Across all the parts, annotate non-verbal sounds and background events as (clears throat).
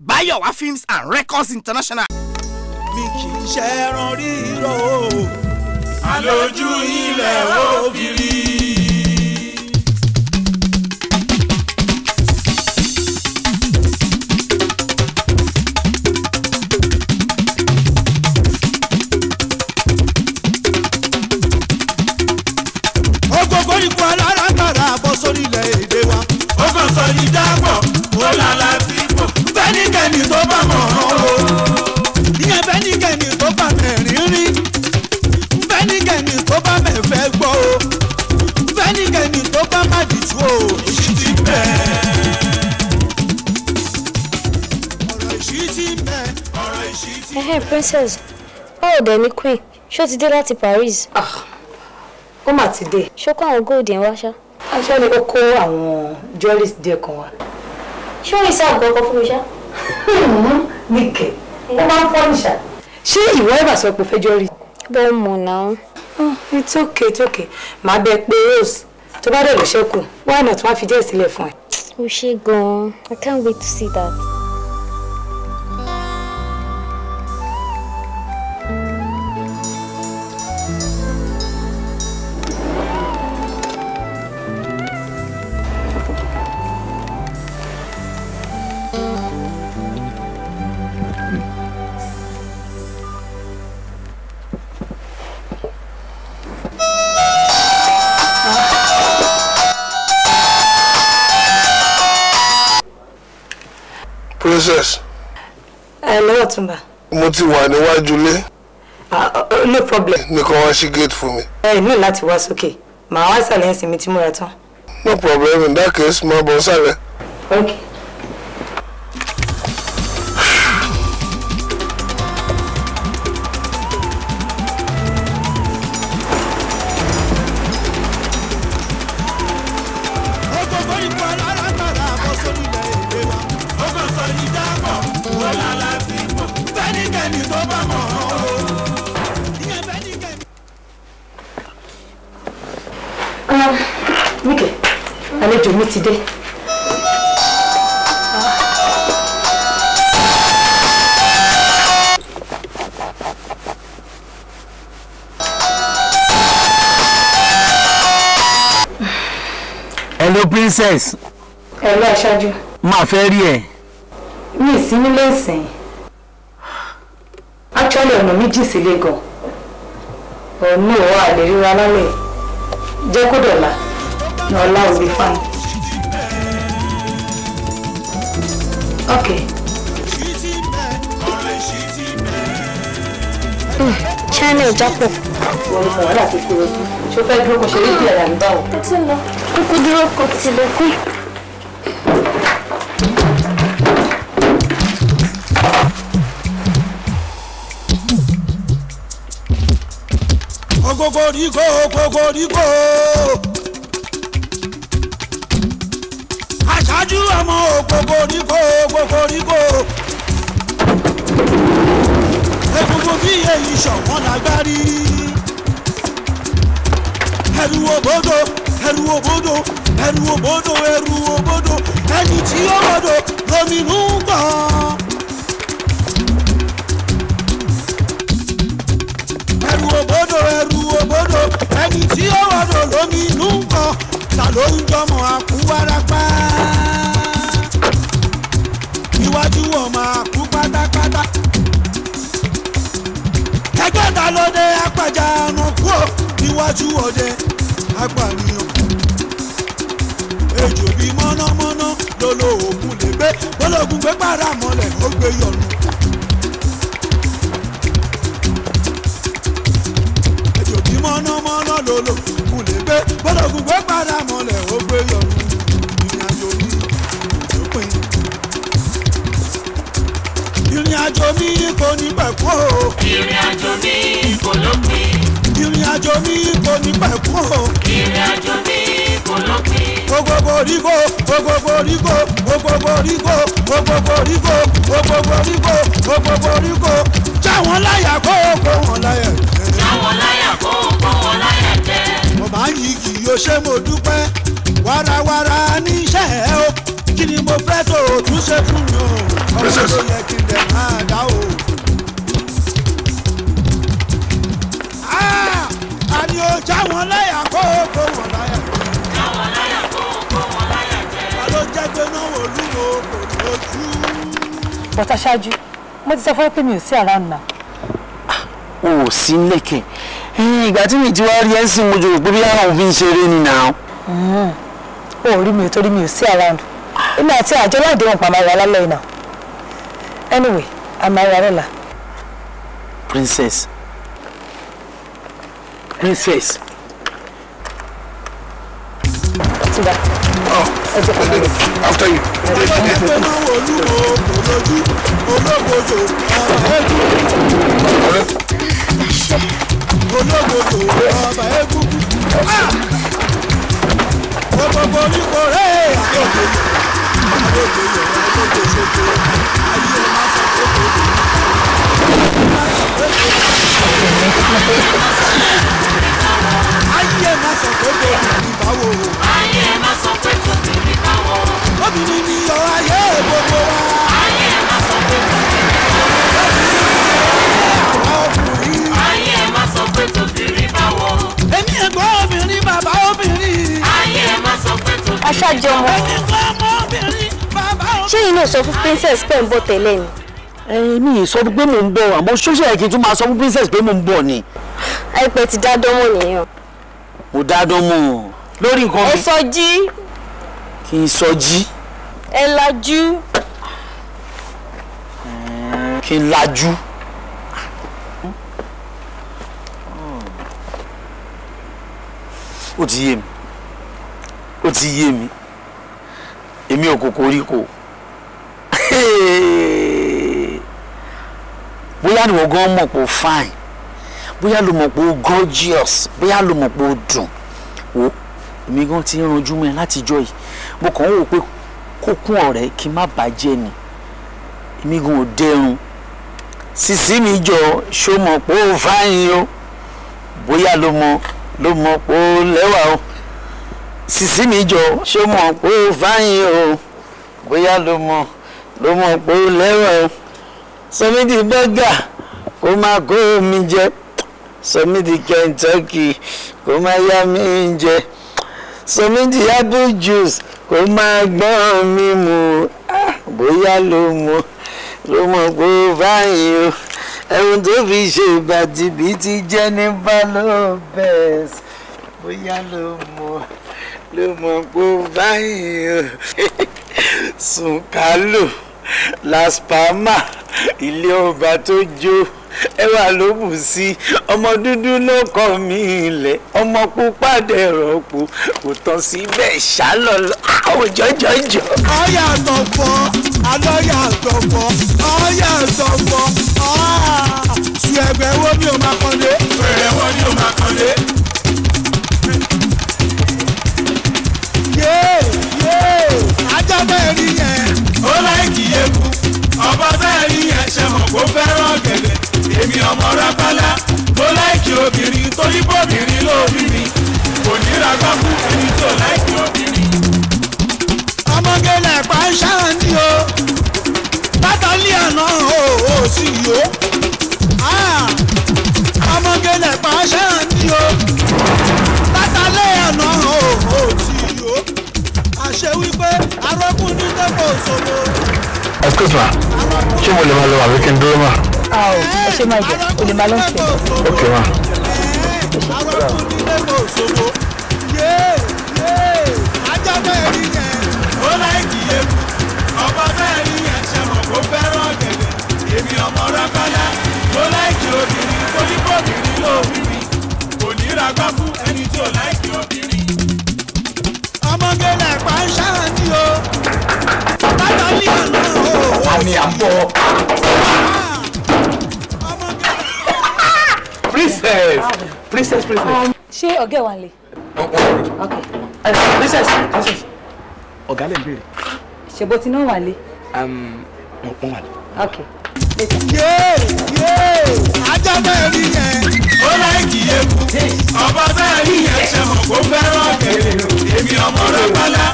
Bayowa Films and Records International. mi kì í ṣe ẹran rírọ̀ àlòjù ilẹ̀ òfìrí. princess báwo dẹ̀ ni queen ṣó ti dé láti Paris. Ah, ó mà ti dé. ṣó kó àwọn gold yẹn wá ṣá. aṣọ ni ó kó àwọn jewelries díẹ̀ kan wá. ṣé ó lè sá àgbọ̀ ọkọ fún mi ṣá. nìkẹ́ hmm, ó máa ń fọ́nìṣà. ṣé ìwọ ẹ̀bà sọ pé fẹ́jọ́ rí. bẹ́ẹ̀ mọ̀ náà. Ah, it's okay it's okay màá bẹ pé rose tó bá dẹ̀ lọ ṣẹ́kù why not wá fi díẹ̀ sílẹ̀ fún ẹ. ó ṣe gan-an I can't wait to see that. princess. ẹ lọ́wọ́ túnbà. mo ti wà níwájú ilé. no problem. nìkan wá ṣí gate fún mi. ẹ ní láti wá sókè màá wá sàlẹ̀ ẹ̀sìn mi tí mo rà tán. no problem in that case máa bọ̀ sálẹ̀. okay. ti dé. Ah. hello princess. hello aṣáájú. máa fẹ́ rí ẹ. mi sí nílé ìsìn. actually ọ̀nà méjì sílé gan. ọ̀nà ìwà àlè ríra lálẹ́ jẹ́ kó dọ̀la ọ̀la ò lè fáyín. Okay. Hmm, China ò jápọ̀. Wọ́n mú wàhálà tó kúrò sí. Ṣé o fẹ́ dúró kò ṣe rí ìyàrá mi báwo? Kò tí ń lọ. Kúkú dúró kò ti kú. Kòkòrò kò kòkòrò kò. ṣáájú ọmọ òkòkòríkò òkòkòríkò egungun bí èyí ṣọ̀wọ́n lágbárí ẹrù òbodò ẹrù òbodò ẹrù òbodò ẹrù òbodò ẹni tí ó bodò lómìnú gbọ̀n. ẹrù òbodò ẹrù òbodò ẹni tí ó bodò lómìnú gbọ̀n ta ló ń jọmọ àkúwárapá iwájú wọn máa kú pátápátá. ẹgbẹ́ ta ló dé apàjà ọ̀nà kúò níwájú ọdẹ apànìyàn. ejò bí mọ́nàmọ́ná lolo òògùn lè gbé bọ́lọ́gùn gbé pàrà mọ́lẹ̀ ó gbé yọ̀nù. ejò bí mọ́nàmọ́ná lolo òògùn lè gbé bọ́lọ́gùn gbé pàrà mọ́lẹ̀ ó gbé yọ̀nù. àjò mi kò ní pẹ̀ kú o. ìrìn àjò mi kò lópin. ìrìn àjò mi kò ní pẹ̀ kú o. ìrìn àjò mi kò lópin. gbogbo rígo gbogbo rígo gbogbo rígo gbogbo rígo gbogbo rígo gbogbo rígo jáwọn láyà kó o kó wọn láyà jẹ. jáwọn láyà kó o kó wọn láyà jẹ. mo máa ń yí kì í ṣe mo dúpẹ́ wàràwàrà níṣẹ́ o kí ni mo fẹ́ tó túnṣe fún mi o ọmọ tó yẹ kí n dẹ̀ máa dá o. àní ah! o já wọn láyà kó o kó wọn láyà. já wọn láyà kó o kó wọn láyà jẹ. wà ló jẹ́ pé náà wò lú wo kò lójú. bọ́tà ṣáájú mo ti sọ fún ẹ pé mi ò sí àrà nà. Ah, o ò sí lẹ́kẹ̀ ìgbà tí mi ti wá rí ẹ́ sìn mo jòrò bí àwọn òfin ṣeré ni nà. Hmm. o ò rí mi ò torí mi ò sí àrà nà èmi àti àjọ ládéhùn pa máa ra lálẹ́ iná anyway a máa ra lọ́la. princess princess. Tiba. Oh, after you ayé obìnrin bàbá obìnrin aṣáájọmọ ṣé yìí náà sọ fún princess pé ń bọ̀ tẹ́lẹ̀ ni. èmi ì sọ pé mò ń bọ̀ àmọ́ ṣóṣe ẹ̀kí tún máa sọ fún princess pé mò ń bọ̀ ni. àìpẹ́ ti dá dánmọ̀ nìyẹn. mo dá dánmọ̀ lórí nǹkan mi. ẹ sọ jí. kì í sọ jí. ẹ lajú. kí n lajú. ó ti yé mi ó ti yé mi èmi ò kokoríko (laughs) bóyá ni wọ́n gan mọ̀ pé ó fine bóyá ló mọ̀ pé ó gorgeous bóyá ló mọ̀ pé ó dùn wò èmi gan ti ń ranjú mọ́ ẹ látijọ́ yìí mo kàn ń wò pé kó ọ̀rẹ́ kí n má bàjẹ́ ni èmi gan ò dẹrun sisi mi jọ ṣó mọ̀ pé ó fine o bóyá ló mọ̀ ló mọ̀ pé ó lẹ́wà o. Sisi mi jọ ṣó mọ̀ pé ó fáyín o bóyá ló mọ̀ ló mọ̀ pé ó lẹ́wọ̀n o sọmídìí bẹ́gà kó má kó omi jẹ sọmídìí kẹ́ńtọ́kì kó má yá mi jẹ sọmídìí apple juice kó má gbọ́n mi mu ah, bóyá ló mọ̀ ló mọ̀ pé ó fáyín o ẹ̀rù tó fi ṣe ìbàdí bíi ti jẹ́ ní balóbẹ́ẹ̀sì bóyá ló mọ̀ ló mọ̀ pé báyìí sùnkálò laspama ilé ọba tó jó ẹwà ló bù sí ọmọ dúdú ló kọ mí ilẹ̀ ọmọ pupa dẹ̀rọ̀pò kò tán síbẹ̀ ṣálọ́lọ́ àwọn jọjọjọ. ọyà àtọ̀pọ̀ alọ́yà àtọ̀pọ̀ ọyà àtọ̀pọ̀ ọ̀hà sùn ẹgbẹ́ wo ni o máa kàn dé. ẹgbẹ́ wo ni o máa kàn ṣe mọ̀ kó fẹ́ràn gẹ̀lẹ̀ èmi ọmọ rápálá mo láìkí obìnrin torí bọ́bìnrin lórí mi kò ní ragbá fún ẹni tó láìkí obìnrin. ọmọge lẹ̀pà ń ṣàrán ní o bátálí àná o ah, ò sì yó ọmọge lẹ̀pà ń ṣàrán ní o bátálí àná o ò sì yó àṣẹ wípé arókùnrin tẹ́kọ̀ọ́ sọ̀rọ̀ excuse ma ṣé mo lè máa lọ àbí kí n dúró mà. a ò ẹ You máa jẹ o lè máa lọ sí ẹ. ok ma. ọba bẹ́ẹ̀ ni ẹ̀ ṣe mọ̀ kó fẹ́ràn ọ̀gẹ̀dẹ̀ èmi ọmọ rákọ́lá ló láìkí obìnrin oníkòbìnrin lóbìnrin kò ní ra gbáfú ẹni tí ò láìkí obìnrin. àmì àbọ̀. princess princess princess. ṣé ọ̀gá ẹ̀ wà lè. Oh, oh. princess princess ọ̀gá lè béèrè. ṣèbó tí náà wà lè. mo um, pọ́n wà lè. yéé yéé ajá bẹ́ẹ̀ rí yẹn ó láì kì í yé kú ọba bẹ́ẹ̀ rí yẹn ṣe mọ̀ kó fẹ́ràn kẹ̀lé èmi ọmọ rẹ̀ pálá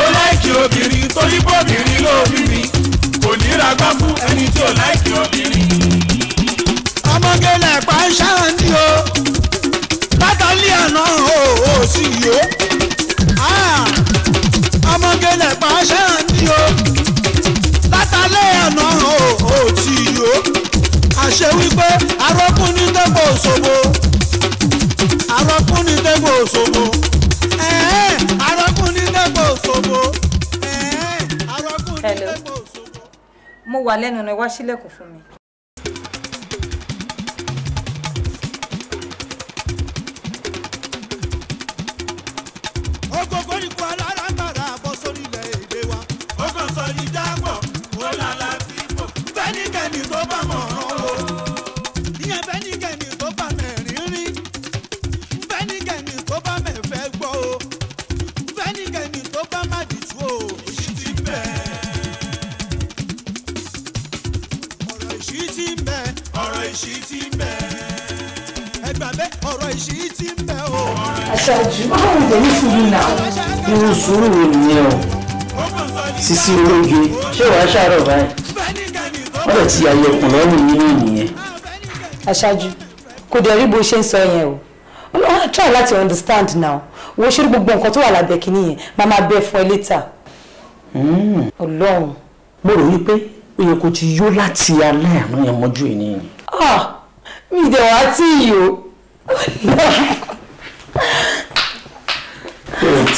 ó láì kì obìnrin torí bóbìnrin ló mi kò ní ra gbá fún ẹni tí ò láìkí obìnrin. ọmọge lẹ̀pá ń ṣáàndì o látàlí àná o ò sì yó. Ah, ọmọge lẹ̀pá ń ṣáàndì o látàlí àná o ò sì yó. àṣẹ wípé arọ́kùnrin tẹ́gbọ̀ òṣogbo arọ́kùnrin tẹ́gbọ̀ òṣogbo. mo wà lẹ́nu ọ̀nà ìwá sílẹ̀kùn fún mi. ògògó ni kò alára ń bàrà wa. ó kàn sọ ní jágbọ̀ ó lálá ṣáájú báwo ni tèmi fún mi náà. irú sùúrù wo nìyẹn o sisi ológe ṣé wàá ṣàárọ̀ báyìí wọ́n lè ti ayé ọkùnrin lọ́rùn nínú ìnìyẹn. aṣáájú kò dẹ̀ rí bó ṣe ń sọ yẹn o ọlọ́run try láti understand now wo ṣe gbogbo nǹkan tó wà lábẹ́ kínní yẹn máa máa bẹ fún ẹ létà. Hmm. ọlọ́run. mo rò wípé èèyàn kò ti yó láti alẹ́ àná yẹn mọ́jú ìníyìn. ah mi ìdẹ̀wà tí yìí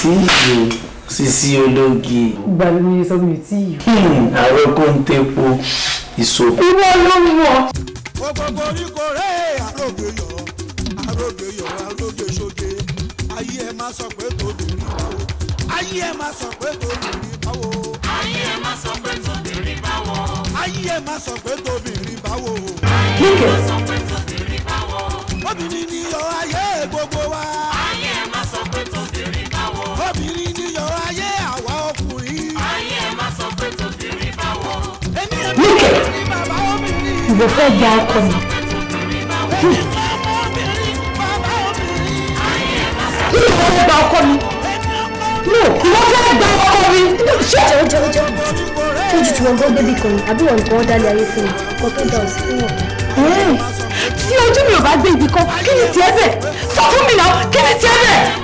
tí yò ológe. gbàlú sọ mi tí yò. ààrẹ kò ń tepo ìṣó. ìwọ ló ń wọ. gbogbo koríko rẹ̀ àrògbé yọ àrògbé yọ àrògbé ṣoge ayé ẹ má sọ pé tó lè rí báwo ayé ẹ má sọ pé tó lè rí báwo. ayé ẹ má sọ pé tó lè rí báwo. ayé ẹ má sọ pé tó lè rí báwo. ayé ẹ má sọ pé tó lè rí báwo. obìnrin ni ọ̀ ayé gbogbo wa obìnrin níyọ̀ ayé àwa ọkùnrin. ayé ẹ má sọ pé tòbìnrin bá wọ. èmi ò ní kí ni bàbá obìnrin. ìwọ fẹ́ gba ọkọ mi. èmi ọmọ hmm. obìnrin bàbá obìnrin. ayé ẹ má sọ pé tòbìnrin bá wọ. kí ni ìwọ fẹ́ gba ọkọ mi. no ìwọ fẹ́ gba ọkọ mi. ṣé jẹ́wọ́ jẹ́wọ́ jẹ́wọ́ tójú tí wọ́n gbọ́ bébì kan àbí wọn kò wọ́n dálé ayé fún mi kò tó dá òsì fún wọn. tí ojú mi ò bá gbé ibì kan kí ni tiẹ̀ bẹ̀ sọ fún mi náà kí ni tiẹ̀ bẹ̀.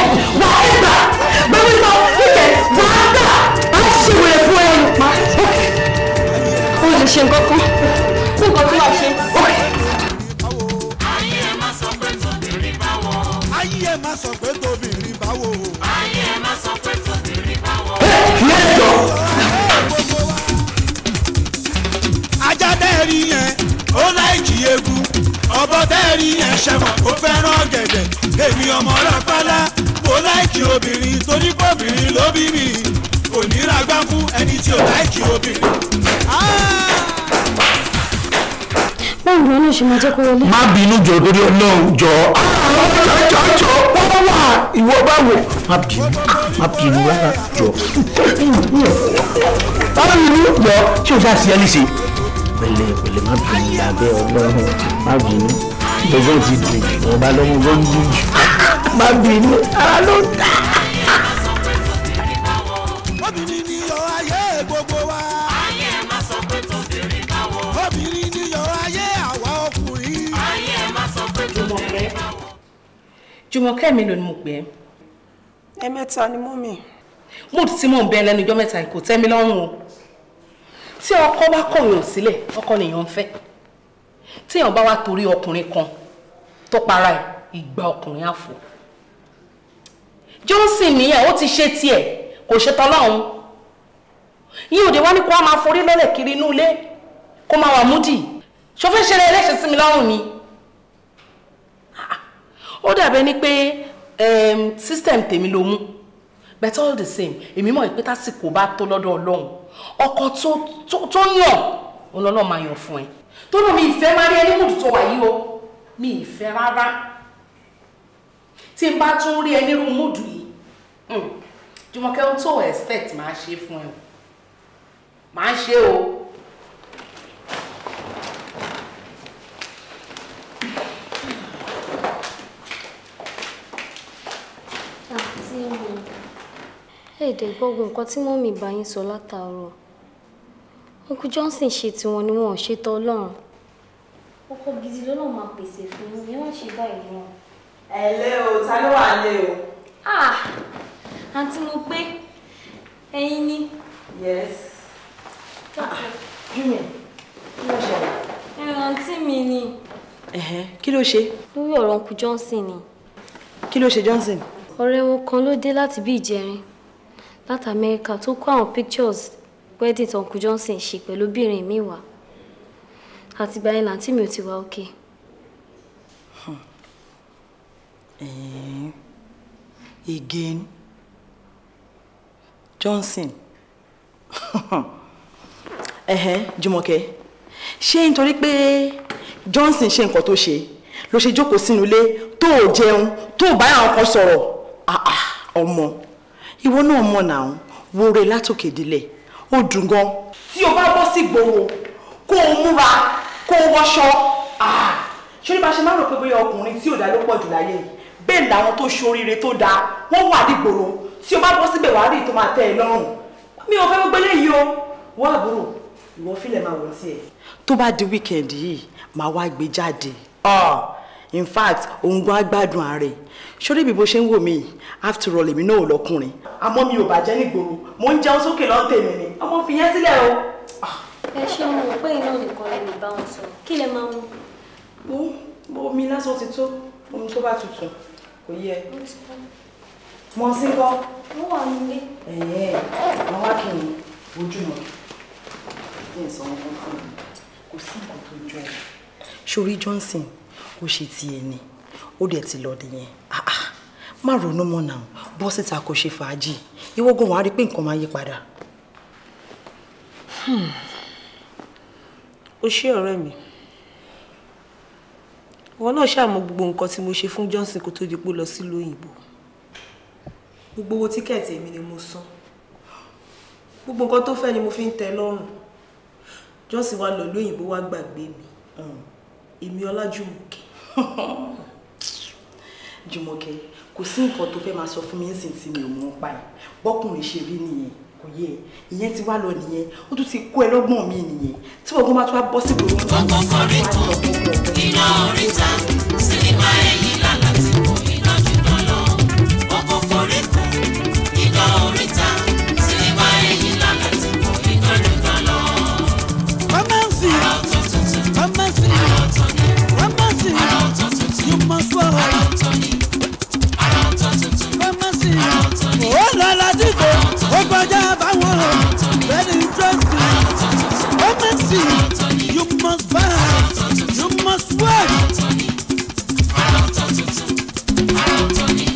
ṣe nǹkan kan tí nǹkan tó wà ṣe. ayé ẹ má sọ pé tóbìnrin báwo. ayé ẹ má sọ pé tóbìnrin báwo. ayé ẹ má sọ pé tóbìnrin báwo. ẹ lẹ́jọ́. ajá tẹ́ẹ̀rí yẹn ó láì jí egu ọbọ tẹ́ẹ̀rí yẹn ṣẹ̀mọ̀ ó fẹ́ràn ọ̀gẹ̀dẹ̀ èmi ọmọ rápálá mo láìkì obìnrin torí pé obìnrin ló bí mi kò ní ra gbá fún ẹni tí ò láìkì obìnrin. Ah! mi ní ìṣúná jẹ́ kó wọlé. má bínú jọ torí ọlọ́run jọ. jọ jọ wọ́n wà ìwọ báwo. má bínú má bínú rárá jọ. báwo ni yóò gbọ́ tí o ṣáà ṣe ẹni ṣe. pẹ̀lẹ́ pẹ̀lẹ́ má bínú lábẹ́ ọlọ́run má bínú gbogbo ti dùn ìwọ̀nba lọ́mọ gbọ́n dùn jù má bínú ara ló ń ta. jùmọ̀kẹ́ mi ló ni mo pè ẹ mẹ́ta ni mú mi. mood tí mò ń bẹ lẹ́nu ijọ́ mẹ́ta kò tẹ́ mi lọ́rùn o tí ọkọ bá kọ̀yàn sílẹ̀ ọkọ nìyàn ń fẹ́ téèyàn bá wá torí ọkùnrin kan tó para ẹ̀ ìgbà ọkùnrin àfò Johnson nìyẹn ó ti ṣe tiẹ̀ kò ṣe tọ́lọ́run yín òde wá ní kó wá máa forí lọ́lẹ̀ kiri inú ilé kó máa wà múdì ṣọfẹ́ ṣe ẹlẹ́ṣẹ̀ sí mi lọ́rùn ni ó dàbẹ́ ni pé system tèmi ló mú but all the same èmi mọ̀ pé tásìkò bá tó lọ́dọ̀ ọlọ́run ọkọ tó yàn òun lọ́lọ́ máa yàn fún ẹ tó lò mí ìfẹ́ máa rí ẹni mùtù tó wà o mi ìfẹ́ rárá tí n bá tún rí ẹni rú múdù yìí hmm, jùmọ̀kẹ́ ohun tó expect máa ṣe fún ẹ máa ṣe o. èdè gbọ́gun nǹkan tí mọ́mì bá yín sọ látàárọ̀ uncle johnson ṣe tiwọn ni wọn ò ṣe tọ́ ọlọ́run ọkọ gidi lọ́lọ́run máa pèsè fún yín ẹ má ṣe báyìí wọn. ẹ o ta ló wà lé o. ah àǹtí mo pé ẹ̀yin ni. yes. Ah, junior kí ló ṣẹlẹ̀. ẹ rántí mi ni. kí ló ṣe. lórí ọ̀rọ̀ uncle johnson ni. kí ló ṣe johnson. ọ̀rẹ́ wọn kan ló dé láti bí ìjẹrin láti Amẹ́ríkà tó kó àwọn pictures wedding tí uncle Johnson ṣe pẹ̀lú obìnrin mi wá àti ìgbà yẹn làǹtí mi ò ti wá òkè. again Johnson (laughs) Jùmọ̀kẹ́ ṣé nítorí pé Johnson ṣe nǹkan tó ṣe ló ṣe jókòó sínú ilé tó jẹun tó bá àwọn kan sọ̀rọ̀ ọmọ. Ah, ah, ìwọ náà mọ̀ náà wòre látòkè délẹ̀ ó dùn gan. tí o bá bọ́ sí gbòòrò kó o múra kó o wọṣọ ṣé ní bá ṣe máa rò pé bóyá ọkùnrin tí ò dá ló pọ̀ jù láyé yìí bẹ́ẹ̀ làwọn tó ṣoríire tó dáa wọ́n wà nígboro tí o bá bọ́ síbẹ̀ wàá rí tó máa tẹ́ ẹ lọ́rùn mi ò fẹ́ gbogbo eléyìí o wọ́n àbúrò ìwọ fílẹ̀ máa wọ̀ tiẹ̀. tó bá di wíkẹ̀ndì yìí màá wá gbé jáde in fact òun gan agbádùn ààrẹ ṣórí bí bó ṣe ń wò mí after all èmi náà lọkùnrin. àmọ́ mi ò bàjẹ́ nígboro mo ń jẹun sókè lọ́tẹ̀ mi ni ọmọ fi yẹn sílẹ̀ o. Ah. ẹ ṣe mo rò pé iná nìkan lè lè bá wọn sọ kí lè máa mú. mo mo omi lásán ti tó omi tó bá tutù kò yẹ. mo ń sínkọ́. mo wà nílé. ẹ̀yẹ́ àwọn wákìlì ojúmọ̀ kí n sọ wọn fún mi kò sí nǹkan tó jọ ẹ̀. ṣorí Johnson ó ṣe tiẹ̀ ni ó dẹ̀ ti lọ nìyẹn ah, ah. má ronú mọ́ náà bọ́ síta kò ṣe fàájì ìwọ gan wàá rí pé nǹkan máa yí padà. Hmm. o ṣé ọ̀rẹ́ mi ìwọ náà ṣàmọ gbogbo nǹkan tí mo ṣe fún Johnson kó tó di pé lọ sílùú òyìnbó gbogbo owó tíkẹ́ẹ̀tì mi ni mo san gbogbo nǹkan tó fẹ́ ni mo fi ń tẹ lọ́rùn Johnson wá lọ lóyìnbó wá gbàgbé mi hmm. èmi Ọlájùmọ̀kẹ́. (laughs) Jùmọ̀kẹ́ kò sí nǹkan tó fẹ́ máa sọ fún mi nísìnyí tí mi ò mọ̀ pa ẹ̀ bọ́kùnrin ṣe rí nìyẹn kò yé ẹ ìyẹn ti wá lọ nìyẹn ó tún ti kó ẹ lọ́gbọ̀n mi nìyẹn tí gbogbo máa tún wá bọ́ sí gbogbo ọkọ̀ kọrin kan iná oríta sinimá ẹ̀yìn. dìbò ó kọjá báwọn very interesting ó mẹ́sì you must buy you must work.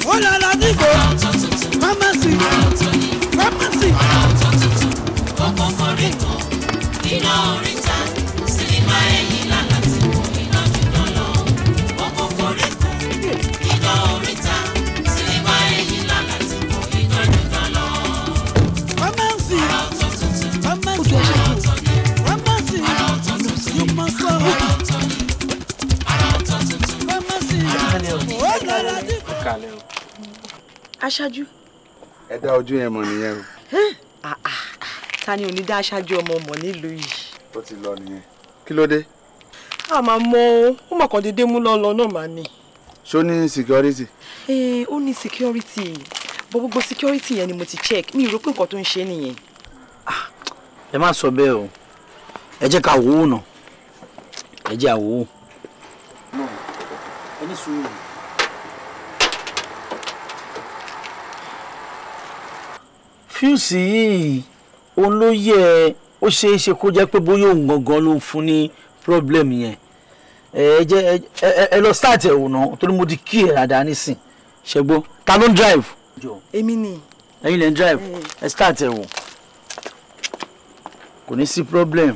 ó lọ́la dìbò pharmacy pharmacy. ọkọ̀ mọ̀rí kan iná orí. aṣáájú. ẹ dá ojú yẹn mọ̀ nìyẹn o. Ah, ah, ah. ta ni ò ní dá aṣáájú ọmọ mọ̀ nílùú yìí. ó ti lọ nìyẹn kí ló dé. a máa mọ o ó mọ̀ kàn déédéé mú lọ́lọ́ náà máa ní. ṣó ní security. ee ó ní security bọ gbogbo security yẹn ni mo ti check mi rò pé nǹkan tó ń ṣe nìyẹn. ẹ má sọ bẹ́ẹ̀ o ẹ jẹ́ ká wò ó nà ẹ jẹ́ àwò ó. ẹ ní sùúrù. fíùsì yìí òun ló yẹ ó ṣeé ṣe kó jẹ́ pé bóyá òun gangan ló ń fún ní problem yẹn ẹ jẹ ẹ lọ start ẹ wò náà torí mo ti kí ẹ ràdà nísìn ṣẹgbó ta ló ń drive. èmi ni. ẹ̀yin lè ń drive ẹ start ẹ wò kò ní sí problem.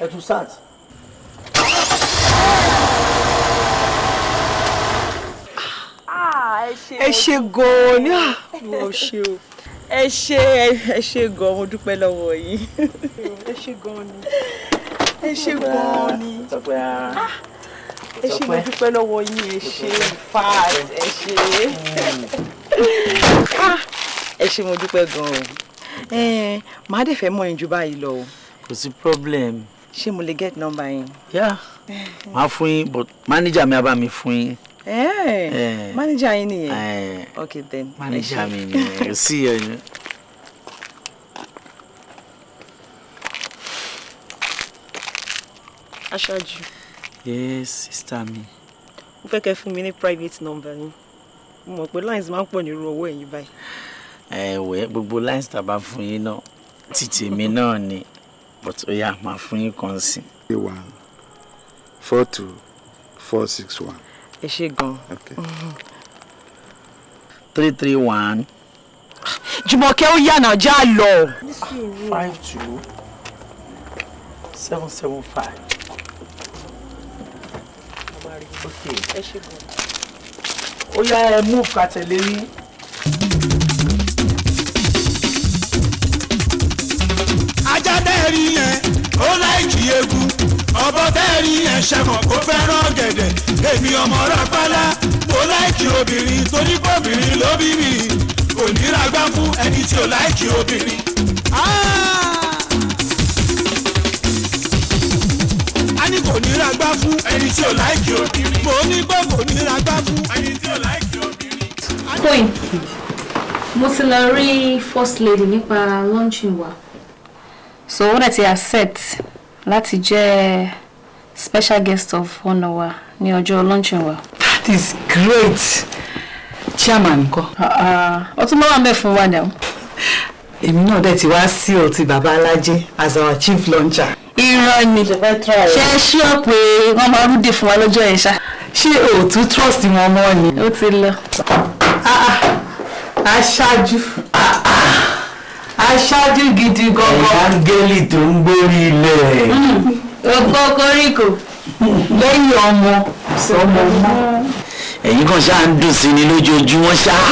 ẹ tún start. ẹ ṣe gan-an ní àwọn ṣe o ẹ ṣe ẹ ṣe gan-an mo dúpẹ́ lọ́wọ́ yìí. ẹ ṣe gan-an ni ẹ ṣe gan-an ni ẹ ṣe mo dúpẹ́ lọ́wọ́ yín ẹ ṣe fat ẹ ṣe ah. ah, ẹ ṣe hmm. ah, mo dúpẹ́ gan-an màá dẹ̀ fẹ́ mọ̀ yín ju báyìí lọ o. kò sí problem. ṣé mo lè get number yín. yá eh. màá fún yín but manager mi á bá mi fún yín. Eh, eh. manager yín nìyẹn eh. okay then manager mi nìyẹn sí ẹyìn. aṣáájú. yes sister mi. mo fẹ́ kẹ́ fún mi ní private number yín mo mọ̀ pé lines máa ń pọ̀ nírú owó ẹ̀yìn báyìí. ẹ wẹ́ gbogbo lines tàbá fún yín náà títì mi náà ni but ó yá máa fún yín kan sí. one four two four six one ẹ ṣe gan. Mhm. three three one. jùmọ̀kẹ́ ó yànnà já lọ. five two seven seven five. okay ẹ ṣe gan. ó yá ẹ mú kàtẹ́lẹ́ rí. ajá dẹ́rì yẹn ó láìkì egu ọbọ tẹ́ẹ̀rí yẹn ṣẹ̀mọ̀ kó fẹ́ràn gẹ̀dẹ̀ èmi ọmọ rápálá ó láìkì obìnrin torí bóbìnrin ló bí mi kò níra gbá fún ẹni tí ó láìkì obìnrin. a ní kò níra gbá fún ẹni tí ó láìkì obìnrin. mo ní pé kò níra gbá fún ẹni tí ó láìkì obìnrin. point mo ti lọ rí first lady nípa launching wa. Wow so ó dẹ̀ ti accept láti jẹ́ special guest of honour wa ní ọjọ́ luncheon wa. that is great chairman ńkọ́. Uh-uh. ọtún bá wà mẹ́ fún wa náà. èmi náà dẹ̀ ti wá sí ọtí Baba alájẹ as our chief launcher. irọ́ ni ṣe ṣí ọ pé wọ́n máa rúdè fún wa lọ́jọ́ yẹn ṣá. ṣé òòtú trust wọn mọ́ ni. ó ti lọ. Ah, ah. aṣáájú. Ah, aṣáájú gidi gọgọ. áńgẹ́lì tó ń gbórí ilẹ̀. Hmm. ọgbọ́ koríko lẹ́yìn ọmọ ọmọ ọmọ. ẹ̀yin kan ṣáà ń dùn sí ni lójoojúmọ́ ṣáá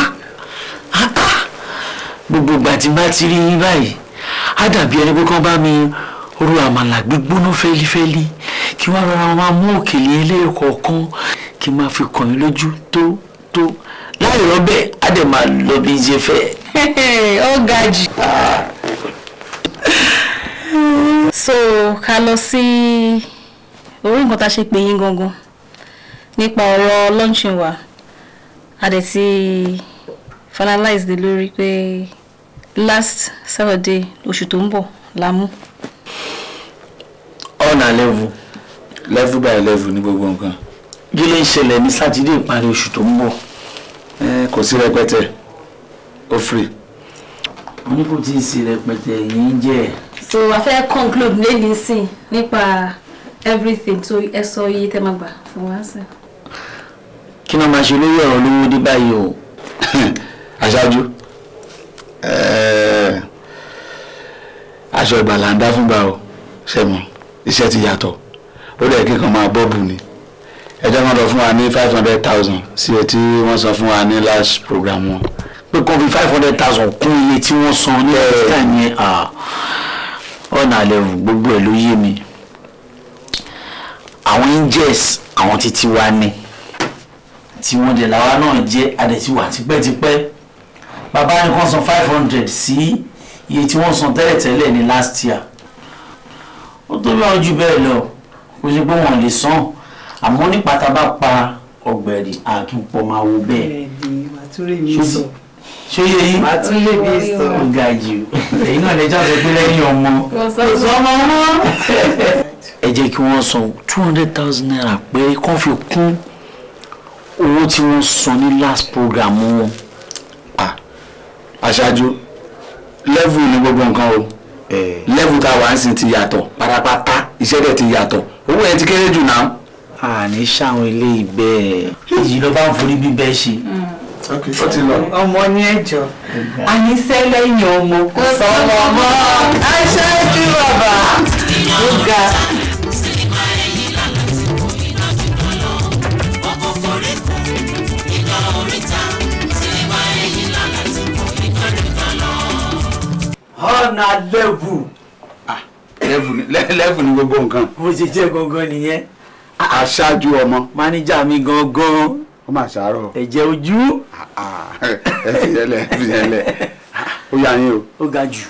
gbogbo ìgbà tí bá ti rí yín báyìí á dàbí ẹni pé kán bá mi ru àmàlà gbígbóná fẹ́lifẹ́li kí wọ́n rọra máa mú òkèlè ẹlẹ́ẹ̀kọ̀ọ̀kan kí n máa fi kàn yín lójú tó tó láì rọ́bẹ̀ á dẹ̀ máa lọ bí iye fẹ́ẹ́. ó ga jù. so ká lọ sí orí nǹkan tá a ṣe pè yín gangan nípa launching wa a dẹ̀ ti finalize dé lórí pé last Saturday oṣù tó ń bọ̀ la mú. level level by level ní gbogbo nǹkan kí ló ń ṣẹlẹ̀ ní sátidé ìparí oṣù tó ń ó free. tí ì sí rẹpẹtẹ yìí jẹ. so a fẹ́ conclude lẹ́yìn sí nípa everything tó ẹ sọ iye tẹ́ máa gbà fún wa sí. kí ló máa ṣe lórí ọ̀rọ̀ olówó dé báyìí o (laughs) aṣáájú eh, aṣọ ìgbàlà ń dá fúnba o ṣẹ́mu iṣẹ́ ti yàtọ̀ ó dẹ̀ kí kan máa bọ́ọ̀bù ni ẹjọ́ wọn lọ fún wa ní five hundred thousand sí etí wọ́n sọ fún wa ní last program wọn pé kàn fi five hundred thousand kún iye tí wọ́n san ní ẹ̀ẹ́dẹ́gbẹ̀ta yẹn ọ̀nà àlẹ́rù gbogbo ẹ̀ ló yé mi àwọn angels àwọn títí wa ni tí wọ́n dẹ̀ làwa náà jẹ́ adẹ̀tiwa tipẹ́tipẹ́ bàbá ní kàn san five hundred sí iye tí wọ́n san tẹ́lẹ̀tẹ́lẹ̀ ní last year ó tó bá ojú bẹ́ẹ̀ lọ kó ṣe pé wọ́n lè san àmọ́ nípa tá a bá pa ọgbẹ̀rì àkínpọ̀ máa wo bẹ́ẹ̀ ṣùgbọ́n ṣóyè yín màá tún lè bí sọ ga jù èyí náà lè jáde pé lẹ́yìn ọmọ ọ̀sọ́ ọmọ wọn. ẹ jẹ́ kí wọ́n san two hundred thousand naira pé kán fi kún owó tí wọ́n san ní last program wọn. aṣáájú lẹ́vù ni gbogbo nǹkan o lẹ́vù tá a wà ń sìn ti yàtọ̀ pátápátá iṣẹ́ dẹ̀ ti yàtọ̀ owó yẹn ti kéré jù náà. àní sáwọn ilé ìgbẹ́ èyí ló bá ń forí bíbẹ́ ṣe. Mm ó ti lọ. ọmọ ní ẹjọ àníṣe lẹ́yìn ọmọ kò sọmọ mọ aṣáájú bàbá ó ga. ọ̀nà lẹ́bù. Ah, lẹ́bù ni gbogbo nǹkan. mo ṣe jẹ́ gangan nìyẹn. aṣáájú ọmọ. máníjà mi gangan ó mà ṣàárọ̀. ẹ̀jẹ̀ ojú. Ah, ah. (laughs) ẹ fi ẹlẹ ẹ fi ẹlẹ ó yà yín o. ó ga jù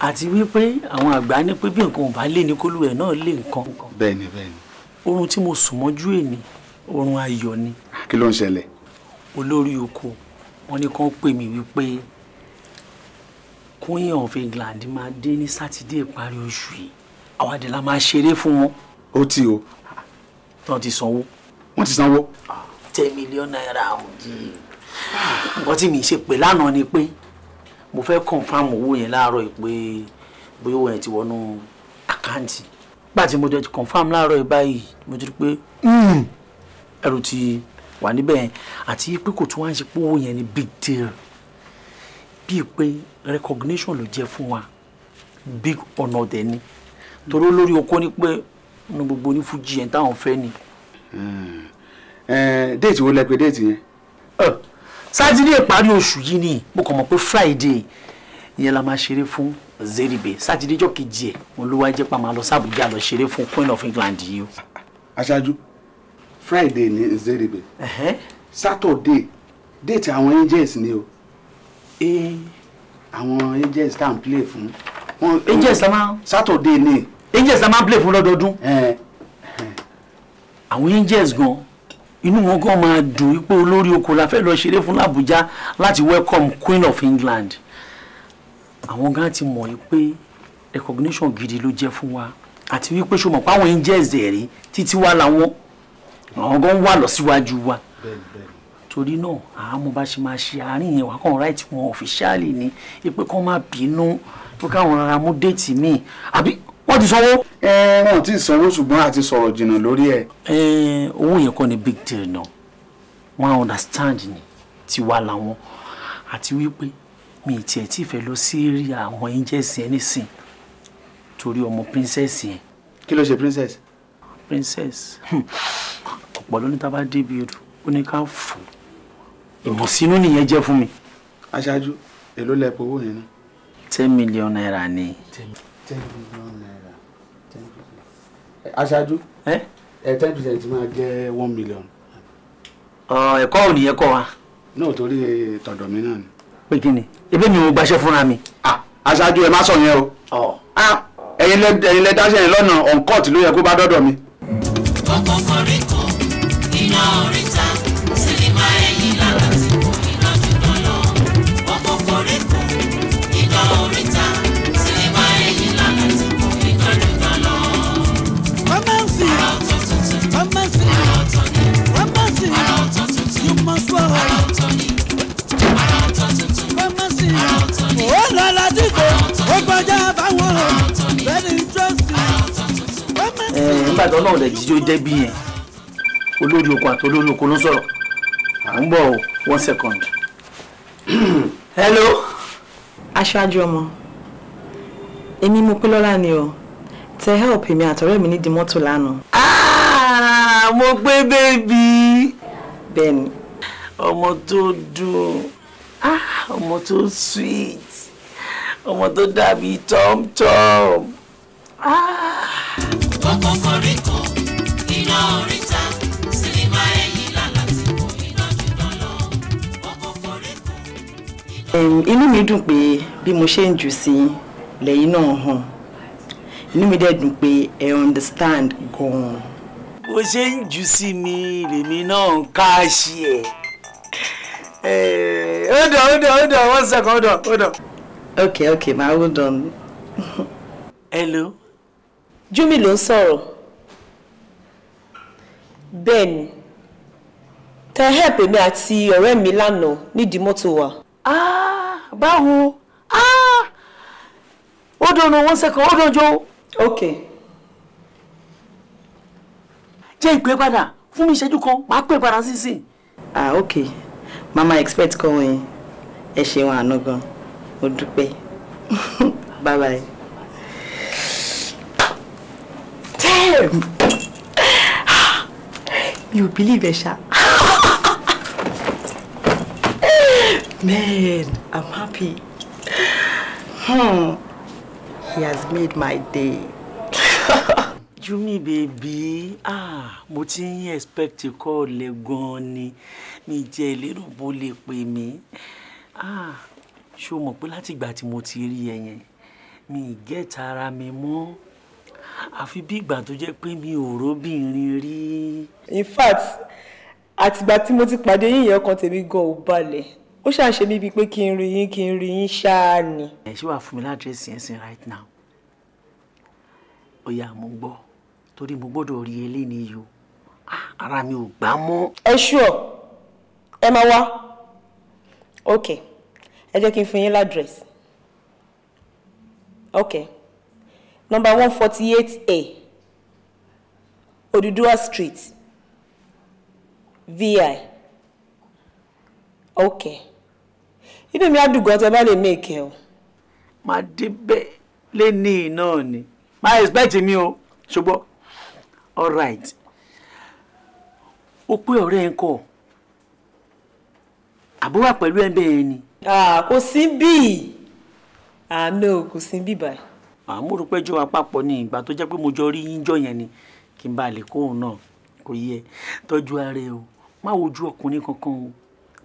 àti wípé àwọn àgbà ní pé bí nǹkan ò bá lé ní kólú ẹ̀ náà lé nǹkan. bẹ́ẹ̀ni bẹ́ẹ̀ni. oorun tí mo sùn mọ́jú èní oorun ayọ̀ ni. kí ló ń ṣẹlẹ̀. olórí oko wọn ní kàn pè mí wípé Queen of England máa dé ní sátidé ìparí oṣù yìí àwọn àdìlà máa ṣeré fún wọn. ó ti o. tán ti sanwó. wọ́n ti sanwó. Ah ten million naira òjì nǹkan tí mi ṣe pè lánàá ni pé mo fẹ́ confam owó yẹn láàárọ̀ yìí pé bóyá owó yẹn ti wọnú àkáǹtì gbà tí mo jẹ confam láàárọ̀ yìí báyìí mo jẹ́ pé hmm, ẹrù ti wà níbẹ̀ yẹn àti pé kò tún wá ń ṣe pé owó yẹn ni big deal bíi pé recognition ló jẹ́ fún wa big honour dẹ̀ ni torí olórí oko ni pé nu gbogbo onífújì yẹn táwọn fẹ́ ni. Hmm. Eh, déètì wo lẹ pé déètì yẹn. sátidé ìparí oṣù yìí ni mo kàn mọ̀ pé friday ìyẹn la máa ṣeré fún zeribe sátidé ọjọ́ kejì ẹ̀ mo ló wáá jẹ́ pa máa lọ sí Àbújá lọ ṣeré fún Queen of England yìí o. aṣáájú friday ni zeribe saturday déètì àwọn angels ni o àwọn angels tá à ń play fún. angels la máa. saturday ni. angels la máa play fún lọ́dọọdún. Eh, eh. àwọn angels gan-an inú wọn gan máa dùn wípé olórí oko la fẹ́ lọ ṣeré fún làbújá láti welcome Queen of England àwọn gan ti mọ̀ yìí pé recognition gidi ló jẹ́ fún wa àti wípé ṣo mọ̀ pé jẹ́ ẹ̀zẹ̀ rí títí wá làwọn àwọn gan wà lọ síwájú wa torí náà àmọ́ bá ṣe máa ṣe àárín yẹn wà kàn ráìtì wọn ọ̀fíṣàlì ni ipe kàn má bínú pé káwọn rárá mú déètì míì àbí wọ́n ti sanwó. ẹ wọn ti sanwó ṣùgbọ́n a ti sọ̀rọ̀ jìnnà lórí ẹ̀. ẹ owó yẹn kọ́ ni big deal náà wọ́n á understand ni tiwa làwọn àti wípé mi ì tiẹ̀ tí ì fẹ́ lọ sí rí àwọn angels yẹn nísìn torí ọmọ princess yẹn. kí ló ṣe princess. princess hmm. ọ̀pọ̀ ló ní tá a bá débi odò ó ní ká fò ìmọ̀sínú nìyẹn jẹ́ fún mi. aṣáájú èló lẹ owó yẹn náà. ten million naira ni. ten million naira aṣáájú ẹ ten percent máa jẹ́ one million. ẹ̀kọ́ ò ní ẹ̀kọ́ wa. náà torí tọ̀dọ̀ mi náà ni. pé kí ni ebi mi ò gbaṣẹ́ fúnra mi. aṣáájú ẹ má sọ yẹn o ẹ̀yin lẹ dáṣẹ́ yẹn lọ́nà on court ló yẹ kó bá dọ́dọ̀ mi. ọkọ̀ kọrin kan iná oríta. nígbà tó náà lè jíjó jẹ́ bí yẹn olórí oko àti olórí oko ló sọ̀rọ̀ à ń bọ̀ o one second. (clears throat) hello. aṣáájú ọmọ èmi mo pé lọ́la ni o tẹ help mi àtọ̀rẹ́ mi nídìí mọ́tò lánàá. Ah, mo pé bébí. bẹ́ẹ̀ni. ọmọ tó dùn ah, ọmọ tó sweet ọmọ tó dàbí tọ́mtọ́m. Ah kókó koríko iná oríta sinimá ẹ̀yìn lálàtìkù iná jùlọ lọ kókó koríko. inú mi dùn pé bí mo ṣe ń jù sí lẹ́yìn náà hàn inú mi dẹ̀ dùn pé ẹ understand gan-an. bó ṣe ń jù sí mi lèmi náà ń ká ṣe ẹ̀. Hey, eh, hold on, hold on, hold on, one second, hold on, hold on. Okay, okay, ma, hold on. Hello. Júmi ló ń sọ̀rọ̀ bẹ́ẹ̀ ni tẹ help èmi àti ọ̀rẹ́ mi lánàá nídìí mọ́tò wa. báwo ó dọ̀nà one second ó dọ̀jọ́. ok. jẹ́ ìpè padà fún mi ìṣẹ́jú kan màá pè padà sísìn. ah ok mama expect kọ́ wọn yẹn ẹ ṣeun àánú gan-an mo dúpẹ́ (laughs) bye bye. Damn! mi believe ẹ Man, I'm happy. Hmm. He has made my day. Jumi baby, ah, but you expect to call Legoni? gan-an ni. Mi jẹ́ lérò bó lè Ah, show mọ̀ pé láti ìgbà tí mo ti rí ẹ mi ì ara mi mọ́ àfi bí ìgbà tó jẹ́ pé mi ò róbìnrin rí. in fact àtìgbà tí mo ti pàdé yín yẹn ọkàn tèmi gan ò balẹ̀ ó ṣàṣe mi bíi pé kí n rí yín kí n rí yín ṣáá ni. ẹ ṣé wàá fún mi ládírẹ́sì yẹn sin right now ó yá mo gbọ́ torí mo gbọ́dọ̀ rí eléyìí yìí o ah, ara mi ò gbà mọ́. ẹ ṣúọ ẹ máa wá ok ẹ jẹ́ kí n fún yín ládírẹ́sì ok number 148A, Oduduwa Street, VI. Okay. You know me. I do go to lè make ẹ e o. Màá débẹ̀ lénìí náà ni. My expect mi o, ṣùgbọ́n. All right. O pé ọ̀rẹ́ ẹ ń kọ̀. Àbúrò pẹ̀lú ẹ bẹ́ẹ̀ ni. Kò kusimbi. bíi. Àná kò sí àmọ́ rò pé jọ wá papọ̀ ní ìgbà tó jẹ́ pé mo jọ rí yín jọ yẹn ni kí n bá lè kóhùn náà kò yẹ tọ́jú ara o má wojú ọkùnrin kankan o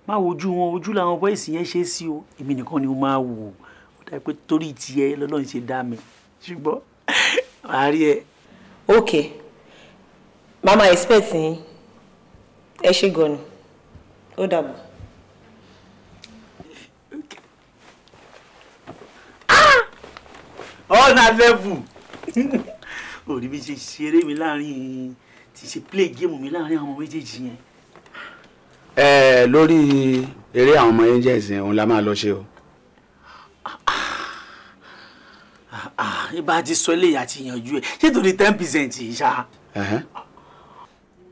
má wojú wọn ojú làwọn bọ́ìsì yẹn ṣe sí o èmi nìkan ni mo máa wò ó dá pé torí tiẹ̀ lọ́lọ́run ṣe dá mi ṣùgbọ́n màá rí ẹ. ok mama expect yín ẹ ṣe gan ni ó dàbọ̀. On a level òrí (laughs) bí ṣe ṣeré mi láàrin ti ṣe play game mi láàrin àwọn méjèèjì yẹn. ẹ lórí eré àwọn ọmọ angels yẹn òun la máa lọ ṣe o. ibà ti sọ eléyà ti yanjú ẹ ṣé torí ten percent yìí ṣá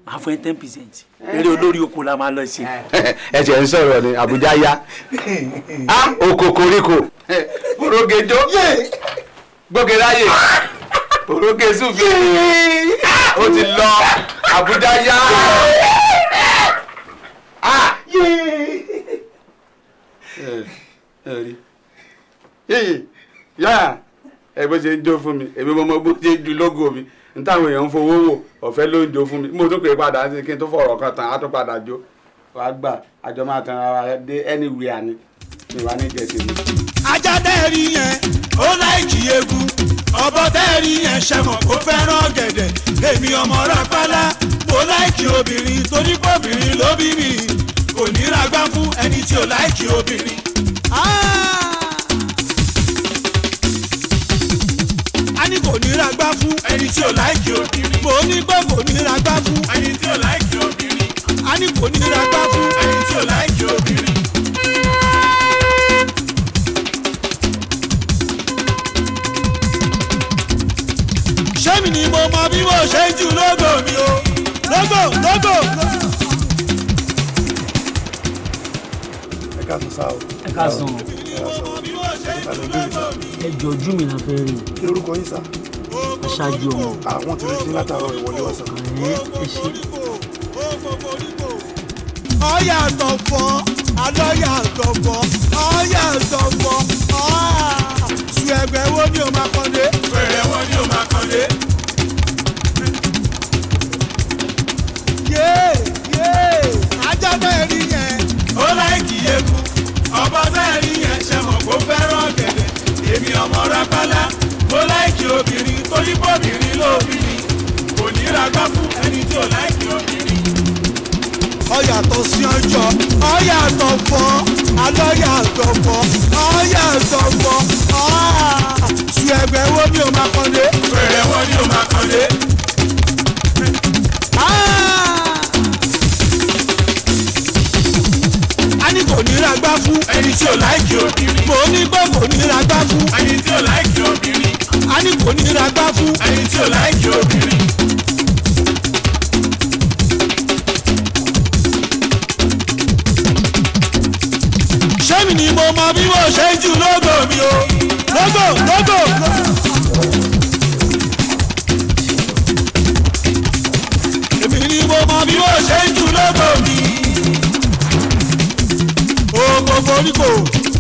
máa fún ẹ ten percent eré olórí oko la máa lọ ṣe. ẹ jẹ́ ń sọ̀rọ̀ ní Àbújá yá (laughs) ah, okòkòríkò kòrògejò. gbógeráyè òrókè sùfì ó ti lọ àbújá yá ah! yá ẹ bó ṣe ń jó fún mi èmi mo mọ ṣe ń ju lógo mi n táwọn èèyàn ń fowó wò ọ̀fẹ́ ló ń jó fún mi mo tún pè é padà sí kí n tó fọ̀rọ̀ kan tán á tún padà jó wàá gbà àjọ máa tan ara dé mi mi. ó láìkì egu ọbọ tẹ́ẹ̀rí yẹn ṣẹ̀mọ̀ kó fẹ́ràn ọ̀gẹ̀dẹ̀ èmi ọmọ rápálá mo láìkì obìnrin torí pé obìnrin ló bí mi kò ní ragbá fún ẹni tí ò láìkì obìnrin. Ah! a ní kò ní ragbá fún ẹni tí ò láìkì obìnrin. mo ní pé kò ní ragbá fún ẹni tí ò láìkì obìnrin. a ní kò ní ragbá fún ẹni tí ò láìkì obìnrin. mọ bí mo ṣe ń ju lógo mi o lógo lógo. ẹ káàsán sá o. ẹ káàsán ẹ jọ ojú mi náà fẹ́ rí. kí lorúkọ yín sá. aṣáájú ọmọ. àwọn tí lè fi ìwọlé wá sá. ẹ ṣe. ọ̀yà àtọ̀fọ́ àlọ́yà àtọ̀fọ́ ọ̀yà àtọ̀fọ́ ọ̀hà sùn wo ni o máa kọ́lé. fèrè wo ni o máa kọ́lé. ajá bẹ́ẹ̀ rí yẹn. ó láìkì eku ọba bẹ́ẹ̀ rí yẹn ṣe mọ̀ kó fẹ́ràn ọ̀gẹ̀dẹ̀ èmi ọmọ rápálá ó láìkì obìnrin torí bóbìnrin lóbìnrin kò ní ragbá fún ẹni tí ò láìkì obìnrin. ọ̀yàtọ̀ sí ọjọ́ ọ̀yàtọ̀ fọ́ alọ́yàtọ̀ fọ́ ọ̀yàtọ̀ fọ́ ọ̀ọ́ ah, sùn ẹgbẹ́ wo ni o máa kọ́lé. fèrè wo ni o máa kọ́lé. gbá fún. ẹni tí ò láìkì obìnrin. mo ní bọ́ kò nira gbá fún. ẹni tí ò láìkì obìnrin. a ní kò nira gbá fún. ẹni tí ò láìkì obìnrin. sẹ́mi ni mo mọ bí mo ṣe jù lógo mi o lógo lógo. èmi ni mo mọ bí mo ṣe jù lógo mi. Ogo koríko,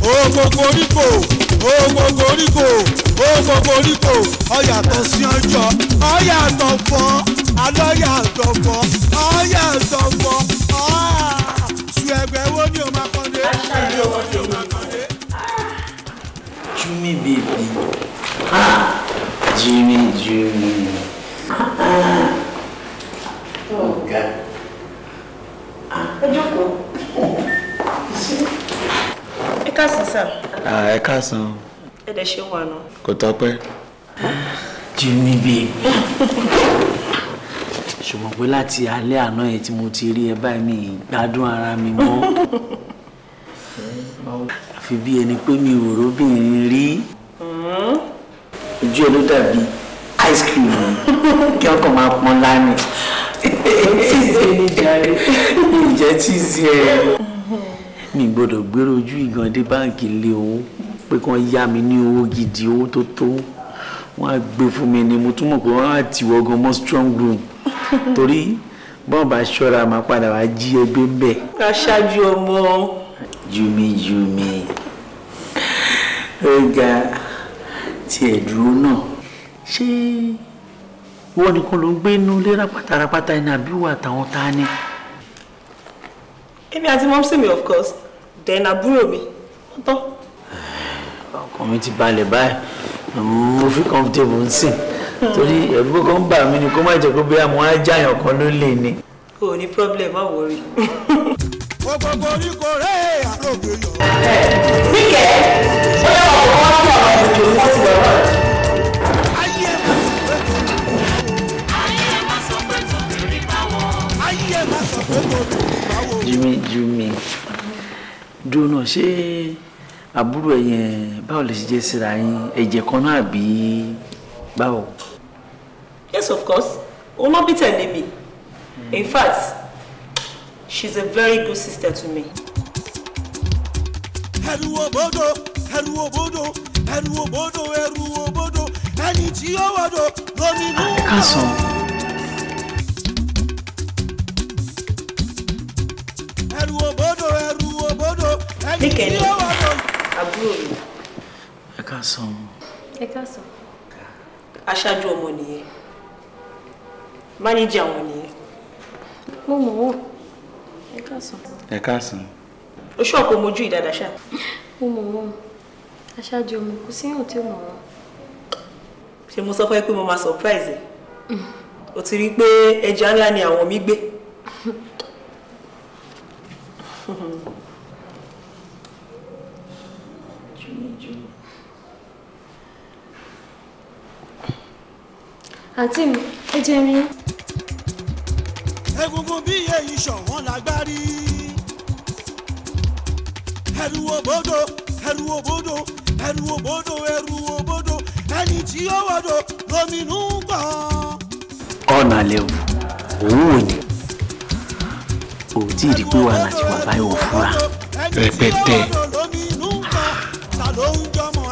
ogo koríko, ogo koríko, ogo koríko. Ọ̀yàtọ̀ sí ọjọ́, ọ̀yàtọ̀ fọ́, alọ́yàtọ̀ fọ́, ọ̀yàtọ̀ fọ́. Ah! Ṣù ẹgbẹ́ wo ni o máa kọ́ dé? wo o ni o máa ah! Jimmy. dé? Jumi bèbí, Jumi Jumi, ọ̀gá, ẹ jókòó. (laughs) káàsán sir. ẹ káàsán. ẹ dẹ̀ ṣe wà nù. kò tọ́pẹ́. jimmy baby ṣùgbọ́n pé láti alẹ́ àná yẹn tí mo ti rí ẹ báyìí mi gbádùn ara mi mọ́ àfi bí ẹni pé mi ò róbìnrin rí ojú ẹ ló dàbí ice cream kí ọkàn máa pọn lánìí. tíìsì ẹ ní jàre ìjẹ́ tíìsì ẹ mi gbọ́dọ̀ gbèrò ojú ìgan dé báǹkì lé owó pé kàn yá mi ní owó gidi owó tó tó wọ́n á gbé fún mi ni mo tún mọ̀ pé wọ́n á ti wọgan mọ́ strong room (laughs) torí bọ́n bá ṣọ́ra máa padà wá jí ẹgbẹ́ bẹ̀. aṣáájú ọmọ. jumi jumi ẹga tiẹ̀ dúró náà ṣé wọ́n nìkan ló ń gbé inú ilé rápátá rápátá ẹni àbí wà táwọn ta ni. èmi àti mọ́mísí mi of course then àbúrò mi ó tán. ọkàn mi ti balẹ̀ báyìí mo fi comfortable ń sìn torí ẹ̀rú kan bà mí ni kó má jẹ́ kó bí àwọn ajáyàn kan ló lè ní. kò ní problem má worry. gbogbo orí kò rẹ̀ àrògbé yọ. níkẹ́ ó yẹ kó wọ́n mú ọ̀rọ̀ ìdílé ní ọ̀sẹ̀ wẹ̀rẹ̀. Jimmy, Jimmy dùnà ṣé àbúrò ẹ báwo lè ṣe jẹ́ síra yín ẹ̀jẹ̀ kan náà àbí báwo. yes of course olóbí tẹ̀lé mi hmm. in fact she's a very good sister to me. ẹrù òbodò ẹrù òbodò ẹrù òbodò ẹrù òbodò ẹni tí ó wọdò lómi mú. ẹ ká sọ. ẹrù òbodò níkẹyìn àbúrò mi. ẹ káàsán. ẹ káàsán. aṣáájú ọmọ nìyẹn mánéjà wọn nìyẹn. mo mọ̀ wọ́n ẹ káàsán. ẹ káàsán. oṣù ọ̀pọ̀ mojú ìdàdà ṣá. mo mọ̀ wọ́n aṣáájú ọmọ kò síyàn tí ó mọ̀ wọ́n. ṣé mo sọ fún ẹ pé mo máa surprise ẹ mm. o ti rí i pé ẹja ńlá ni àwọn mi gbé. àǹtí mi mi. egungun bí èyí ṣọ̀wọ́n lágbárí ẹrù òbodò ẹrù òbodò ẹrù òbodò ẹrù òbodò ẹni tí ó wọdò lóminú gbọ́. ọ̀nà lẹ́wù òun ò ní kò tí ì di pé wàhálà ti wà báyìí ò fura. rẹpẹtẹ. ta ló ń jọmọ.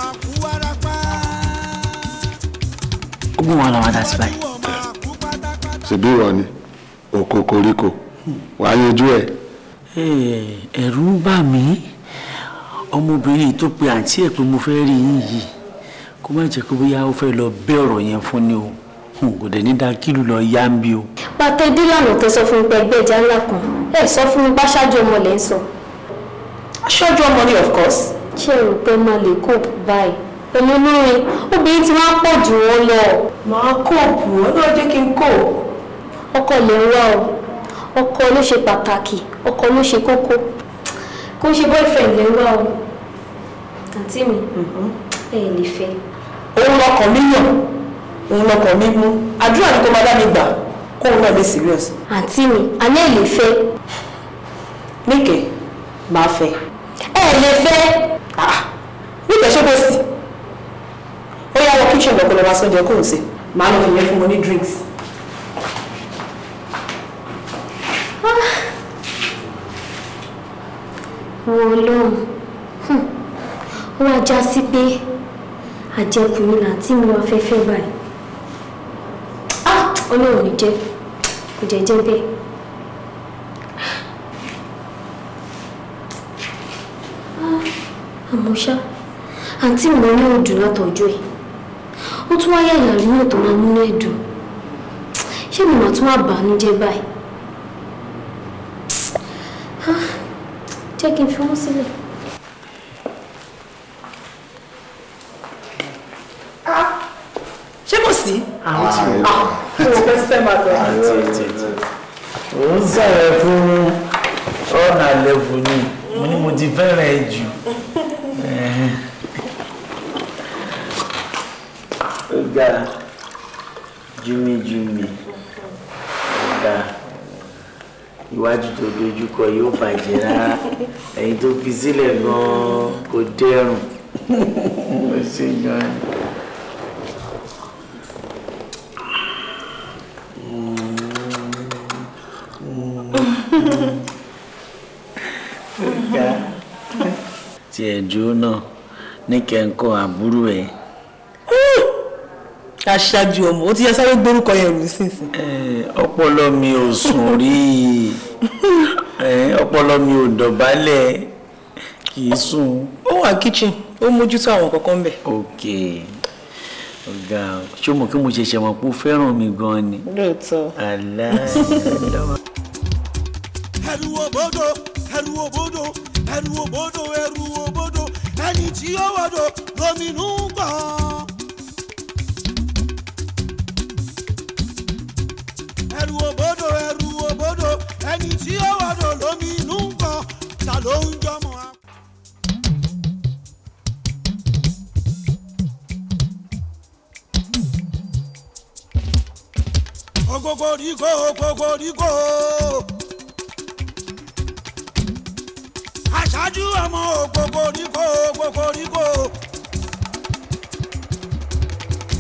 ogún wọn làwọn dá sí ṣèbí ìwọ ni òkò koríko wàá yanjú ẹ. Eh, ẹ̀rù ń bà mí ọmọbìnrin tó pe àǹtí ẹ̀ pé mo fẹ́ rí yín yìí kó má jẹ́ pé bóyá ó fẹ́ lọ bẹ́ ọ̀rọ̀ yẹn fún ni o kò dẹ̀ ní dáa lọ yá ń bí o. pàtẹ dílànà tó sọ fún mi pé ẹgbẹ́ ìjà ńlá kan ẹ sọ fún mi bá ṣáájú ọmọ lẹ́ ń sọ. ṣáájú ọmọ ni of course. ṣé o rò pé mo lè cope báyìí pẹ̀lú olórin obìnrin tí wọ́n á pọ̀ jù wọ́n lọ. màá kò bù ọ́ náà jẹ́ kí n kò. ọkọ lè ń wá o ọkọ ló ṣe pàtàkì ọkọ ló ṣe kókó kó ṣe boyfriend lè ń wá o àǹtí mi mm-hmm. ẹ ẹ lè fẹ́. òun lọkàn mi yàn òun lọkàn mi mú àdúrà ni kó máa bá mi gbà kó òun náà lè serious. àǹtí mi alẹ́ lè fẹ́. níkẹ́ máa fẹ́. ẹ lè fẹ́. Ah, níkẹ́ ṣé kò sí kitchen lọ́kọ́ lọ́ba sọ́jọ́ kò ń sè máa lọ ìyẹn fún wọn ní drinks. wọ́n lọ́hùn ó wá já sí pé àjẹkùnrin làǹtí mi wá fẹ́fẹ́ báyìí ah! ọlọ́run ní jẹ́ kò jẹ́ jẹ́ bẹ́ẹ̀. Ah! àmọ́ ṣá àǹtí mi ní òdùn látọ̀jú ẹ̀ ó tún wá yàyà rí náà tó máa múnú ẹ̀dùn ṣé mi mà tún wá bàánújẹ́ báyìí jẹ́ kí n fi wọ́n sílẹ̀. ṣé kò sí. àwọn ah, ń sọ̀rọ̀ fún ọ̀nà àlẹ́ fún mo ní mo ti fẹ́ràn ẹ jù. (laughs) ga júmíjúmí ọ̀gá iwájú tó dojúkọ yóò bàjẹ́ rárá ẹ̀yìn tó fi sílẹ̀ gan-an kò dẹrùn ó ṣe yan. tiẹ̀ dúró náà ní kẹ́ńkọ́ àbúrò ẹ̀ aṣáájú ọmọ ó ti yẹ sáré gbórúkọ yẹn rù sínsìn. ọpọlọ mi ò sùn rí ọpọlọ mi ò dọ̀bálẹ̀ kì í sùn. ó wà kitchen ó mójútó àwọn kankan bẹ̀. ok ọ̀gá ṣé mo kí mo ṣẹ̀ṣẹ̀ mọ̀ pé ó fẹ́ràn mi gan-an ni. lóòótọ́. aláìlọ́wọ́. ẹrù òbodò ẹrù òbodò ẹrù òbodò ẹrù òbodò ẹni tí ó wọdò lóminú gbọ́n. bodò ẹni tí ó wọdò lómi inú nǹkan ta ló ń jọmọ. kokoriko kokoriko aṣáájú ọmọ kokoriko kokoriko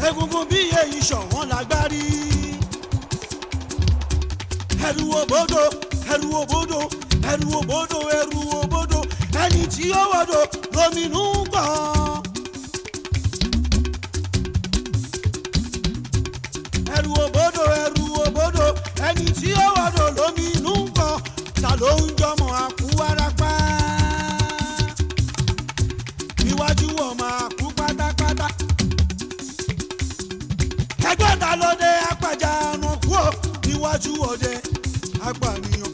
egungun bíi èyí ṣọ̀wọ́n lágbárí ẹrù òbodò ẹrù òbodò ẹrù òbodò ẹrù òbodò ẹni tí ó wọdò lóminú gbọ́. ẹrù òbodò ẹrù òbodò ẹni tí ó wọdò lóminú gbọ́ ta ló ń jọmọ àkúwárapá. iwájú ọmọ àkú pátápátá. ẹgbẹ́ ta ló dé apàjà ọ̀nà kú ò níwájú ọdẹ pànìyàn.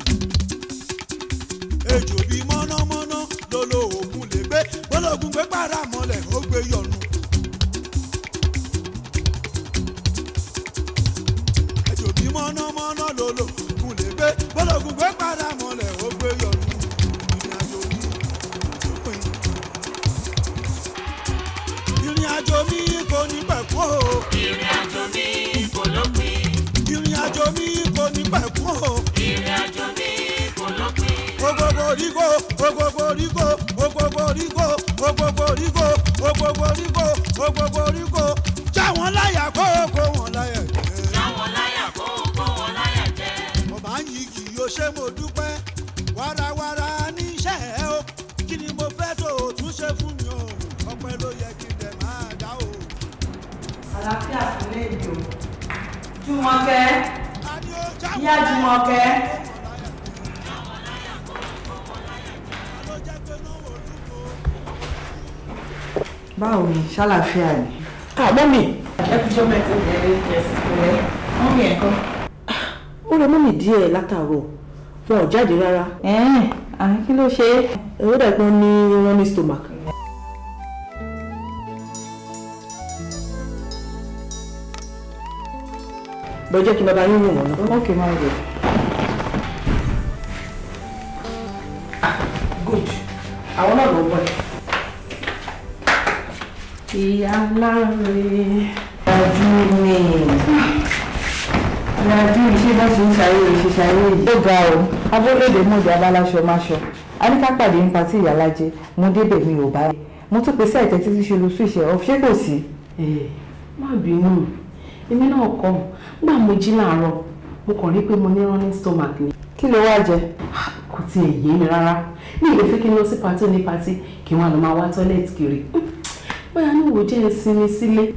ejò bíi mọ́nàmọ́ná lọ́lọ́ òògùn lè gbé bọ́lọ́gùn gbé pàrà mọ́lẹ̀ ó gbé yọ̀nù. gbogbo oríko kó gbogbo oríko jáwọn láyà kó kó wọn láyà jẹ. jáwọn láyà kó kó wọn láyà jẹ. mo máa ń yí kì í o ṣé mo dúpẹ́ wàràwàrà níṣẹ́ ẹ o kí ni mo fẹ́ tó o tún ṣe fún mi o ọpẹ́ ló yẹ kí n dẹ̀ máa dá o. àlàáfíà sílé ìjò jùmọ̀kẹ́ ìyá jùmọ̀kẹ́. ṣàlàfíà ni. àmọ́ ah, mi. ẹ kú jọ mẹ́tò ìrẹ́lẹ́ ìrẹ́sì wọ́n mi ẹ̀kọ́. Ah, ó rẹ mọ́mì díẹ̀ látàárọ̀ wọn ò jáde rárá. kí ló ṣe é. ó dàgbọ́n ní wọ́n ní stomach. bọ́jọ́ kí bàbá yín wò wọ́n náà. ó kì í máa wò ó ga o abúlédè mòdì abáláṣọ máṣọ aníká pàdé ń patí ìyálájẹ mo débẹ̀ mi ò bá mo tún pèsè títí ṣe lu ṣùṣẹ́ ọ kò sí. Eh, má bínú èmi náà kọ gbà mo jí mo kàn rí pé mo ní running stomach ni. kí ló wá jẹ. Ah, kò yé mi rárá ní ìlú kí n lọ sí patí patí kí máa wá tọ́lẹ̀tì kiri bóyá ní jẹ́ sílé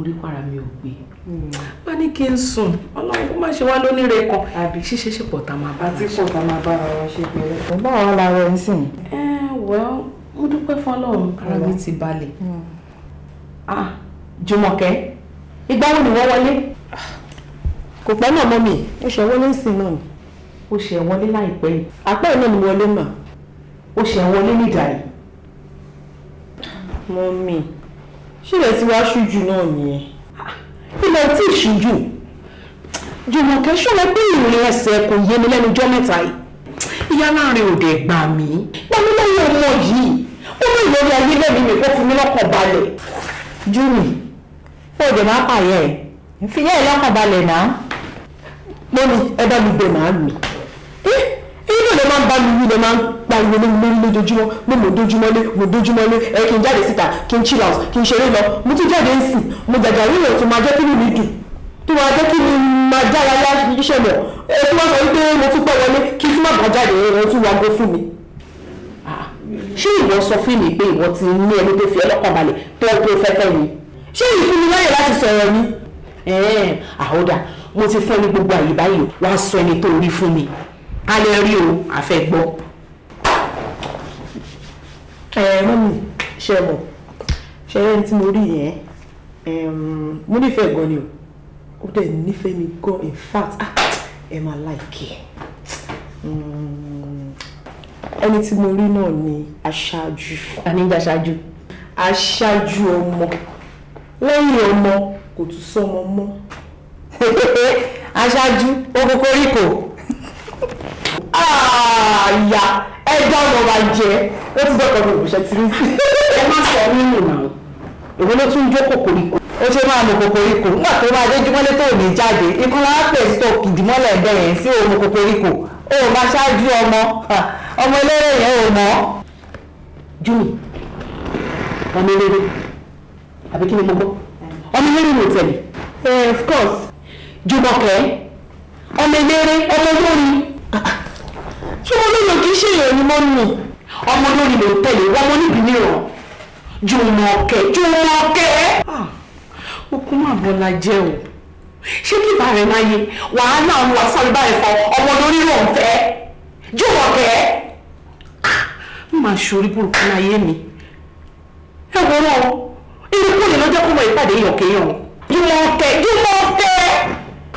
mo para mi ò gbé má hmm. ní kí n sùn ọlọ́run kó má ṣe wá lóníire kan àbí ṣíṣe ṣe pọ̀ tá máa bá àti pọ̀ tá máa bá ara wa ṣe pé ẹ̀ báwa la rẹ̀ ń ẹ wẹ́ẹ́ mo dúpẹ́ fún ọlọ́run ara mi ti balẹ̀ ah Jùmọ̀kẹ́ ìgbà wo ni wọ́n wọlé. kò pẹ́ náà mọ́ mi ó ṣe wọlé ń sìn náà ni. ó ṣe wọlé láìpẹ́ yìí. àpá ẹ̀ náà ni wọlé mà ó ṣe wọlé nídàá yìí. mọ́ mi ṣé ilẹ̀ ti wá ṣújú náà nìyẹn ilẹ̀ tí ì ṣújú jùmọ̀kẹ́ ṣọlá pé ìrìn ẹsẹ̀ kò yé mi lẹ́nujọ́ mẹ́ta yìí ìyá láàrin òde gbà mí pẹ̀lú lẹ́yìn ọmọ yìí ó ní ìlórí ayé lẹ́mìí mi kó fún mi lọ́kàn balẹ̀ júmi ó dẹ̀ máa pààyẹ́ ẹ̀ fi yẹ́ ẹ̀ lọ́kàn balẹ̀ náà mo ní ẹ bá mi gbé màá mi ló máa ń bá mi wí ló máa ń pariwo lórí lórí lójoojúmọ́ pé mo dojúmọ́ lé mo dojúmọ́ lé ẹ kí n jáde síta kí n chill out kí n ṣeré lọ mo tún jáde ń sìn mo jàjà rí ìrìn tó máa jẹ́ kí mi dùn tó máa jẹ́ kí mi máa jára yá iṣẹ́ mọ̀ ẹ tí wọ́n sọ wípé mo tún pẹ́ wọlé kí n tún má bàa jáde ẹ tún wago fún mi. Ah, ṣé ìwọ sọ fún mi pé ìwọ ti ní ẹni tó fi ọlọ́kàn balẹ̀ tó ẹ pé fẹ́fẹ́ mi mi a lè rí o àfẹ́ gbọ́. ẹ mọ́mí ṣe mọ̀ ṣe rẹ́ni tí mo rí yẹn mo nífẹ̀ẹ́ gan ni o ó dẹ̀ nífẹ̀ẹ́ mi gan in fact ah, ẹ máa láìkí ẹ hmm, ẹni tí mo rí náà ni aṣáájú. àníjà aṣáájú. aṣáájú ọmọ lẹ́yìn ọmọ kò tún sọmọ mọ́ (laughs) aṣáájú ó kókó rí kò àyà ah, ẹja ọmọ wa jẹ ó ti dọkọ ní òbúṣẹ tí ń sìn. ẹ má sọ nínú náà èwo ló tún jó kòkòríkò. ó ṣe máa mọ kòkòríkò nígbà tó máa dé jùmọ́lé tó ní jáde ikán láwọn pè sí òkè ìdìmọ́lẹ̀ ẹ̀bẹ̀ yẹn sí òun kòkòríkò ó máa ṣáájú ọmọ ọmọ eléré yẹn ò mọ́. júmi ọmọ eléré àbí kí ni mo gbọ́ ọmọ eléré ló tẹ̀lé. Eh, of course jùmọ̀kẹ́ ọmọ eléré ọmọ olórin ṣé wọn lóyún kì í ṣe èèyàn ni mọ́ nù ọmọ lórí ló tẹ̀lé wọ́n mọ́ níbi mìíràn jùmọ̀kẹ́ jùmọ̀kẹ́. okun máa bọ́lá jẹ́ o ṣé kí ìbá rẹ̀ máa yé wàhálà ọ̀run wà sáré báyìí fọ ọmọ lórí rò ń fẹ́ jùmọ̀kẹ́. n máa ṣorí burúkú láyé mi ẹ wọ́n rọ̀ irú kúrò lọ́jọ́ kó wọ ìpàdé yọ̀kẹ́yọ̀ jùmọ̀kẹ́ jùmọ̀kẹ́.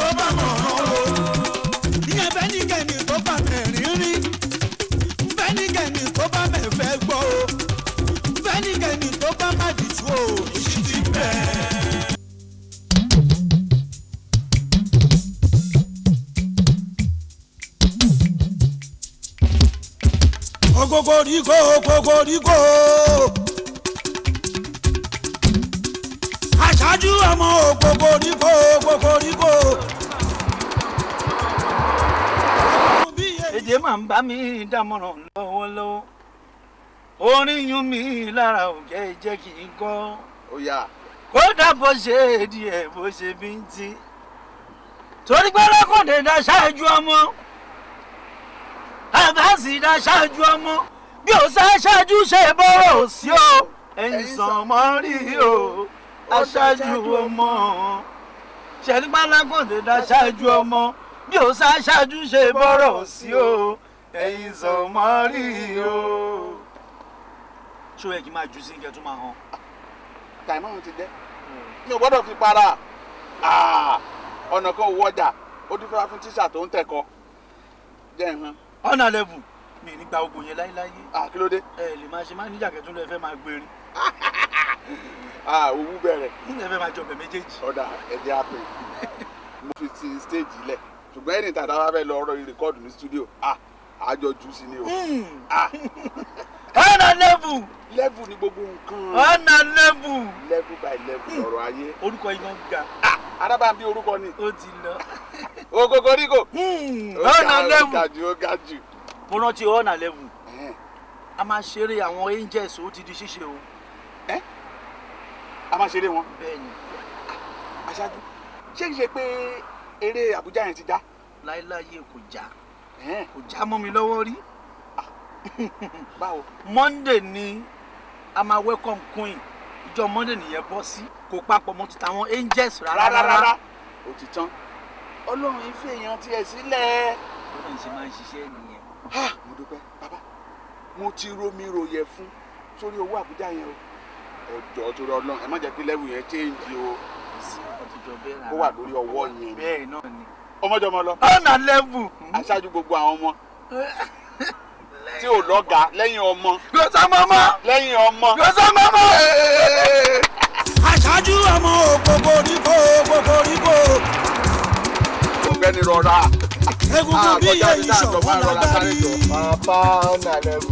tó bá mọ̀ ọ́n o. ìyẹn bẹ́ẹ̀ni kẹ́ni tó bá mẹ́rin rí bẹ́ẹ̀ni kẹ́ni tó bá mẹ́fẹ́ gbọ́ o bẹ́ẹ̀ni kẹ́ni tó bá má dìtú o. èyí ti bẹ́ẹ̀. kokoriko kokoriko. ṣáájú ọmọ òkòkòríkò òkòkòríkò. èdè máa ń bá mi dámọ̀ràn lọ́wọ́lọ́wọ́ orin yún mi lára ò jẹ́ jẹ́ kí n kọ́. kódà bó ṣe èdè ẹ̀ bó ṣe bí ń ti. torí pé lọ́kọ̀dé dá ṣáájú ọmọ bàbá sì dá ṣáájú ọmọ bí ó sá ṣáájú ṣe bọ́ ò sí o ẹ̀yìn sàn mọ́ rí o aṣáájú ọmọ ṣẹ̀rígbálágòdè dáṣáájú ọmọ bí ó ṣáṣáájú ṣe bọ́rọ̀ sí o ẹ̀yin sọ̀mọ́ rí o. ṣó yẹ kí n máa ju sí kí máa hàn. àtàìmọ́ ọ̀hún ti dẹ́ mi ò gbọ́dọ̀ fi para ah, ọ̀nà kan ò wọ́jà ó dúpẹ́ fún tíṣà tó ń tẹ̀kọ́ jẹ́ ìhun. ọ̀nà lẹ́bù mi ní gba ogun yẹn láéláé. àkìlódé. Ah, ẹ lè máa ṣe máa níjà kẹtùn lè fẹ́ máa gbèrín. (laughs) Ah, owó bẹ̀rẹ̀. nígbà bẹ́ẹ̀ máa jọ bẹ̀ méjèèjì. ọ̀dà ẹ̀jẹ̀ àpè mo fi ti stage lẹ̀ ṣùgbọ́n ẹni tàdá wa fẹ́ lọ ọ̀rọ̀ yìí rìkọ́ọ̀dù ní studio Ah, àjọ jù sí ni o. ọ̀nà lẹ́bù. lẹ́bù ni gbogbo nǹkan. ọ̀nà lẹ́bù. lẹ́bù by level. lọ̀rọ̀ ayé. Hmm. orúkọ yìí náà ga. arábàbí ah, orúkọ ni. ó ti lọ. ogogo rígò. ọ̀nà lẹ́bù. ó ga jù ó ga jù. mo rántí ọ̀nà lẹ́bù. a máa ṣeré àwọn angels ó ti di ṣíṣe o. ẹ́ a máa ṣeré wọn. bẹ́ẹ̀ni. aṣáájú ṣé kìí ṣe pé eré Àbújá yẹn ti já. láéláyé kò já kò já mọ́ mi lọ́wọ́ rí. Ah. (laughs) báwo. Monday ni a máa welcome queen ìjọ Monday nìyẹn bọ́ sí kò papọ̀ mọ́ ti tàwọn angels rárá rárá. ó ti tán Ọlọ́run ife èèyàn tiẹ̀ sílẹ̀. Ọlọ́run ṣe máa ń ṣiṣẹ́ nìyẹn. Ah! mo dúpẹ́ bàbá mo ti romi ròyẹ̀ fún sórí owó Àbújá yẹn o ọjọ́ torí ọlọ́run ẹ má jẹ́ kí lẹ́wù yẹn change o ó wà lórí ọwọ́ yẹn ọmọjọmọ lọ. ọ̀nà lẹ́wù. aṣáájú gbogbo àwọn ọmọ tí ò lọ́gàá lẹ́yìn ọmọ. gbèsè mọ́mọ́. lẹ́yìn ọmọ. gbèsè mọ́mọ́. aṣáájú ọmọ ògbógbó rígbó ògbógbó rígbó. ọ̀gbẹ́ni rọra. egungun ah, bí èyí ṣọ̀wọ́ lágbárí. bàbá ọ̀nà lẹ́wù.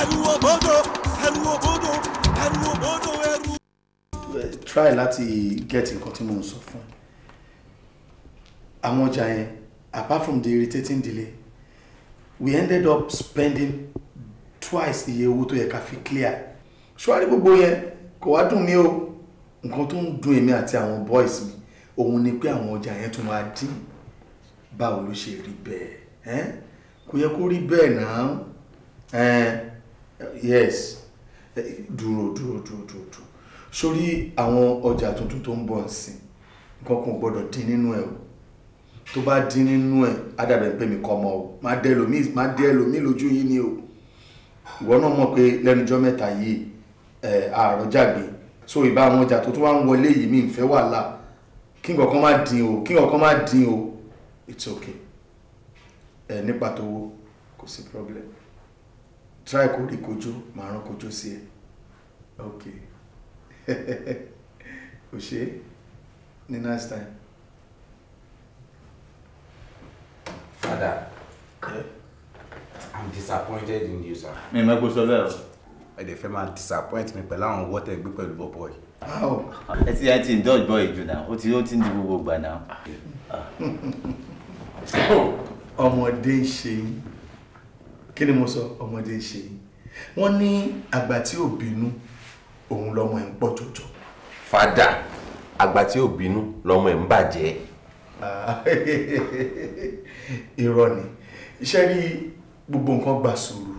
ẹ̀rù òbodò ẹ̀rù òbodò ẹrù odò ẹrù. try láti get nǹkan tí mo ń sọ fún àwọn ọjà yẹn apart from the irritating delay we ended up spending twice iye owó tó yẹ ká fi clear ṣùgbọ́n gbogbo yẹn kò wá dùn mí o nǹkan tó ń dùn èmi àti àwọn boys mi òun ni pé àwọn ọjà yẹn tún máa dín báwo ló ṣe rí bẹ́ẹ̀ kò yẹ kó rí bẹ́ẹ̀ náà yes. Eh, dúró dúró dúró dúró sórí àwọn ọjà tuntun tó ń bọ̀ ń sìn nǹkan kan ò gbọ́dọ̀ dín nínú ẹ̀ o tó bá dín nínú ẹ̀ ádàbẹ̀ pé mi kọ́ ọmọ o máa dẹ́ ẹlòmíì máa dẹ́ ẹlòmíì lójú yín ni o ìwọ náà mọ̀ pé lẹ́nujọ́ mẹ́ta yìí àárọ̀ jàgbé so ìbá àwọn ọjà tó tún wá ń wọlé yìí mi ń fẹ́ wàhálà kí nǹkan kan má dín o kí nǹkan kan má dín o it's okay ẹ̀ nípa tó wó kò sí problem try kó rí kojú màá rán kojú sí ẹ ok (laughs) o ṣe ní nice time. Father, yeah? I'm disappointed in you, sir. Mi máa gbósọ bẹ́ẹ̀ o. Ẹ dẹ̀ fẹ́ máa disappoint mi pẹ̀lú àwọn wọ́tẹ̀ gbé pẹ̀lú bọ́bọ̀ yìí. How? Ẹ ti ẹ ti dodge boy jù náà, ó ti ó ti ń di gbogbo gbà náà. (laughs) Ọmọdé ń ṣe yín kí ni mo sọ ọmọdé ṣe wọ́n ní àgbà tí ò bínú òun lọmọ ẹ̀ ń pọ̀ jọjọ. fada àgbà tí ò bínú lọmọ ẹ̀ ń bàjẹ́. (laughs) irọ́ ni iṣẹ́ rí gbogbo nǹkan gbà sùúrù.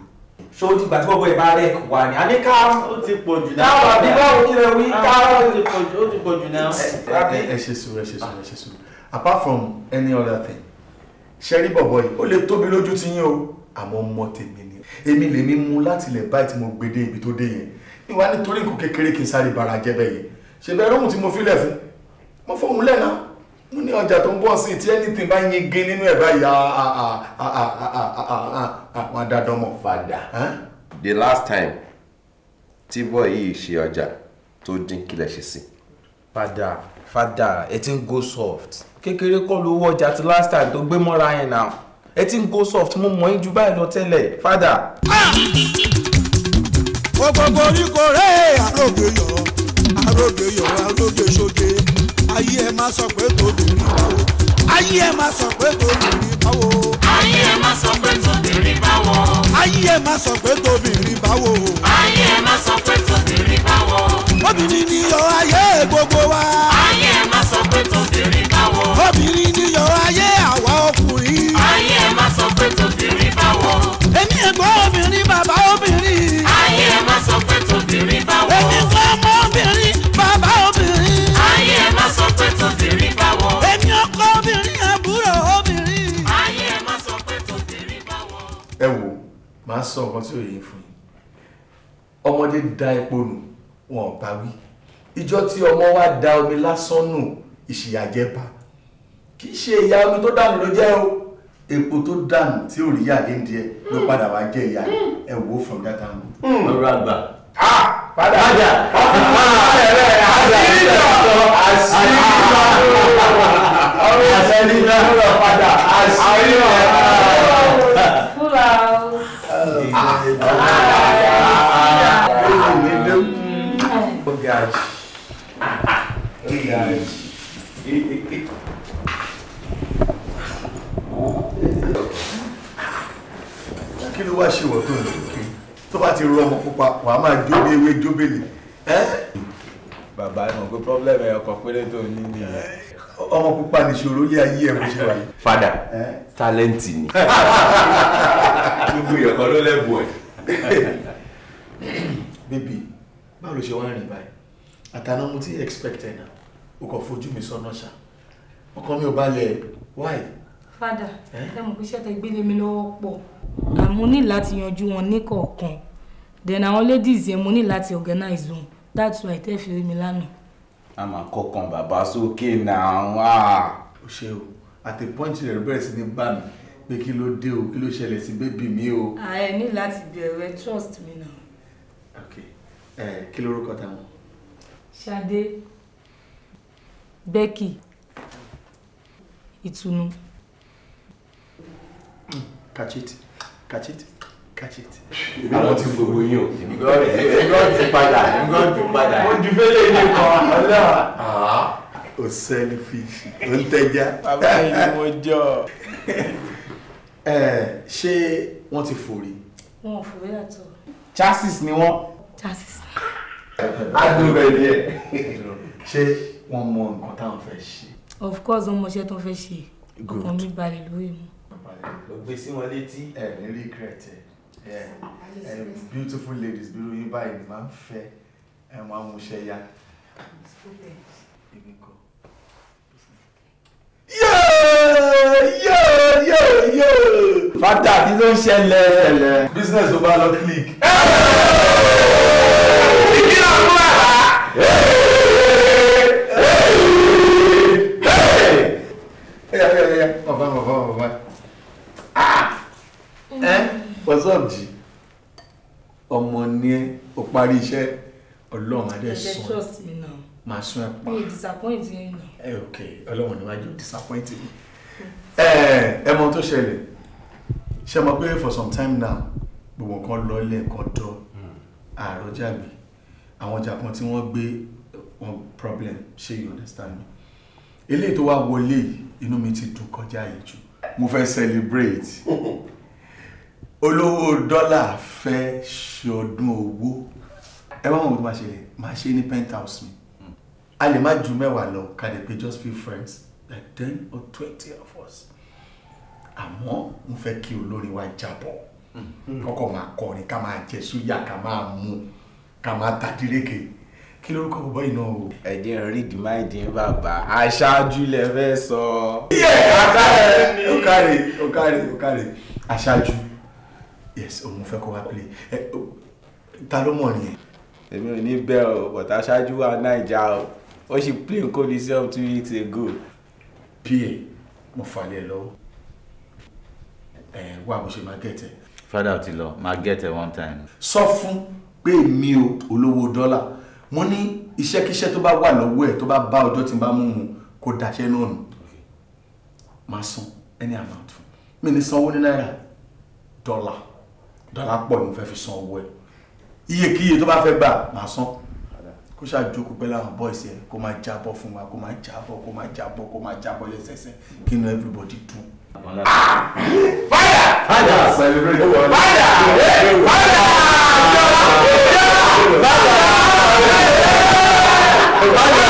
ṣé o ti gbà tí gbogbo ẹ̀ bá rẹ̀ wà ní àní ká ó ti pọ̀ jù náà káwọn àbí báwo kí lè wí ká ah, ó ti pọ̀ jù náà. ẹ ṣe sùúrù ẹ ṣe sùúrù ẹ ṣe sùúrù apart from any other thing ṣe rí bọ̀bọ̀ yìí ó lè tóbi lójú ti yín o àmọ́ mọ́ tèmi ni èmi lèmi mú láti ilẹ̀ báyìí tí mo gbé dé ibi tó dé yẹn ìwà nítorí nǹkan kékeré kí n sáré bara jẹ́ bẹ́ẹ̀ yẹn ṣe bẹ́ẹ̀ rọ́hùn tí mo filẹ̀ fún mo fóun lẹ́nà mo ní ọjà tó ń bọ̀ sí tí anything bá yin gé nínú ẹ̀ báyìí àwọn adájọ́mọ̀. fada the last time tí bọ́ọ̀ yìí ṣe ọjà tó dín kílẹ̀ ṣe sí. fada fada ẹ ti ń go soft kékeré kọ́ ló wọ ọjà ti last time tó gbé mọ́ra yẹn náà ẹ ti ń go soft mo mọ̀ yín ju báyìí lọ tẹ́lẹ̀ fada. gbogbo oríko rẹ̀ àrògbé yọ̀ àrògbé yọ̀ àrògbé ṣoge ayé ẹ máa sọ pé tòbí rí báwo ayé ẹ máa sọ pé tòbí rí báwo. ayé ẹ máa sọ pé tòbí rí báwo. ayé ẹ máa sọ pé tòbí rí báwo. báwo. obìnrin ni yọ ayé gbogbo wa. ayé ẹ máa sọ pé tòbí rí báwo. obìnrin ni yọ ayé àwa ọkùnrin. ayé èmi ẹ̀gbọ́n obìnrin bàbá obìnrin. ayé ẹ má sọ pé tóbìnrin bá wọ. èmi kọ́ ọmọ obìnrin bàbá obìnrin. ayé ẹ má sọ pé tóbìnrin bá wọ. èmi ọkọ obìnrin àbúrò obìnrin. ayé ẹ má sọ pé tóbìnrin bá wọ. ẹ wo màá sọ nǹkan tí òye fún yín ọmọdé da epo nù wọn bá wí ìjọ tí ọmọ wa da omi lásán nù ìṣìyàjẹ bá kì í ṣe ìyá omi tó dànù ló jẹ́ o epo tó dànù tí ò rí yà léńdìẹ ló padà wá jẹ ìyá ẹ wò from that angle. ọ̀rọ̀ àgbà. padà padà ààrẹ àṣírí lọ àṣírí lọ ọ̀rọ̀ àṣírí lọ padà àṣírí lọ. fúra o. Obrigado. Obrigado. ló wá ṣe wọ̀ tó ní tó bá ti rọ ọmọ pupa wàá máa jóbe ewé jóbele. bàbá mọ̀ pé pọ́blẹ́mù ẹ̀ ọkọ̀ péré tó ní nìyẹn. ọmọ pupa nìṣòro lé ayé ẹ̀ mo ṣe wáyé. fada tálẹ́ǹtì ni gbogbo ìyọ̀kọ́ ló lẹ́bùn ẹ̀. bébì báwo ló ṣe wá rìn báyìí àtàná mo ti expect ẹ̀ náà o kò fojú mi sọ́nà ṣá ọkọ mi ò balẹ̀ why fada ẹ mọ̀ pé ṣẹ́tẹ̀ gbélé mi lọ́wọ́ pọ̀ àmọ́ ní láti yanjú wọn ní kọ̀ọ̀kan then àwọn ladies yẹn mo ní láti organize wọn that's why tẹ́ fi rí mi lánàá. a máa kọkàn bàbá sókè náà wá. o ṣe o àti pọ́ǹchì rẹ̀ bẹ̀rẹ̀ sí ní bá mi pé kí ló dé o kí ló ṣẹlẹ̀ sí bébì mi o. ààrẹ ní láti bẹ̀rẹ̀ trust me now. ok ẹ kí lorúkọ táwọn. Ṣadé Becky Ìtùnú catch it catch it catch it. èmi náà ti gbogbo yín o. èmi náà ti padà èmi náà ti padà. mo ju fẹ́lẹ̀ ilé kan ọ̀la. Ah. o sẹ́ni fíìsì o ń tẹ́já. bàbá yìí ni mo jọ. (laughs) Eh, ṣé wọ́n ti fòrí. wọn ò fòrí àtọ. chassis ni wọ́n. chassis. adùn bẹ̀ díẹ̀. ṣé wọ́n mọ nǹkan táwọn fẹ́ ṣe. of course wọ́n mọ iṣẹ́ tó ń fẹ́ ṣe ọkàn mi balẹ̀ lórí mi lọ gbé sí wọn létí ẹ ní regret ẹ beautiful ladies bí ròyìn báyìí ni máa ń fẹ́ ẹ máa mú iṣẹ́ yá. fata kí ló ń ṣẹlẹ̀. business ló bá lọ click. ìdílé ọdún àbá. Hey! Hey! Hey! Hey! Hey! Hey! Hey! Hey! Hey! Hey! what's up G ọmọ ni ẹ o parí iṣẹ́ ọlọ́run adé sùn máa sún ẹ pa ẹ ok ọlọ́run níwájú disappoint mi ẹ ẹ mọ tó ṣẹlẹ̀ ṣe mọ̀ pé for some time now gbogbo nǹkan lọ ilé nǹkan dọ́ hmm. àròjàgbé àwọn ọjà kan tí wọ́n gbé one problem ṣe you understand me eléyìí tó wá wọlé yìí inú mi ti dùn kọjá yìí jù mo fẹ́ celebrate (laughs) olówó dọ́là fẹ́ ṣe ọdún owó ẹ wá wọn kó tó máa ṣe máa ṣe ní penthouse mi a lè má ju mẹ́wàá lọ ká lè pe just few friends like ten or twenty of us àmọ́ mo fẹ́ kí olórin wa jábọ̀ kọ́kọ́ máa kọrin ká máa jẹ súyà ká máa mu ká máa tàdírèké kí lórúkọ bọ́ iná o. ẹ̀dín rídìí máa dín bàbá aṣáájú lẹ fẹ́ sọ. yẹ ọ̀kàrẹ̀ ọ̀kàrẹ̀ ọ̀kàrẹ̀ aṣáájú yes òun fẹ́ kó wá play ẹ ta ló mọ̀ nìyẹn. èmi ò ní bẹ́ẹ̀ o but aṣáájú wa naija o ó sì play coliseum two weeks ago. pa mo falẹ̀ lọ́wọ́ ẹ wá bó ṣe máa gẹ̀tẹ̀. father ti lọ máa gẹ̀tẹ̀ one time. sọ fún pé mi ò olówó dọ́là mo ní iṣẹ́kíṣẹ́ tó bá wà lọ́wọ́ ẹ̀ tó bá bá ọjọ́ tí n bá mú mu kó daṣẹ́ náà nù máa san any amount fún mi ní sanwó ní náírà dọ́là dọ́là pọ̀ ni mo fẹ́ fi san owó ẹ̀ iyekíye tó bá fẹ́ gbà máa san kó ṣàjókòó pẹ́ láwọn bọ́ìsì ẹ̀ kó máa jábọ̀ fún wa kó máa jábọ̀ kó máa jábọ̀ kó máa jábọ̀ lẹ́sẹsẹ kí inú everybody dùn. fada fada celebrate fada fada fada fada fada fada.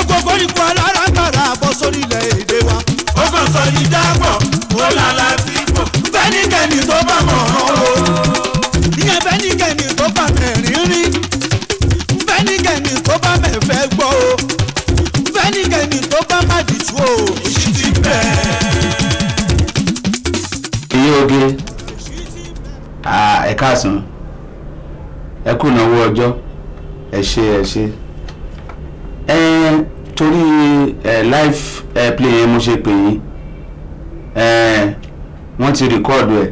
ọgọgọ ni kò alára tààrà bọ́ sórí ilẹ̀ yìí onídàpọ̀ ó lálá sí pọ̀ fẹ́nikẹ́ni tó bá mọ̀ ọ́n o. ìyẹn fẹ́nikẹ́ni tó bá mẹ̀rin rí fẹ́nikẹ́ni tó bá mẹ̀fẹ́ gbọ́ o fẹ́nikẹ́ni tó bá má dìtú o. èyí ti bẹ̀. iye oge ẹ káàsán ẹ kú ìnáwó ọjọ́ ẹ ṣe ẹ ṣe ẹ torí ẹ life ẹ mo ṣe pè yín. Eh, wọ́n ti rìkọ́ọ̀dù ẹ̀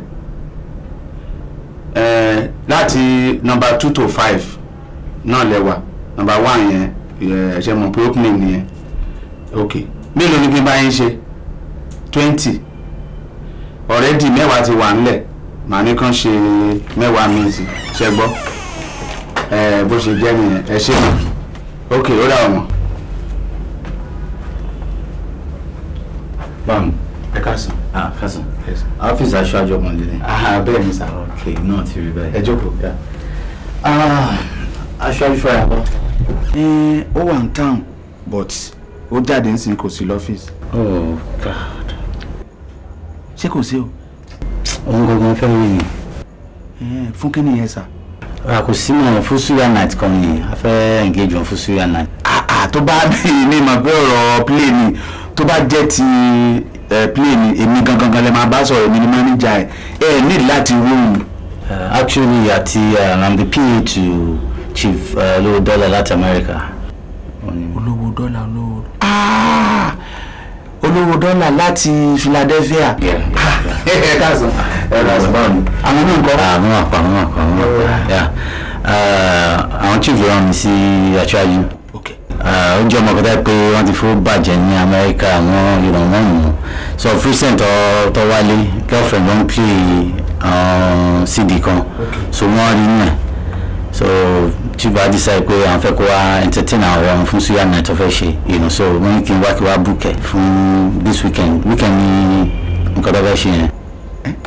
eh, láti nọmba two to five náà lẹ́wà nọmba one yẹn eh, ṣe mọ̀ pé opening nìyẹn ok mélòó ni kí n bá yín ṣe twenty already mẹ́wàá ti wà ńlẹ̀ màá ní kàn ṣe mẹ́wàá míì sí ṣe gbọ́ bó ṣe jẹ́ nìyẹn ẹ ṣe mọ̀ ok ó dà wọ́n. báwo ẹ káàsán. ah káàsán. ọ́fíìsì aṣọ àjọpọ̀ nílẹ̀. ah bẹ́ẹ̀ ni sá. ok náà ti rí báyìí. ẹ jókòó. Ah, aṣọ àjọpọ̀ yà bọ́. ó wà ní town but ó jáde ń sin kò sí lọ́fíìsì. oh god. ṣé kò sí o. òun gangan fẹ́ mi ni. Eh, fún kí nìyẹn sá. kò sí mọ̀ fún suya night kan ni a fẹ́ engage on fún suya night. àà ah, ah, tó bá bí mi mọ̀ pé ọ̀rọ̀ play ni tó bá jẹ́ ti play ni èmi gangan gan lè máa bá sọ̀rọ̀ èmi ni manager ẹ̀ ẹ̀ ní láti rúùmù. Uh, actually àti uh, i'm the PA to Chief uh, Olówó Dọ́là láti America. Olówó Dọ́là olówó. Ah! Olówó Dọ́là láti Philadelphia. Ah, ẹ káàsán ẹ káàsán báwo ni. àwọn náà kọ́. àwọn àpamọ́ àpamọ́ àpamọ́ àwọn chief rán mi sí aṣáájú. Eh, oúnjẹ ọmọ kọta pé wọ́n ti fún bàjẹ́ ní amẹ́ríkà àwọn ìran wọn so freezen tó tó wálé girlfriend ló ń play um, cd kan so wọ́n rí nà so chiba decide pé àwọn fẹ́ kó wá entertain àwọn ọmọ fún suya night tó fẹ́ ṣe you so wọ́n ní kí n wá kí wá book ẹ̀ fún this weekend weekend ní nǹkan tó fẹ́ ṣe yẹn.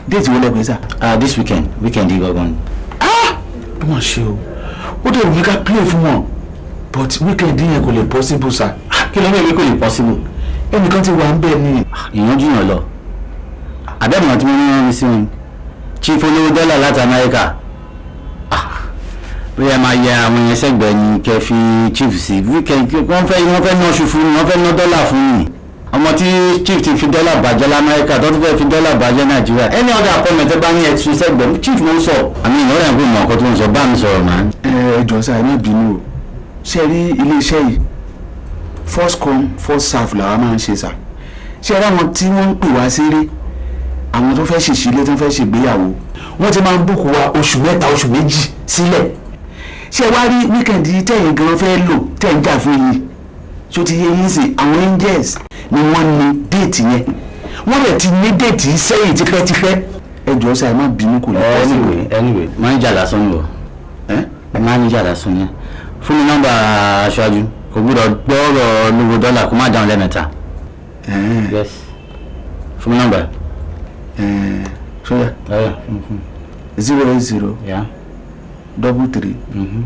déètì wo lẹ́gbẹ̀ẹ́ sá. Ah, this weekend weekend yìí gangan. ó mà ah! ṣe o ó dẹ̀ wù mí ká play fún wọn but weekend yẹn kò lè possible sir. kí ló ń bẹ̀rẹ̀ kò lè possible. ẹnìkan ti wà ń bẹ̀ ni. èèyàn jiyàn lọ àbẹ̀mọ̀ tí wọ́n rán mi sí wọn chief olówó dọ́là láti amẹ́ríkà ah, bóyá máa yẹ àwọn yẹn sẹ́gbẹ̀ẹ́ ni kẹ́ fi chief sí weekend wọ́n fẹ́ wọ́n fẹ́ ná ṣu fún mi wọ́n fẹ́ ná dọ́là fún mi ọmọ tí chief ti fi dọ́là bàjẹ́ lamẹ́ríkà tó tún fẹ́ fi dọ́là bàjẹ́ nàìjíríà ẹni ọ̀dà appointment bá ní ẹtù sẹ́gbẹ̀ẹ́ chief ló ń sọ àmì ìyọ́rẹ̀ ń pè mọ́ ọkọ tó ń sọ bá mi sọ̀rọ̀ màá. ẹ ẹ jọ sáà ẹ má ṣe rí iléeṣẹ́ yìí first come first serve làwa máa ń ṣe sà ṣe rí àwọn tí wọ́n ń pè wá séré àwọn tó fẹ́ ṣèṣílé tó fẹ́ ṣègbéyàwó wọ́n ti máa ń bùkù wa oṣù mẹ́ta oṣù méjì sílẹ̀ ṣe wá rí wíkẹ̀ndì tẹ̀yìn gan fẹ́ lò tẹ̀yìn jà fún yìí tó ti yé yín sìn àwọn angels ni wọ́n ní déètì yẹn wọ́n rẹ̀ ti ní déètì sẹ́yìn tipẹ́tipẹ́ ẹ jọ sáré má bínú kò ní. anyway anyway manager lásán ni o manager lásán ni fún mi nọ́mbà aṣáájú kò gbúdọ̀ gbọ́rọ̀ lówó dọ́là kó má dáhùn lẹ́mẹ̀ta. yes fún mi nọ́mbà. sọ́yà zero eight zero double three mm-hmm.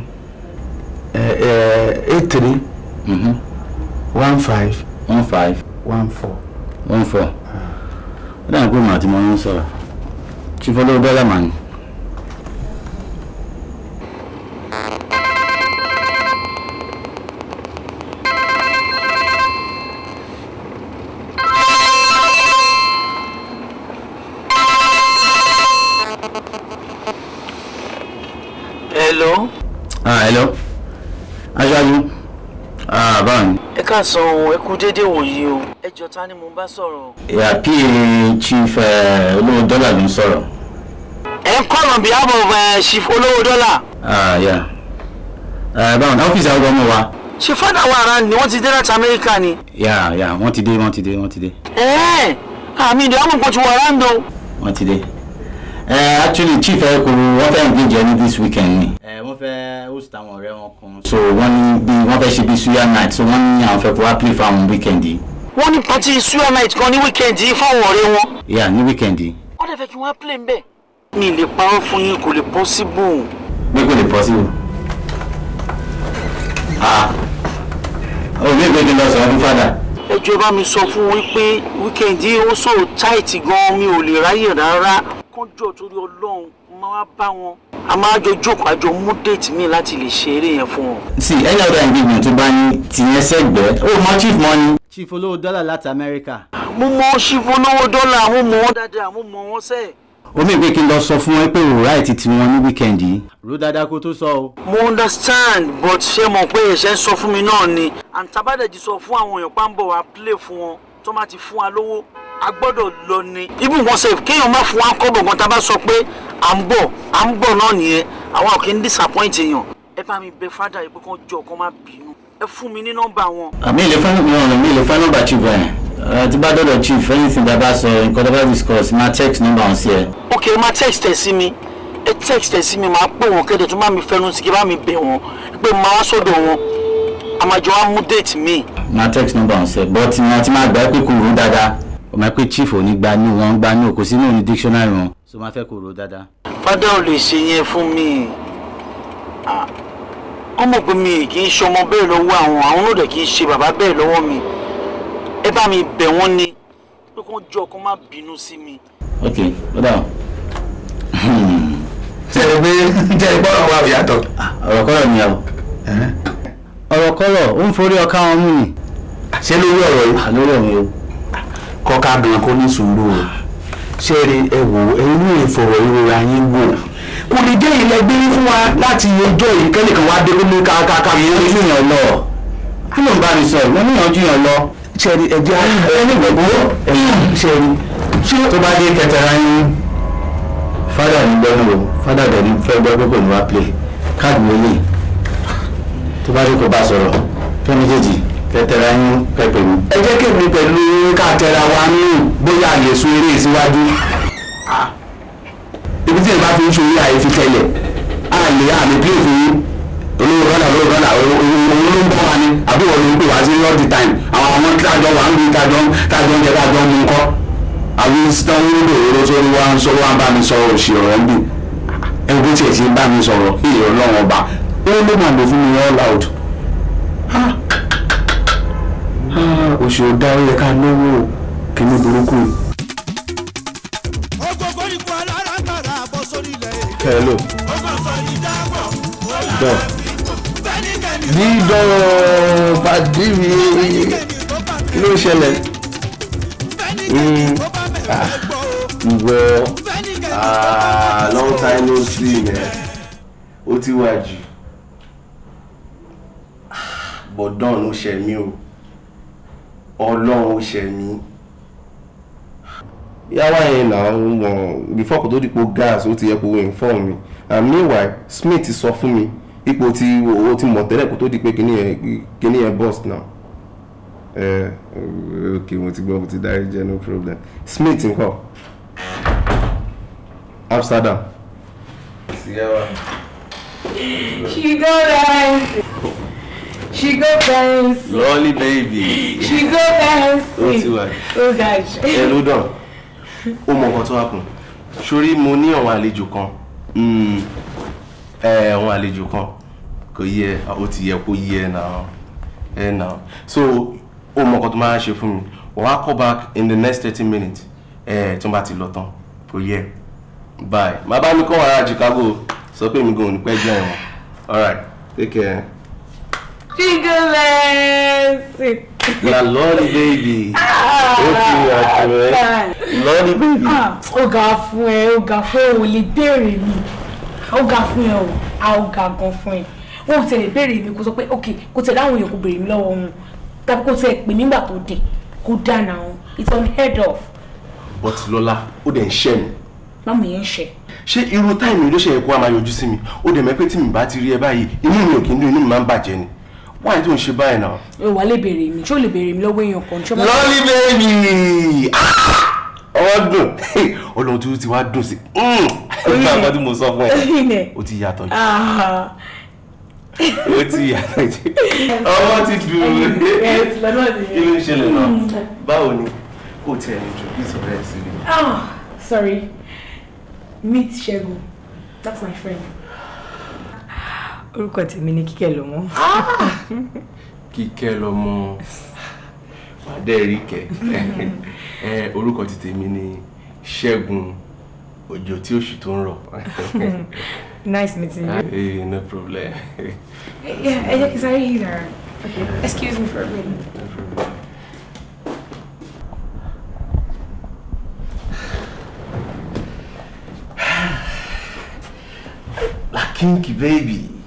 eight three mm-hmm. one five one five one four one four. Ah. ó dáhùn pé màá ti mọ oyún sọ̀rọ̀ tí fọlọ́wọ́ dọ́là màá ní. káàsán o ẹ kú déédéé wòyí o ẹ jọ ta ni mo bá sọ̀rọ̀. ìyá pa chief olówó dọ́là ló ń sọ̀rọ̀. ẹ ń kọ́ ọ̀nà bí abọ̀ chief olówó dọ́là. báwo ni ọ́fíìsì àwọn ọmọ wa. ṣe fada wa ara ni wọ́n ti dé láti amẹ́ríkà ni. yà yà wọ́n ti dé wọ́n ti dé wọ́n ti dé. ẹ̀ẹ́ àmì ìdí àwọn kan ti wà ráńdọ̀. wọ́n ti dé. Uh, actually chief ekuru wọn fẹ́ engage ẹni this weekend ni. ẹ eh, wọn fẹ́ host àwọn ọ̀rẹ́ wọn kan. so wọn ní bí wọn fẹ́ ṣe bí suya night so wọn ní àwọn fẹ́ kó wá play fáwọn weekend yìí. wọn ní pati suya night kan ní weekend yìí fáwọn ọ̀rẹ́ wọn. yà ní weekend yìí. wọn dẹ̀ fẹ́ kí wọn play mbẹ. mi lè parọ́ fún yín kò lè possible. mi kò lè possible. ah omi ìgbé mi lọ sọ ọdún fada. ẹjọ́ bá mi sọ fún wípé weekend yìí ó sọ̀rọ̀ tight gan-an mi ò lè ráyè rárá kan jọ torí Ọlọ́run máa wá bá wọn. a máa jọ jókòó àjọ mú déètì míì láti lè ṣe eré yẹn fún wọn. sí ẹni ọ̀dà tó bá ní tìyẹn sẹ́gbẹ̀ẹ́ ó oh, mọ chief money. chief olówó dọ́là láti amẹ́ríkà. mo mọ chief olówó dọ́là mo mọ wọn dáadáa mo mọ wọn sẹ́ẹ̀. omi ìpè kí n lọ sọ fún ẹ pé òòrá ẹ̀ ti wọn ní wíkẹ́ndì yìí. ro kó tó sọ o. mo understand but ṣé mo pé ẹ̀ṣẹ̀ ń sọ fún mi náà ni àǹtàbádẹ́jì sọ fún àwọn èèyàn pàǹbọ̀ wa play fún wọn tó má ti fún wa lówó a gbọ́dọ̀ lọ ni. even wọn sef kéèyàn má fún wa kọ́bọ̀ gan tá a bá sọ pé à ń bọ̀ à ń bọ̀ náà nìyẹn àwọn ò kí ń disappoint èèyàn. ẹ bá mi bẹ fádà yìí pé kán jọ kán má bínú ẹ fún mi ní nọ́mbà wọn. àmì ilé fún mi ọ̀nà mi ilé fún nọ́mbà chief ẹ̀ tí bá dọ̀dọ̀ chief anything tá a bá sọ nǹkan tó bá discuss máa text nọ́mbà wọn sí ẹ. ok máa text ẹ sí mi ẹ text ẹ sí mi máa pè wọn kéde tó má mi fẹnu sí kí bá mi bẹ wọn pé máa wá sọ́dọ̀ wọn àmàjọ wa mú date mi. máa text nọ́mbà wọn sí ẹ but ìyẹn ti máa gbà pé kò rú dáadáa o máa pé chief ò ní gba ní wọn gba ní òkú sínú ní dictionary wọn so máa fẹ́ kó ro dáadáa. fada ò lè ṣe yẹn fún mi ọmọ pé mi kì í ṣọmọ bẹ́ẹ̀ lọ́wọ́ àwọn àwọn náà dẹ̀ kì í ṣe bàbá bẹ́ẹ̀ lọ́wọ́ mi ẹ bá mi bẹ̀ wọ́n ni pé kó jọ kó má bínú sí mi. ok lọ́dà ṣe é pé jẹ́ ìgbọ́ ọ̀rọ̀ wa yàtọ̀. ọ̀rọ̀ kọ́rọ̀ ni o ọ̀rọ̀ kọ́rọ̀ ó ń forí ọkà wọn mú mi. ṣé lórí ọ̀rọ̀ yìí. lórí ọ̀rọ̀ yìí kọ́ka bìnrin kó ní sùúrù o ṣé rí ẹ wò ẹ̀yin ní ìfọ̀rọ̀ ìrora yín wò kò lè jẹ́ ilẹ̀ gbé fún wa láti ẹjọ́ yìí kẹ́nìkan wá dé lórí káàkiri mi ó ní yàn lọ kí ló ń bá mi sọ ìwọ ní yàn yàn lọ ṣé rí ẹjẹ ẹni gbogbo ṣé rí tó bá dé kẹtẹrẹ yín fádà ní gbọ́nù o fádà dẹ̀ fẹ́ gbọ́ pé kò ní wá play káàdì mi lè tó bá dé kó bá sọ̀rọ̀ fẹ́ méjèèjì. tẹtẹrẹ yín pẹpẹ mi. ẹ jẹ́ kémi pẹ̀lú ká tẹra wa ní bóyá àlè sun eré síwájú. Ah. ibi tí ìbá fi ń ṣòwò àyè fi tẹ̀lẹ̀ àlè àmì play fún olówó rọ́là olówó rọ́là òun ló ń bọ́ wa ni àbí wọ́n ló ń pè wá sí oṣù ọ̀dá ó yẹ ká náwó kíní burúkú yìí. ogogo ni alára ń tàrà sórí ilẹ̀ èdè. kẹlò. ó sọ ní dáàbò ó là á fi kú. dídọ̀ bàdí mi kí ló ṣẹlẹ̀. Hmm. Ah, ìwọ ah, long time no see yẹn eh. ó ti wá jù ah, bọ̀dán ló ṣe mí o ọlọ́run ṣe mí yàrá yẹn náà wọn before kò tó dípò gas ó ti yẹ kó inform mi and meanwhile smith sọ fún mi ipò tí owó ti mọ̀ tẹ́lẹ̀ kó tó di pé kíní yẹn burst now ẹ ok mo ti gbọ́ mo ti dárí jẹ́ no problem smith ńkọ́ amsterdam. ṣì gbọ́dọ̀ ẹ̀ ń sè she go fẹ́ǹsì. lọ́ọ̀lì baby. she go fẹ́ǹsì. ó ti wà. Oh ga Hello, don. ló dàn ó mọ nǹkan tó wà kùn sórí mo ní àwọn àlejò kan hmm. àwọn àlejò kan kò yẹ ó ti yẹ kó yẹ náà ẹ náà so ó mọ nǹkan to máa ṣe fún mi wọ́n á call back in the next 30 minutes Eh, to bá ti lọ tán kò yẹ bye má bá mi kọ́ wàrà Chicago sọ pé mi gan ò ní pẹ́ all right take care. Fingerless. La lolly baby. Ó ti àjò ẹ. Lolly baby. Ah, ó ga fún ẹ, ó ga fún ẹ, ò lè béèrè mi. Ó ga fún ẹ o, a ó ga gan fún ẹ. Ó ti lè béèrè mi kó sọ pé ok kó tẹ̀lé àwọn èèyàn kó béèrè mi lọ́wọ́ wọn. Tàbí kó tẹ̀ pè nígbà tó dé kó dáná wọn. It's unheard of. But Lola, ó dẹ̀ ń ṣẹ́ mi. Báwo yẹn ń ṣe? ṣé irú táìmù ló ṣe yẹ kó a máa yọjú sí mi ó dẹ̀ mẹ́ pé tí mi bá ti rí ẹ báyìí inú mi ò kí ń dùn inú mi máa ń bàjẹ́ ni wọ́n yẹn tó ń ṣe báyìí náà. ìwà lè béèrè mi ṣó lè béèrè mi lọ́wọ́ èèyàn kan. lọ́ọ̀lì bẹ́ẹ̀ni ah! ọwọ́ dùn ọlọ́run tuntun ti wá dùn sí ọjọ́ hmm! àgbà tí mo sọ fún ẹ o (laughs) ti yàtọ̀ jù o ah! ti yàtọ̀ jù ọwọ́ ti dùn kí ló ń ṣẹlẹ̀ náà hmm. báwo ni kò tẹ̀ ẹ́ jù bí sọ̀rọ̀ ẹ̀ sí mi. sorry meet Ṣẹ́gun that's my friend orúkọ tèmi ni kíkẹ́ ah! lọ́mọ. (laughs) kíkẹ́ lọ́mọ pàdé ríkẹ́ orúkọ ti tèmi ni ṣẹ́gun òjò tí oṣù tó ń rọ̀. (laughs) nice meeting you. Hey, eh, no problem. yeah, ẹ jẹ́ kí n sáré yìí lára. excuse me for a minute. No (sighs) Kinky baby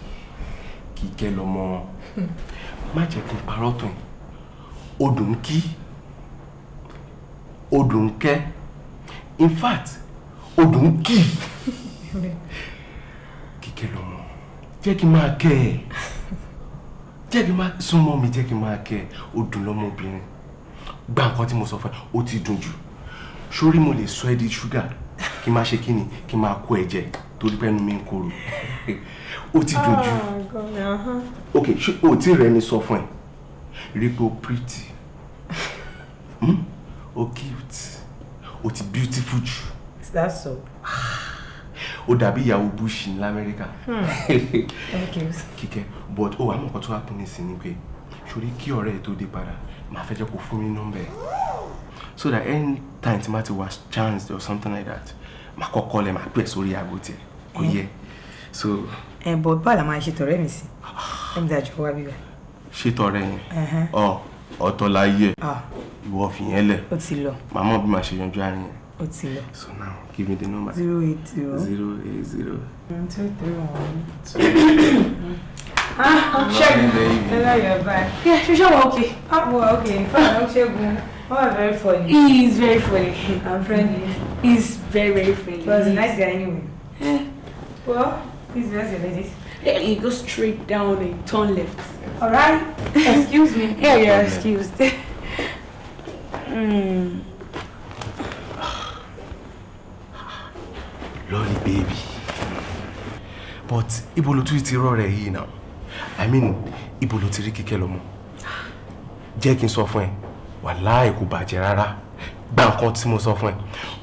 jẹ́ lọ́mọ wọn má jẹ́ kí n parọ́ tó yìí odò ń kí odò ń kẹ́ in fact odò ń kì kíkẹ́ lọ́mọ jẹ́ kí n máa kẹ́ ẹ̀ jẹ́ kí n máa súnmọ́ mi jẹ́ kí n máa kẹ́ ẹ̀ odò lọ́mọ obìnrin gba nǹkan tí mo sọ fún ẹ ó ti dùn jù sórí mo lè sọ ẹ di ṣúgà kí n máa ṣe kí ni kí n máa kó ẹ jẹ torí pé ẹnu mi ń korò ó ti dojú ah, uh-huh. ok ṣé o ti rẹ ni sọ fún ẹ rí pé o pretty hmm? o cute o ti beautiful jù. is that so. Ah, o dàbí ìyàwó bush ní lamẹ́ríkà. Hmm. kíkẹ́ but o wà mọ̀ to tó happen nísìnyí ni pé sori kí ọ̀rẹ́ ẹ̀ tó dé padà màá fẹ́ jẹ́ kó mi nọ́mbà ẹ̀ so that any time tí ma ti wá chance or something like that ma kọ́kọ́ lẹ̀ màá pẹ̀ sórí aago tiẹ̀ kò yẹ hmm. so. Mm -hmm ẹ bọ báwo la máa ṣe tọrẹ mi sí a dájú wá bíbẹ. ṣe tọrẹ yẹn ọ ọ̀tọ̀ la yẹ ìwọ fi yẹn lẹ ó ti lọ màmá bí màá ṣe yanjú àárín yẹn ó ti lọ so now give me the number zero eight zero zero eight zero two three one ah, ah ṣẹ́gun ẹ láyọ̀ báyìí ṣíṣe wọ òkè wọ òkè fún ṣẹ́gun wọ́n wà very funny he is very funny and friendly he is very very friendly he was a nice guy anyway. Yeah. Well, Please, where's your ladies? Yeah, you go straight down and turn left. All right. Excuse me. yeah, you're excused. (laughs) mm. Lolly baby. But ibo lo tún ti rọrẹ now. I mean, ibo lo ti rí kíkẹ́ lọ́mọ. Jẹ́ kí n sọ fún ẹ, wàláì kò bàjẹ́ rárá. mo sọ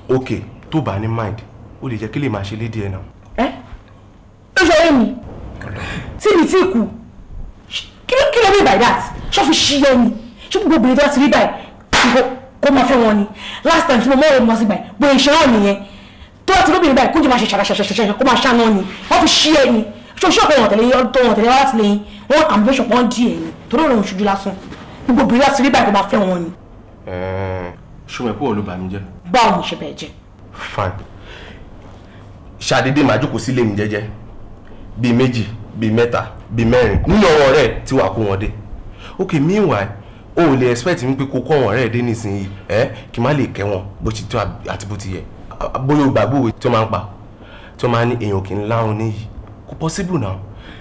Okay, tó bá ní mind, ó lè jẹ́ kí lè máa ṣe lédi ẹ̀ tí kú kí ló kí ló mean by that ṣọ́ fi ṣí ẹ ni ṣé gbogbo obìnrin tó ti rí báyìí kó máa fẹ́ wọn ni last time tí mo mọ̀ ọ́ mọ̀ sí báyìí bóyá ìṣe náà nìyẹn tó ti lóbìnrin báyìí kó jẹ́ máa ṣe ṣàṣàṣàṣàṣà kó máa ṣàná ni wọ́n fi ṣí ẹ ni ṣoṣo ọ̀pọ̀ wọn To ọdún wọn tẹ̀lé wá láti lẹ́yìn wọn àmúfẹ́sọ̀ pọ́n dì ẹ̀ ni torí òun ṣojú lásán gbogbo obìnrin láti rí báyìí kó máa fẹ́ wọn ni. ṣùgbọ́n ẹ̀kú ọ̀lọ́ bà mí jẹ́. báwo ni ṣe bẹ́ẹ̀ jẹ́. fine ṣàdédé màá jókòó sílé mi jẹ́jẹ́ bíi meji bíi mẹ́ta bíi mẹ́rin nínú àwọn ọ̀rẹ́ tí wàá kó wọn dé ok meanwhile o ò lè expect mi pé kó kó àwọn ọ̀rẹ́ dé nísìnyí ẹ kí n má lè kẹ́ wọn bó ti tó àti bó ti yẹ bóyá o gbàgbọ́ òwe tí wọ́n máa ń pa tí wọ́n máa ní èèyàn kì í láwọn níyì kò possible now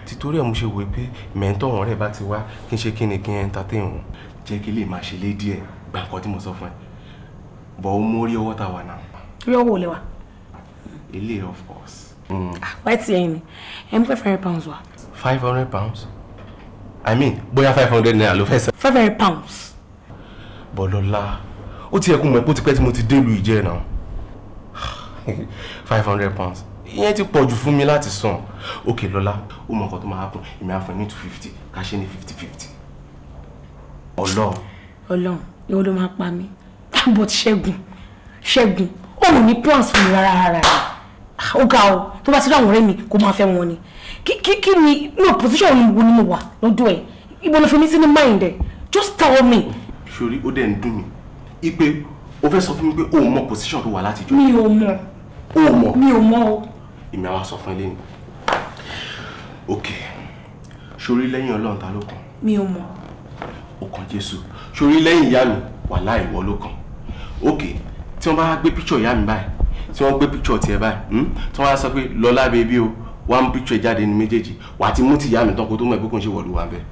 títorí ẹ̀ mo ṣe wòye pé mẹ́ńtọ́ àwọn ọ̀rẹ́ bá ti wá kí n ṣe kí ni kí n entertain wọn jẹ́ kí lè máa ṣe lé díẹ̀ gba nǹkan tí mo sọ fún ẹ bọ̀ ó mórí ọwọ́ ta wà náà. rí ọwọ́ olè wa. ilé of course. Ah, wáyé tiẹ̀ ni ẹ̀ ń fẹ́ fẹ́rẹ́ pounds wa five hundred pounds i mean bóyá five hundred naira ló fẹ́ sẹ́. five hundred pounds. bọ́lọ́lá ó ti yẹ kó mọ̀ pé ó ti pẹ́ tí mo ti délùú ìjẹ́ náà (sighs) five hundred pounds ìyẹn ti pọ̀jù fún mi láti san òkè lọ́lá ó mọ nǹkan tó máa happen èmi á fún ẹ ní two fifty ká ṣe ní fifty fifty ọlọ́run. ọlọ́run ìwọ ló máa pa mí but ṣẹ́gun ṣẹ́gun òun ní plans fún mi rárá rárá ah, ó ga ọ tó bá ti rí àwọn ọ̀rẹ́ mi kó máa fẹ́ wọn ni kí ni no position wo ni mo No do ẹ̀ ibo ló fi mí sí ní mind ẹ̀ just tell me. sori ó dẹ̀ ń dùn mí ipe o fẹ́ sọ fún mi pé o mọ position tó wà látijọ́. mi ò mọ. o mọ. mi ò mọ o. èmi àwa sọ fún ẹ lẹ́nu. ok sori lẹ́yìn ọlọ́run ta ló kàn. mi ò mọ. o kàn jésù sori lẹ́yìn ìyá mi wà láì wọ ló kàn. ok tí wọ́n bá gbé píkṣọ̀ ìyá mi báyìí tí wọ́n gbé píkṣọ̀ tiẹ̀ báyìí hmm? tí wọ́n á sọ pé lọ́lá bèbí o wàá mú picture jáde ní méjèèjì wàá ti mú ti ìyá mi tán kó tó mọ̀ ẹ́ pé kò ń ṣe wọ̀lú wa bẹ́ẹ̀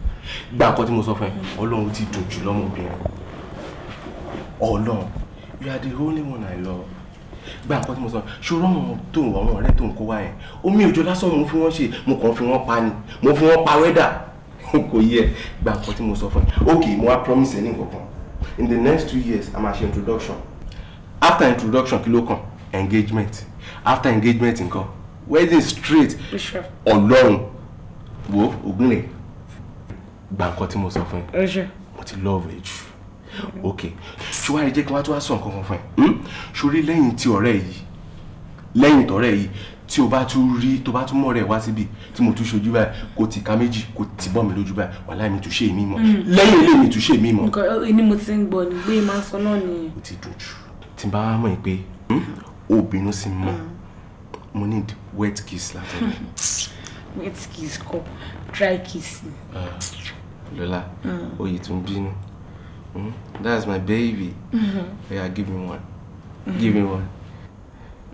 gba nǹkan tí mo sọ fún ẹ ọlọ́run ti dùn jù lọ́mọbìnrin ọlọ́run you are the only one I love gba nǹkan tí mo sọ ṣòro àwọn tó ń wọ àwọn ọ̀rẹ́ tó ń kó wá yẹn omi òjò lásán mo fi wọ́n ṣe mo kàn fi wọ́n pa ni mo fi wọ́n pa wẹ́dà (laughs) kò yẹ gba nǹkan tí mo sọ fún ẹ ok mo wá promise ẹ ní nǹkan kan in the next two years a máa ṣe introduction after introduction kí ló kàn engagement after engagement nǹkan wedding straight ọlọ́run wo ògúnlẹ̀ gba nǹkan tí mo sọ fún ẹ mo ti love ẹ jù ok ṣùgbọ́n ẹ jẹ́ kí wọ́n tún wá sọ nǹkan kan fún ẹ hmm? ṣorí lẹ́yìn tí ọ̀rẹ́ yìí lẹ́yìn tọ̀rẹ́ yìí tí o bá tún rí tó bá tún mọ̀ rẹ̀ wá síbi tí mo tún ṣojú báyìí kò tì ká méjì kò tì bọ́ mi lójú báyìí wàhálà mi tún ṣe èmi mọ̀ hmm. lẹ́yìn ilé mi tún ṣe èmi mọ̀. nǹkan mo ti ń gbọ́ ni gbé máa ń sọ náà nìyẹn. o ti dùn jù tí n bá mọ̀ pé obìnrin hmm, sì mọ̀ mo need wet kiss látọ̀dọ̀ (laughs) wet kiss ko, dry kiss. Ah, Lola oh mm. oyè tún bínú hmm, that's my baby oya mm-hmm. give me one give me one.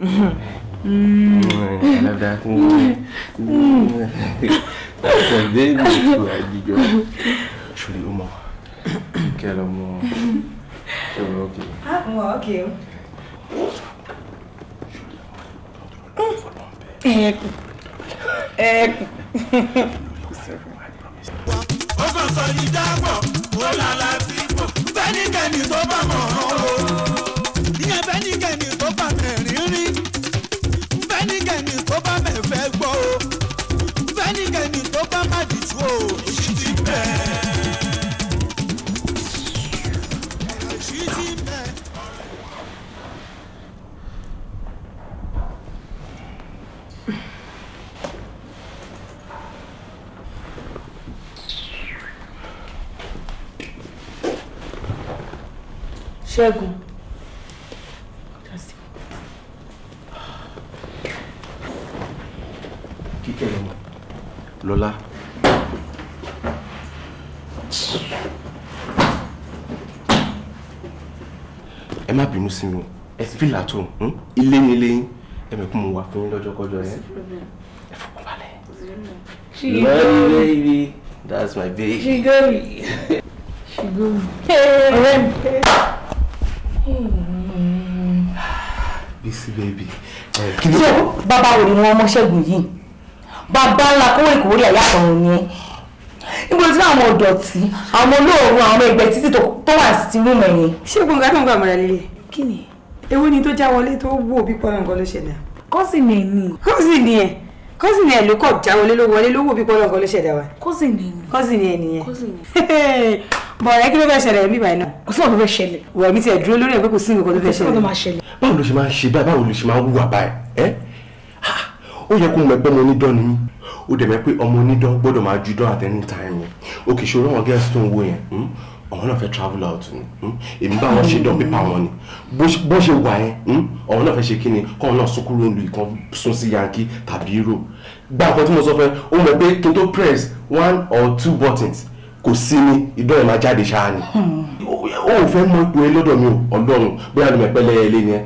Mm. Mm, I love that. Mm. Mm. That's baby too, Adijo. Ṣòlè ó mọ̀. Kẹ́ lọ mọ̀. Ṣòlè ó kì í ẹkùn ẹkùn. ó kàn sọ yìí dáàbò ó lálá sí tó bá mọ̀ ọ́n o. at home ni ilé yín ẹ̀mí kún mu wà fún yín lọ́jọ́kọ́jọ́ yẹn ẹ fọkàn balẹ̀. lọ́ọ̀rì baby that's my baby. ṣìgọ́rì ṣìgọ́rì ọ̀rẹ́ mi. bísí baby. ṣé Baba, wo ni wọn ọmọṣẹ́gun yìí bàbá ńlá kówó ìkórè àyà kan ni níbo tí àwọn ọ̀dọ̀tí àwọn olóòórùn àwọn ẹgbẹ́ títí tó wà sí rúùmù ẹ̀yìn. ṣé gbọ̀ngàn tó ń gbà mọ́ra lílé kí ni èwo ni tó já wọlé tó wò bí pọ́nà nǹkan ló ṣẹlẹ̀. kọ́sìnì ni. kọ́sìnì ẹ̀ kọ́sìnì ẹ̀ ló kọ̀ já wọlé ló wọlé ló wò bí pọ́nà nǹkan ló ṣẹlẹ̀ wa. kọ́sìnì ni. kọ́sìnì ẹ̀ nìyẹn. (laughs) bọ̀rẹ̀ kí ló fẹ́ ṣẹlẹ̀ mí báyìí náà. kò sí ọ̀dọ̀ fẹ́ ṣẹlẹ̀. wọ̀ mi ti ẹ̀ dúró lórí ẹ̀ pé kò sí nǹkan tó fẹ́ ṣẹlẹ̀. báwo ló ṣe máa ń ṣe báyìí báwo ló ṣe máa ń wúwà báyìí ẹ́ ó yẹ kó mọ̀ pé mo onídán ni ó dẹ̀ mẹ́ pé ọmọ onídán gbọ́dọ̀ máa ju dán at any time yẹn òkè àwọn náà fẹ́ travel out ni hmm? èmi bá wọn ṣe dán pépà wọn ni bó ṣe wà yẹn àwọn hmm? náà fẹ́ ṣe kíni kọ́ọ̀ náà sún kúrò lu ìkan sún sí yankee tàbí euro gba àkọ́ tí mo sọ fẹ́ ó mọ̀ pé kí n tó press one or two buttons kò sí ni ìdán ẹ̀ máa jáde ṣáá ni ó fẹ́ mọ ipò ẹ lọ́dọ̀ mi ò ọlọ́run bóyá ló mọ̀ pẹ́ lẹ́yẹ ilé yẹn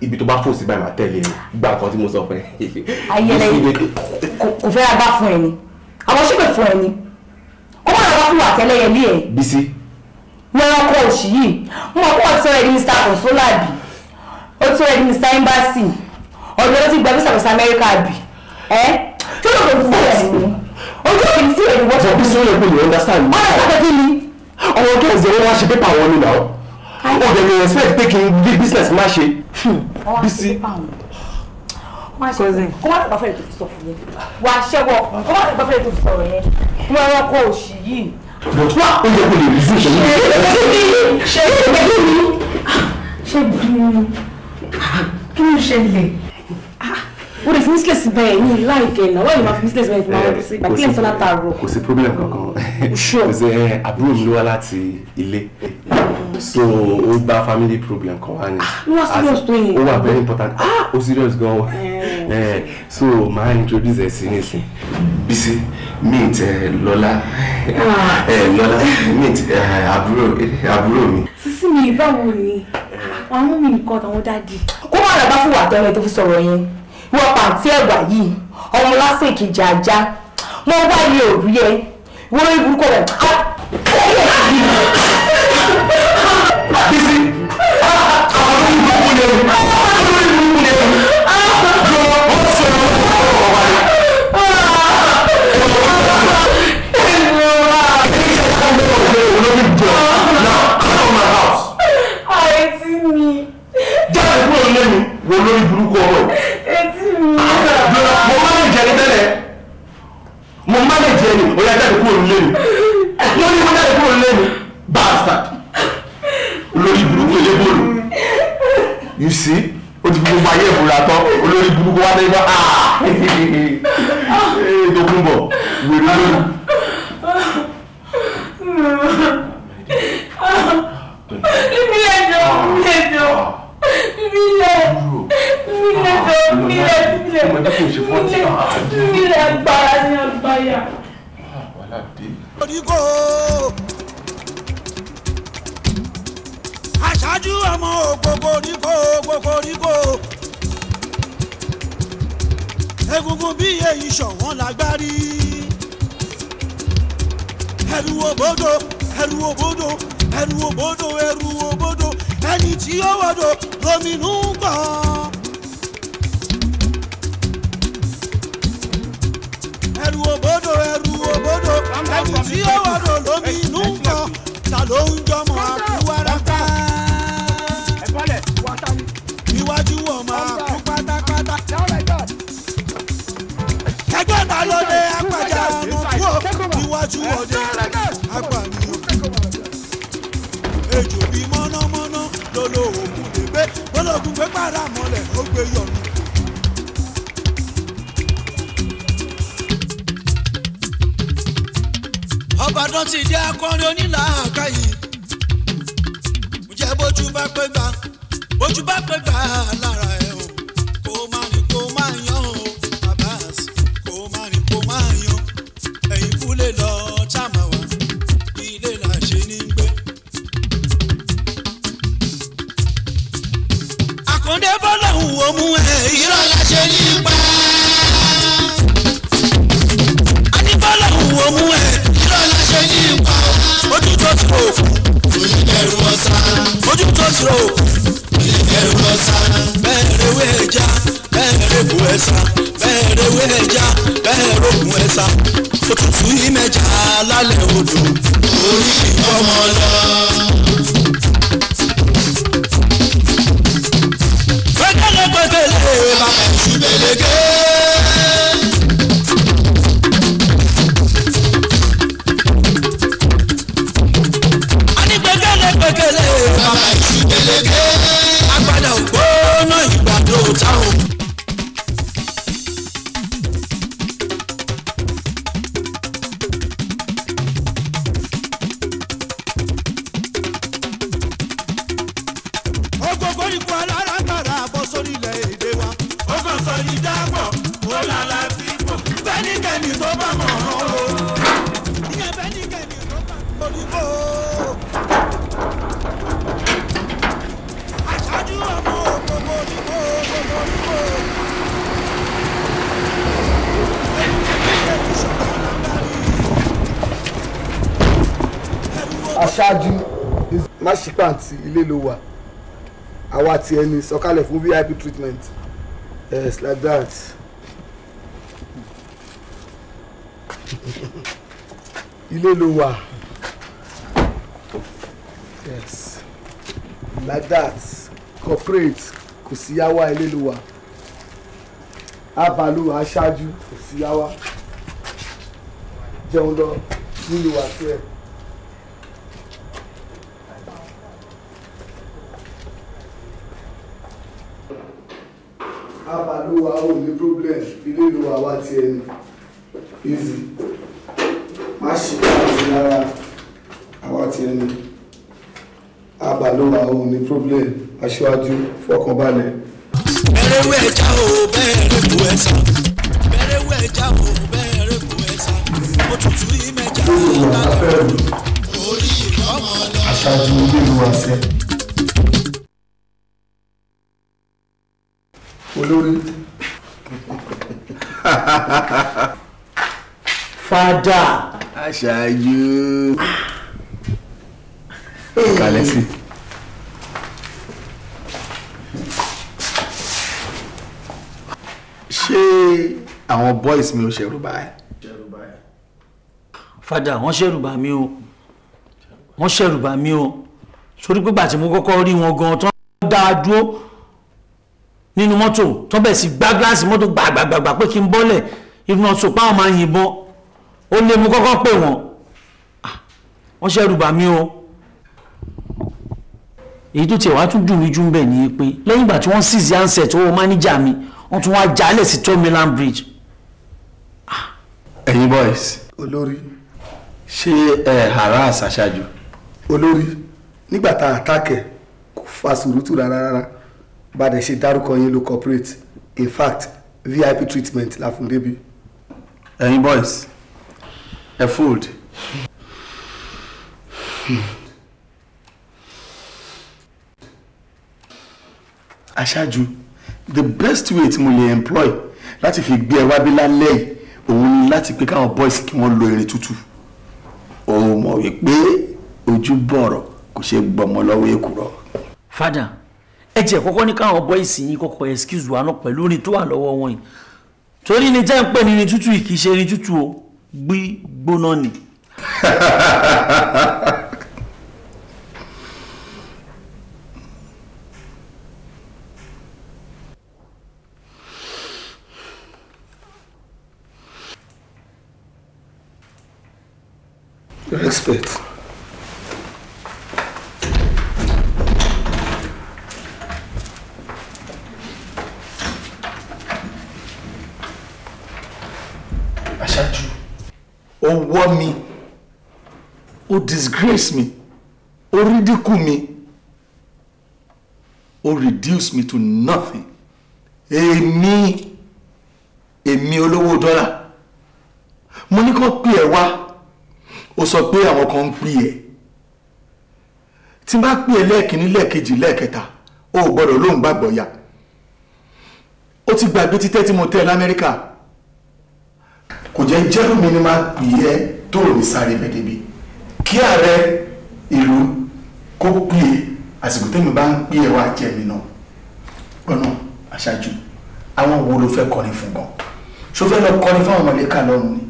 ibi tó bá fò sí báyìí máa tẹ̀lé ni e. gba àkọ́ tí mo sọ fẹ́. ayẹlẹ kò fẹ́ ra bá fún ẹ ni àwọn ṣùgbọ́n wẹ́rọ́kọ̀ òṣì yìí mo mọ̀ pé ó ti rẹ̀ ní mr consola bì ó ti rẹ̀ ní mr embassy ọ̀dọ̀ ló ti gba visa visa America bì ẹ́ tó lọ kò fún ẹ̀ ní ojú òkè tí èrè wọ́n tó bí sí òye gbòòrò understand mi. ọ̀rọ̀ ìpàdé kí ni. ọmọ tó ń zẹ̀ wọ́n wá ṣe pépà wọn ni náà wọ́n dẹ̀ ní respect pé kí n bí business má ṣe. bísí hmm. cousin. kó má tàbá fẹ́rẹ̀ tó fi sọ fún yẹn wàá ṣẹ́wọ̀ kó má tàbá but wá ó yẹ kó lè rí fún ìṣẹ́yìn. ṣé ìgbẹ́jọ́ mi ṣé gbìyànjú kí ló ṣẹlẹ̀ o de fi mísílẹ̀ síbẹ̀ yìí láìkẹ́ náà wọ́n yìí máa fi mísílẹ̀ síbẹ̀ yìí máa wọ́n sí bàtí ẹ̀ sọ́lá tààrọ̀. kò sí problem kankan kò sí àbúrò mi ló wá láti ilé so ó gba family problem kan wá ní. Ah, ló wá serious tó yẹn. ó wà very important ah! ó serious gan-an eh. Eh, so máa introduce ẹ̀ sí nísìn Bísí meet Lola. Eh, lọ́lá ah. eh, Lola, meet eh, àbúrò àbúrò mi. sísí mi báwo ni àwọn mi nǹkan àwọn dáàdì. kó má lọ bá fún wa tẹ́lẹ̀ tó fi sọ̀rọ̀ yẹn wọ́n pàǹtí ẹ̀wà yìí ọmọ lásìkò ìkejì ajá mo wá ilé òrí ẹ wọ́n lórí burúkú rẹ̀. bísí aṣáájú máṣípàǹtì ilé ló wà àwa ti ẹni sọ̀kalẹ̀ fún vip treatment yes like that. ilé ló wà yes like that corporate kò sí yáwá ilé ló wà abalu aṣáájú kò sí yáwá jẹun lọ nílùú àti ẹ. abalúwa ò ní problem ilé ìlú wa wá ti ẹni easy má ṣe káàkiri lára àwa ti ẹni abalúwa ò ní problem aṣíwájú fọkànbalẹ̀. bẹ̀rẹ̀ wẹ̀ já o bẹ́ẹ̀ rẹ̀ kú bẹ̀rẹ̀ wẹ̀ já o bẹ́ẹ̀ rẹ̀ kú òtútù yìí mẹ́jà orí ìfọ́mọ́ lọ. aṣáájú olóòlù wa sẹ́yìn. olórí. fada. aṣáájú. kalẹ̀ sí. ṣé àwọn boys mi ò ṣẹ̀rù bà ẹ́. fada wọ́n ṣẹ̀rù bà mí o wọ́n ṣẹ̀rù bà mí o sórí pé gbàtí mo kọ́kọ́ rí wọn gan tán dáa dúró nínú mọ́tò tó bẹ̀ sí gbá gíláàsì mọ́tò gbàgbàgbà pé kí n bọ́lẹ̀ ìfúnná sọ páwọn máa yìnbọn ó lé mu kọ́kọ́ pè wọ́n ah, wọ́n ṣẹ́rù bà mí o èyí tó tiẹ̀ wá tún dùn mí jù ń bẹ̀ ni pé lẹ́yìn ìgbà tí wọ́n ṣìṣì ansẹ̀t owó máníjà mi wọ́n tún wá jálẹ̀ sí tó milan bridge. Ah. ẹ̀yin boys. olórí. ṣé ẹ harass aṣáájú. olórí nígbà tá a attack kò fa sùúrùtù rárá rárá bá a dẹ̀ ṣe dárúkọ yín ló cooperate in fact vip treatment la fún débi. ẹ̀yin boys ẹ food. aṣáájú the best way tí mo lè employ láti fi gbé ẹ wá bí lálẹ́ yìí òun ni láti pé káwọn boys kí wọ́n lo eré tútù òun mọ̀ wípé ojú bọ̀rọ̀ kò ṣeé gbọmọ lọ́wọ́ èkùrọ́. fada ẹ jẹ́ kọ́kọ́ ní káwọn boys yìí kọ́kọ́ excuse wa náà pẹ̀lú orin tó wà lọ́wọ́ wọn yìí torí ni jẹ́ ń pè ní tútù kì í ṣe ní tútù o gbígbóná ni. respeito ó wọ́ mi ó disgrace mi ó ridicule mi ó reduce me to nothing èmi èmi olówó dọ́là mo ní kó pè ẹ́ wá ó sọ pé àwọn kan ń pè ẹ́ tí n bá pè ẹ́ lẹ́ẹ̀kínní lẹ́ẹ̀kejì lẹ́ẹ̀kẹta ó gbọ́dọ̀ lóun gbàgbọ́ ya ó ti gbàgbé títẹ́ tí mo tẹ́ ẹ lamẹ́ríkà kò jẹ́ jẹ́rù mi ni máa pè tó ò ní sáré mẹ́tẹ́bí kí ààrẹ ìlú kó pè e, àsìkò tẹ́mi bá ń pè é wá jẹ́ mi náà ọ̀nà aṣáájú àwọn wo ló fẹ́ kọrin fún gan ṣó fẹ́ lọ kọrin fáwọn ọmọ ẹ̀ka lọ́rùn ni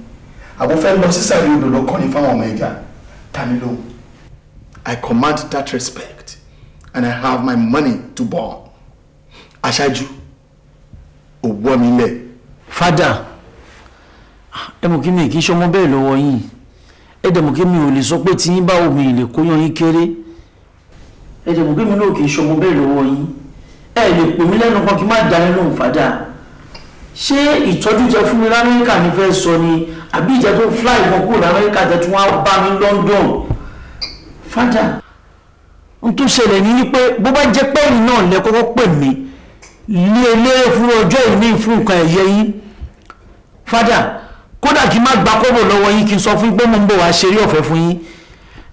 àbò fẹ́ lọ sísàlẹ̀ odò lọ kọrin fáwọn ọmọ ẹja tani lóhùn. I command that respect and I have my money to burn. aṣáájú òwò mi lẹ̀. fada ẹ mọ̀ kí mi kì í ṣọmọ bẹ́ẹ̀ lọ́wọ́ yín ẹ dẹ̀ mọ̀ kí mi ò lè sọ pé tí yín bá omi ìlè kó yan yín kéré ẹ dẹ̀ náà kì í ṣọmọ bẹ́ẹ̀ lọ́wọ́ yín ẹ lè pè mí lẹ́nu kan kí má dá nínú ìfàdà ṣé ìtọ́jú jẹ fún mi lamẹ́ríkà ní fẹ́ sọ ni àbí ìjẹ tó fly wọn kúrò lamẹ́ríkà jẹ tí wọ́n bá mi London fàdà n tó ṣẹlẹ̀ ní wípé bó bá jẹ́ pẹ́ẹ́lì náà lẹ kọ́kọ́ pè mí lé eléré e fún ọjọ́ ìní fún nǹkan ẹ̀yẹ yín fàdà kódà kí n má gba kọ́bọ̀ lọ́wọ́ yín kí n sọ fún pé mo ń bọ̀ wá ṣeré ọ̀fẹ́ fún yín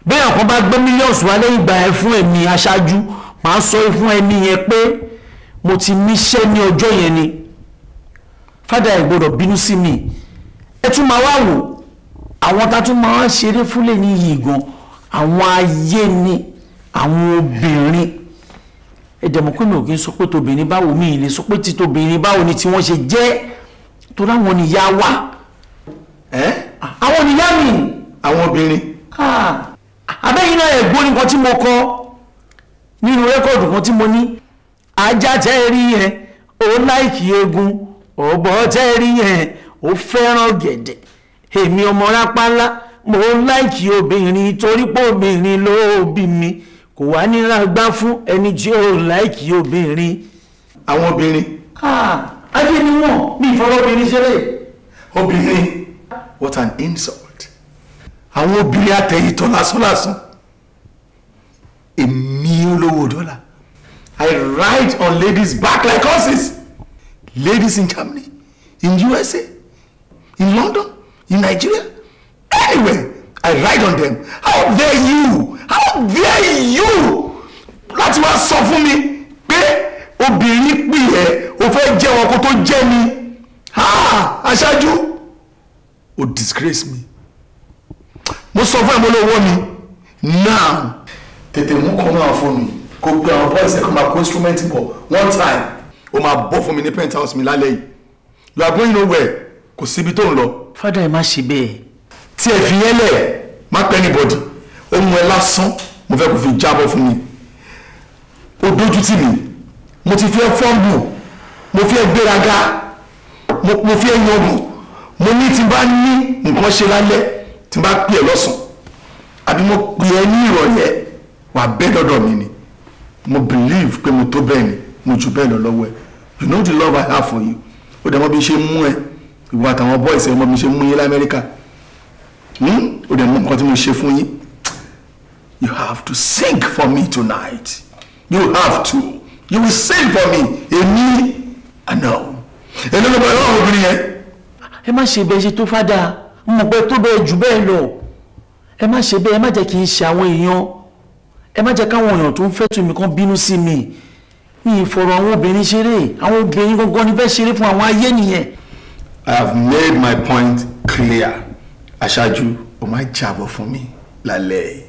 bẹ́ẹ̀ kan bá gbé mílíọ̀nù wá lẹ́yìn ìgbà ẹ fún ẹ̀mí aṣáájú màá sọ fún ẹni yẹn pé mo ti níṣẹ́ ní ọjọ́ yẹn ni fádà ẹ̀ gbọ́dọ̀ bínú sí mi ẹ tún máa wá wò àwọn tá a tún máa ń ṣeré fúnlẹ̀ ní yìí gan àwọn ayé ni àwọn obìnrin ẹ̀dẹ̀mọ̀ pé mi ò kí ń sọ pé tobìnrin báwo mi ì lè sọ pé ti tobìnrin báwo ni tí wọ́n ṣe jẹ́ tó láwọn ni yá wà àwọn oníyá mi àwọn obìnrin abẹ́yìn náà ẹ̀gbọ́n nìkan tí mo kọ nínú rẹ́kọ̀dù kan tí mo ní ajá tẹ́ rí yẹn ó láìkì eegun ọ̀bọ tẹ́ rí yẹn ó fẹ́ràn gẹ̀dẹ̀ èmi ọmọ rápálá mo láìkì obìnrin torí pé obìnrin ló bí mi kò wá níra gbá fún ẹni tí ó láìkì obìnrin. àwọn obìnrin. ajé ni wọn bí ìfọwọ́bìnrin ṣeré obìnrin what an insult àwọn obìnrin àtẹ̀yìntàn lásán lásán èmi olówó dọ́là I ride on ladies back like horses ladies in Germany in USA in London in Nigeria anywhere I ride on them how dare you how dare you láti wá sọ fún mi pé obìnrin pè ẹ́ o fẹ́ jẹ́ wọn kó tó jẹ́ mi aṣáájú o disgrace me mo sọ fún ẹ mo lówó mi now tètè mú kọ́ máa fún mi kò gbé àwọn boys ẹ̀ kó máa kó instrument bọ̀ one time o máa bọ́ fún mi ní house, mi lálẹ́ yìí you are going nowhere kò síbi tó ń lọ. fada ẹ má ṣe bẹ́ẹ̀. tí ẹ fi yẹn lẹ̀ má pẹ́ anybody ohun ẹ lásán mo fẹ́ kó fi jábọ́ fún mi o dójú tì mí mo ti fi ẹ fọ́ǹbù mo fi ẹ gbéraga mo fi ẹ yọ̀gùn mo ní tí n bá ní nǹkan ṣe lálẹ́ tí n bá pè ẹ́ lọ́sàn àbí mo pè ẹ́ ní ìrọ̀lẹ́ wà bẹ́ẹ̀ dọ́dọ̀ mi ni mo believe pé mo tó bẹ́ẹ̀ ni mo jù bẹ́ẹ̀ lọ lọ́wọ́ ẹ you know the love I have for you ó dẹ̀ mọ́ bí ṣe mú ẹ ìwà àtàwọn boys ẹ mọ́ bí ṣe mú yín lamẹ́ríkà hmm? ó dẹ̀ mọ́ nǹkan tí mo ṣe fún yín you have to sing for me tonight you have to you will sing for me èmi àná ẹ̀ lọ́nà bọ̀ ẹ̀ wọ́n obìnrin yẹn ẹ má ṣe bẹ́ẹ̀ ṣe tó fádà mo pẹ́ tó bẹ́ẹ̀ jù bẹ́ẹ̀ lọ ẹ má ṣe bẹ́ẹ̀ ẹ má jẹ́ kí n ṣe àwọn èèyàn ẹ má jẹ́ káwọn èèyàn tó ń fẹ́ tu mi kan bínú sí mi mi ìfọ̀rọ̀ àwọn obìnrin ṣeré àwọn obìnrin gangan ni fẹ́ ṣeré fún àwọn ayé nìyẹn. I have made my point clear aṣáájú o máa jábọ̀ fún mi lálẹ́ yìí.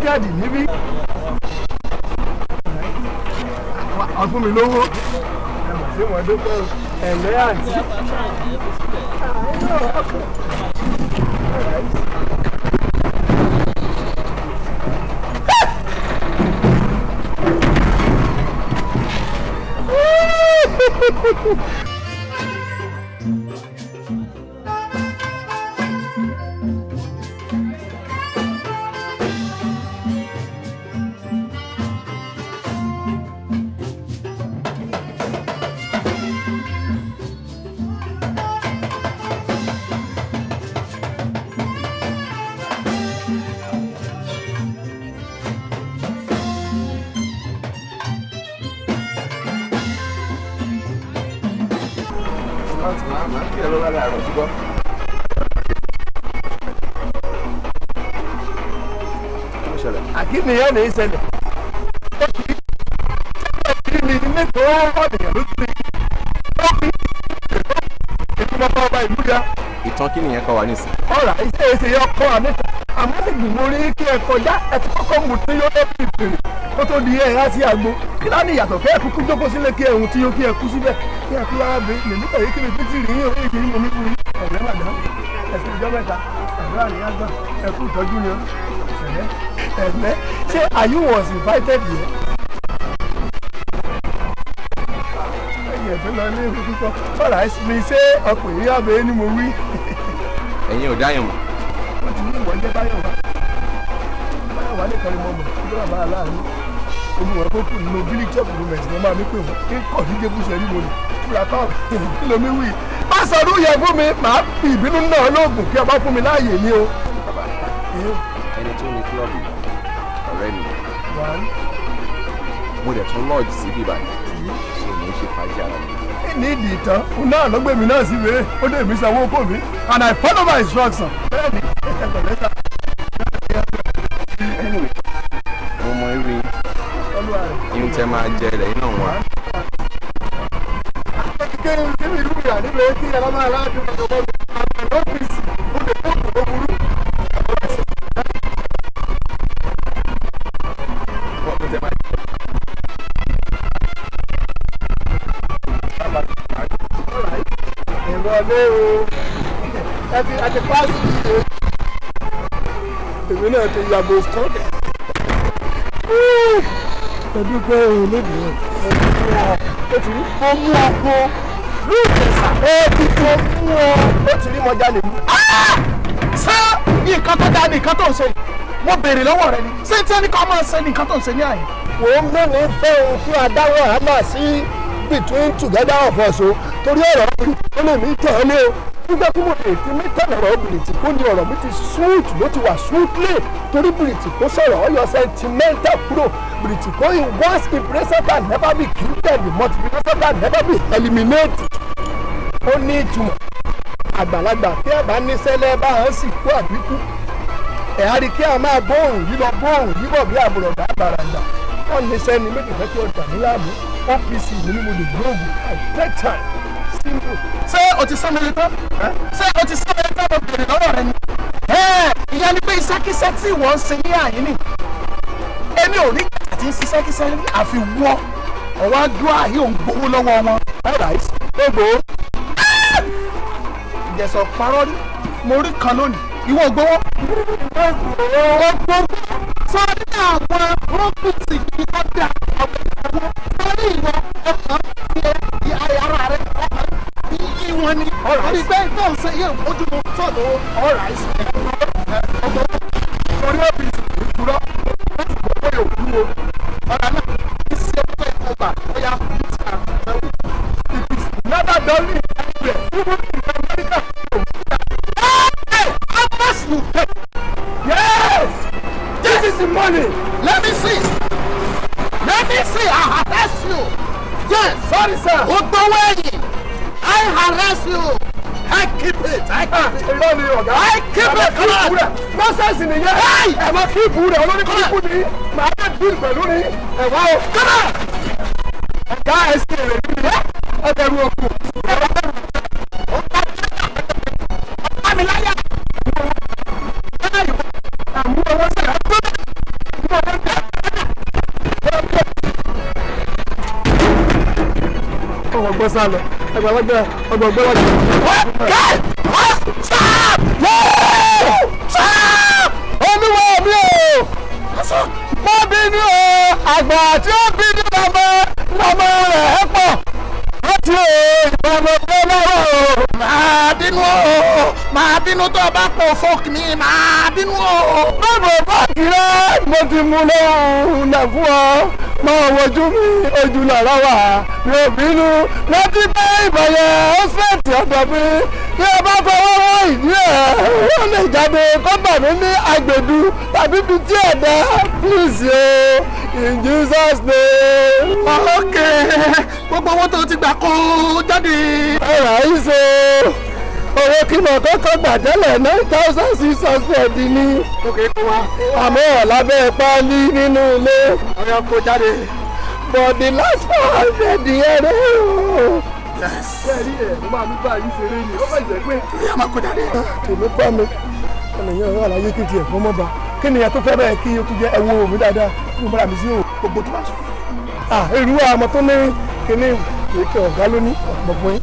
united níbí ọ̀fun mi lówó ẹ̀mọ̀ sí wọn dúpẹ́ ẹ̀lẹ́ àǹtí. mú tí yóò fi ìbèrè kó tó di ẹ̀ láti àgbo kí lá ní kẹ́ ẹ̀ kúkú jókòó sílé kí ẹ̀hún tí yóò kí ẹ kú síbẹ̀ kí ẹ kú lára bèé lè nípa èyí kí mi fìtì rí òye ìdí mo mi fún ọ̀rẹ́ màdá ẹ̀sìn ìjọ mẹ́ta ẹ̀rọ àríyá gbà ẹ̀kú ìtọ́jú ni ẹ̀rẹ́ ẹ̀rẹ́ ṣé àyù was invited yẹn. ẹ̀yẹ̀ tó lọ ní ìlú kíkọ́ fọ́lá mi ṣé ọkùnrin yàgbé ni mo wí. ẹ̀yin ò dáyọ̀ mọ́. wọ́n ti ní ìwọ́n jẹ́ báyọ̀ wá kẹrin mọ́ kí ló bá aláàánú olùwọ̀ ẹ̀kọ́ kù nínú of government ni máa mi pè wọ́n kí kọ̀ díje bó ṣe mo lè fúra kọ́ kí ló mi wí. má sọ̀rọ̀ yẹ fún mi màá fi ìbínú náà lóògùn kí ọba fún mi láàyè ni o. ẹni tó ní kílọ̀bù ọ̀rẹ́ mi mo dẹ̀ tún lọ́ọ̀jì síbí báyìí ṣe mo ń ṣe fàájì ara mi ní ìdí ìtàn òun náà lọ́gbẹ̀mí náà sí wéré ó dé mi sanwó kò mí and I follow my instruction. pẹ̀lú pé olóògbé ó ti rí mo mú ọkọ lóòjẹsà ó ti tó mú ọ ó ti rí mọjá lè mú. ṣé nǹkan tó dáa ni nǹkan tó ń ṣe mo béèrè lọ́wọ́ rẹ ni ṣé tí ẹnì kan máa ṣe ni nǹkan tó ń ṣe ní àyè. wò ó mú mi fẹ́ ohun tí adáwọ̀ àmà sí between together of us o torí ọ̀rọ̀ obìnrin tó lè mí tẹ̀ ẹ́ lé o nígbà tí mo lè fi mí tẹ̀lé ọ̀rọ̀ obìnrin tí kò ní ọ̀rọ̀ mi ti smooth ló ti wà smoothly torí obìnrin tí kò sọ̀rọ̀ ọ̀yọ́ sentimental kúrò Briticoin once impressor can never be created multiplication can never be eliminated. ó ní ìtumọ̀ àgbàlagbà tí ẹ bá níṣẹ́lẹ̀ bá hàn sí kú àbíkú ẹ̀ á rí kí a máa bóhùn yílọ bóhùn yíbọ̀ bí àbùrọ̀dá àbàràǹdà wọ́n níṣẹ́ ni méjì fẹ́ kí ọjà mi láàmú OPC mi ni mo lè gbóògùn àìpẹ́tà símbò. ṣé o ti sọ mi lè tán ṣé o ti sọ mi lè tán mo bèrè lọ́wọ́ rẹ ni ìyá ni pé iṣẹ́kíṣẹ́ tí ìwọ ń ṣe ní àyín èmi ò ní ti ṣiṣẹ́ kí àfi wọ́ ọ̀wá dúró àyè òun gbowó lọ́wọ́ wọn paradise gbogbo ìjẹ̀sọ̀ parọ́ rí mo rí kan lónìí ìwọ gbowó. ó gbowó sọ àwọn rọ́bìtì kí wọ́n dà ọ̀gbẹ́ ìgbàgbọ́ sórí ìwọ ọkàn ti ara rẹ ọkàn ti yí wọn ọ̀rọ̀ àìsàn. àbí bẹ́ẹ̀ náà yẹ ojúmọ́ sọ̀dọ̀ ọ̀rọ̀ àìsàn. nọ́sẹ̀sì nìyẹn ẹ má kí ibù rẹ̀ olórí kí ni màá lè bí pẹ̀lú ni ẹ wá o. ọ̀gá ẹ̀sìn èrè mi yẹ ọ̀bẹ̀rù òkú ẹ̀rọ bẹ̀rù ọ̀gá ọ̀gá mi láyà. àmú owó sẹ̀ ọ̀gá mi owó sẹ̀ ọ̀gá ọ̀gbọ́n sálọ ẹgbẹ̀rún ọgbẹ́ ọgbẹ́ wájú. ọ̀gá ọ̀sán. nínú o àgbà tí ó bí ní bàbá lọ́mọ rẹ̀ ẹ̀ pọ̀ láti o ìbámu tó lọ́wọ́ o máa bínú o máa bínú tó o bá kó folk mi máa bínú o. báwo báàgì rẹ mo ti mú lóhùn lẹ fún ọ máa wojú mi ojú lọ́rọ̀ wà mi ò bínú láti bá ìbàyẹ̀ ó fẹ́ẹ̀tì ọ̀dọ̀ mi bí ẹ bá fọwọ́ wọ ìwé ẹ̀ wọ́n lè jáde kọ́bà mi ní agbèdu tàbí bíi tí ẹ̀ dá please o in Jesus name. ok gbogbo owó tó ti gbà kó jáde. ẹ rà í so owó kìnnà kọ́kọ́ gbà tẹ́lẹ̀ nine thousand six hundred ní. ok kó wa. àmọ́ lábẹ́ páálí nínú ilé. ọ̀rẹ́ kó jáde. but the last four hundred yẹn rẹ̀ o. Oh sẹ́ẹ̀rí bá mi ọ̀nà yẹn ọ̀rọ̀ kejì ẹ̀ fọmọ́ bá kí nìyẹn tó fẹ́ bẹ́ẹ̀ kí o tún jẹ ẹ̀wọ̀n òmí dáadáa kí o múra mi sí gbogbo tó bá sọ. à irú àmọ́ tó ní kíní kèéké ọ̀gá lónìí ọ̀pọ̀ fún yín.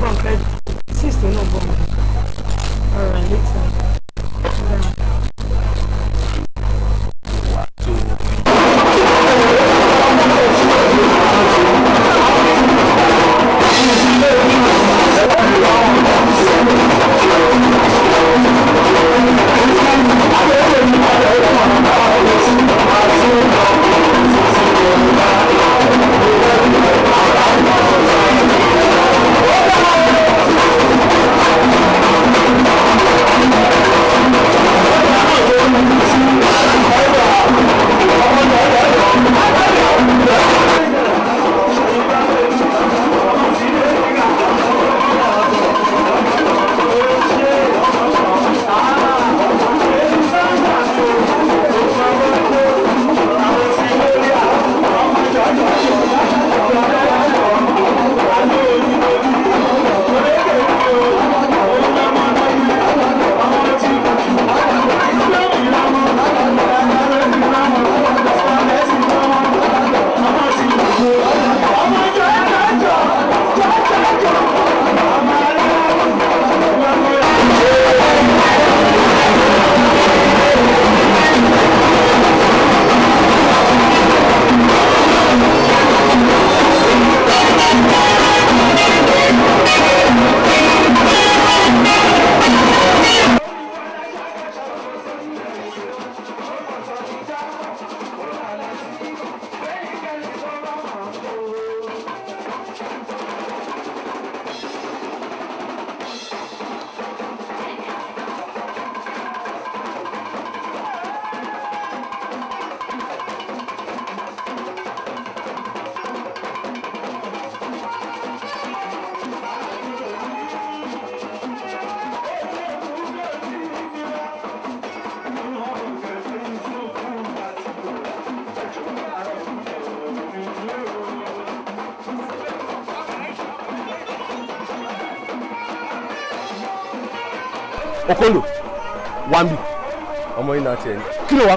bomb, right? Sister, no bomb. Alright, next time.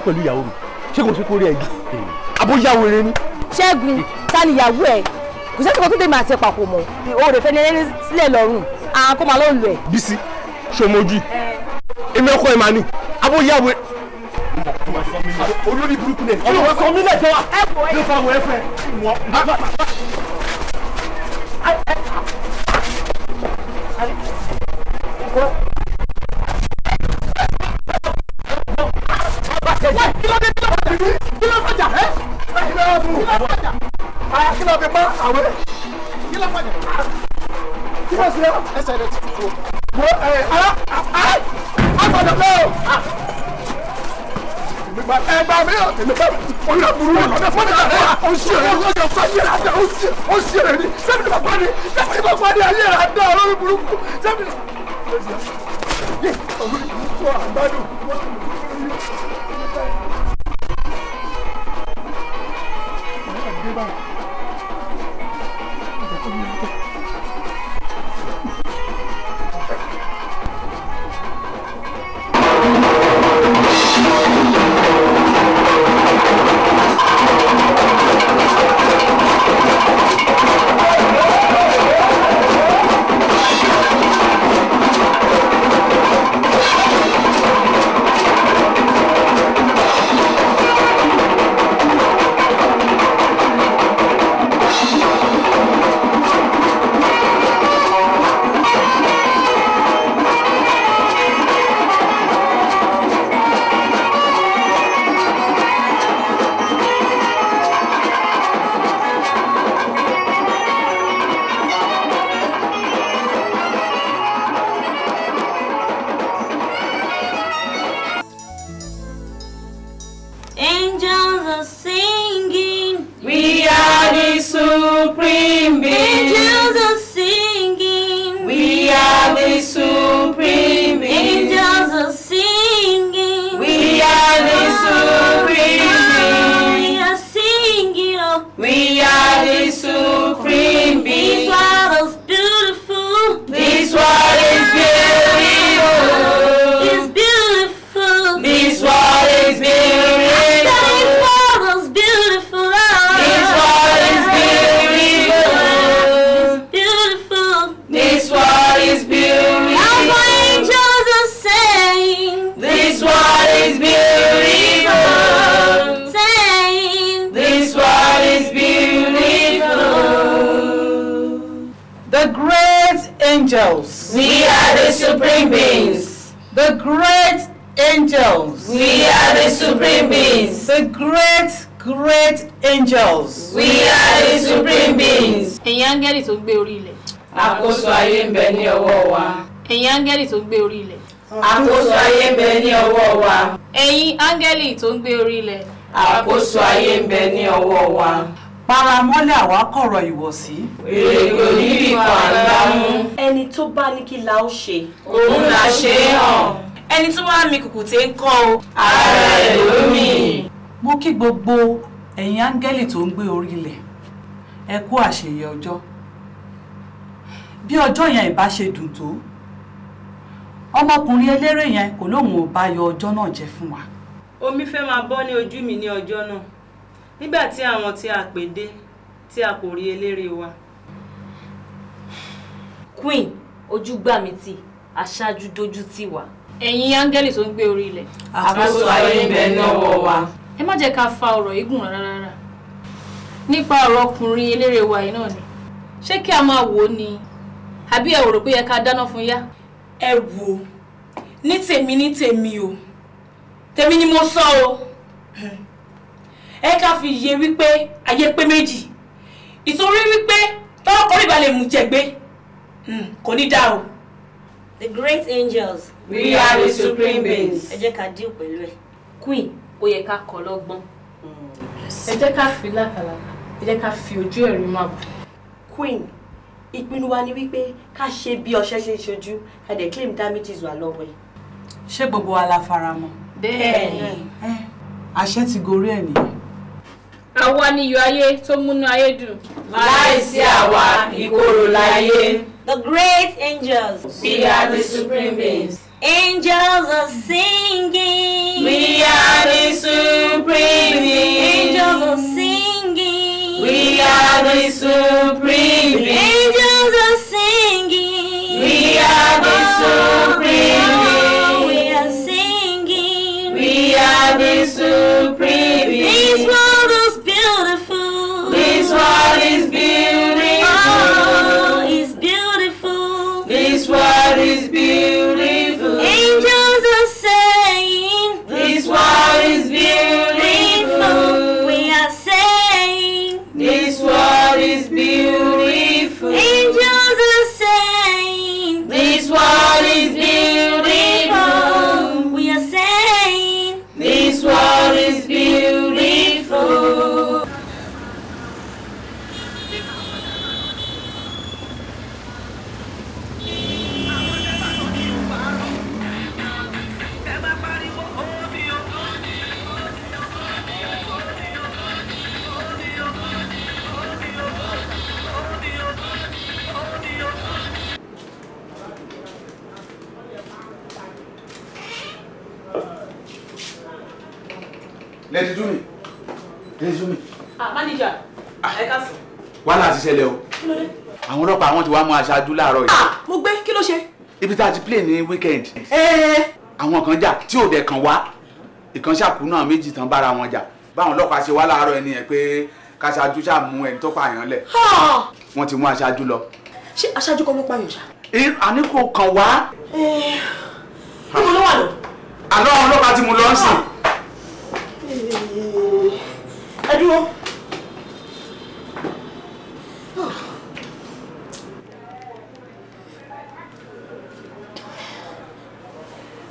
wá pẹ̀lú ìyàwó mi ṣé kò sí kórè ẹ̀ yìí àbójáwó eré ni. ṣẹ́gun ta ni ìyàwó ẹ̀ kò sẹ́sìkò tó dèmi àti ìpapò mọ́ o rè ẹni sílẹ̀ lọ́rùn àwọn kó máa ń lò ẹ̀. bisi somoji èmi ọkọ ẹ máa ní abóyáwó. olórí burúkú nẹ. ọmọ wa sọ mí lẹjọ wa. ẹ wọ ẹ fọ èmi bá oyún àbúrò wọn lọ́dẹ fún mi náà ó ń ṣe rẹ ó ń ṣe ayé rà dá ó ń ni sẹ́mi ní bàbá ni sẹ́mi ní bàbá ni ayé rà dá olórí burúkú sẹ́mi ní. kọ̀rọ̀ ìwọ̀sí. èrò níbi kan àlámú. ẹni tó bá ní kí la ó ṣe. òun là ṣe é hàn. ẹni tó wá mi kùkùté ń kọ́ o. ara ẹ̀ ló mì. mo kí gbogbo ẹ̀yin áńgẹ́lì tó ń gbé orí ilẹ̀ ẹ kú àṣeyẹ ọjọ́ bí ọjọ́ yẹn ìbá ṣe dùn tó ọmọkùnrin eléré yẹn kò lóun ò bá yọ ọjọ́ náà jẹ fún wa. omi fẹ́ máa bọ́ ní ojú mi ní ọjọ́ náà nígbà tí àwọn tí a pè dé tí a kò rí eléré wa. queen ojú gbà mí tì aṣáájú dojú tì wá. ẹ̀yin áńgẹ́lì tó ń gbé orí ilẹ̀. àkóso ayé ń bẹ lọ́wọ́ wa. ẹ má jẹ́ ká fa ọ̀rọ̀ yìí gùn rárá rárá nípa ọ̀rọ̀ ọkùnrin eléré wa yìí náà ni ṣé kí a máa wò ó ni àbí ẹ ò rò pé yẹ ká dáná fún yá. ẹ wò ó ní tèmi ní tèmi o tèmi ni mo sọ o ẹ ká fi yé wípé ayé pé méjì ìtorí wípé tọ́kọ̀rí balẹ̀ mú jẹ̀gbé hmm, kò ní dá o. the great angels. we are the supreme beings. ẹ jẹ́ ká dín pẹ̀lú ẹ̀. queen ó yẹ ká kọ́ lọ́gbọ́n. ẹ jẹ́ ká fi lákàlàkà ẹ jẹ́ ká fi ojú ẹ̀rí máa bọ̀. queen ìpinnu wa ni wípé ká ṣe bí ọṣẹ ṣe ń ṣojú ká dẹ̀ claim damages wà lọ́wọ́ ẹ̀. ṣé gbogbo wa la fara mọ́. bẹ́ẹ̀ ni àṣẹ ti gorí ẹ̀ nìyẹn. àwa ni iyọ̀ ayé tó múnú ayé dùn. láìsí àwa ìkorò láyé. The great angels. We are the supreme beings. Angels are singing. We are the supreme beings. Angels are singing. We are the supreme beings. Angels are oh, singing. We are the supreme beings. we are singing. We are the supreme wàhálà ti ṣẹlẹ̀ o. àwọn ọlọ́pàá àwọn ti wá mú aṣáájú láàárọ̀ yìí. Ah, mo gbé kí ló ṣe. ibi tá a ti play ní weekend. Eh, eh, eh. àwọn kan jà tí ò dẹ̀ kàn wá ìkànṣàkú náà méjì tán bára wọn jà báwọn ọlọ́pàá ṣe wá láàárọ̀ ẹni yẹn pé káṣáájú ṣáà mú ẹni tó pààyàn lẹ̀. wọ́n ti mú aṣáájú lọ. ṣé aṣáájú kan ló pààyàn ṣá. àní kò kàn wá. bí mo lọ wà lọ. àlọ́ ọlọ́pàá ti mú lọ ń ẹ dúró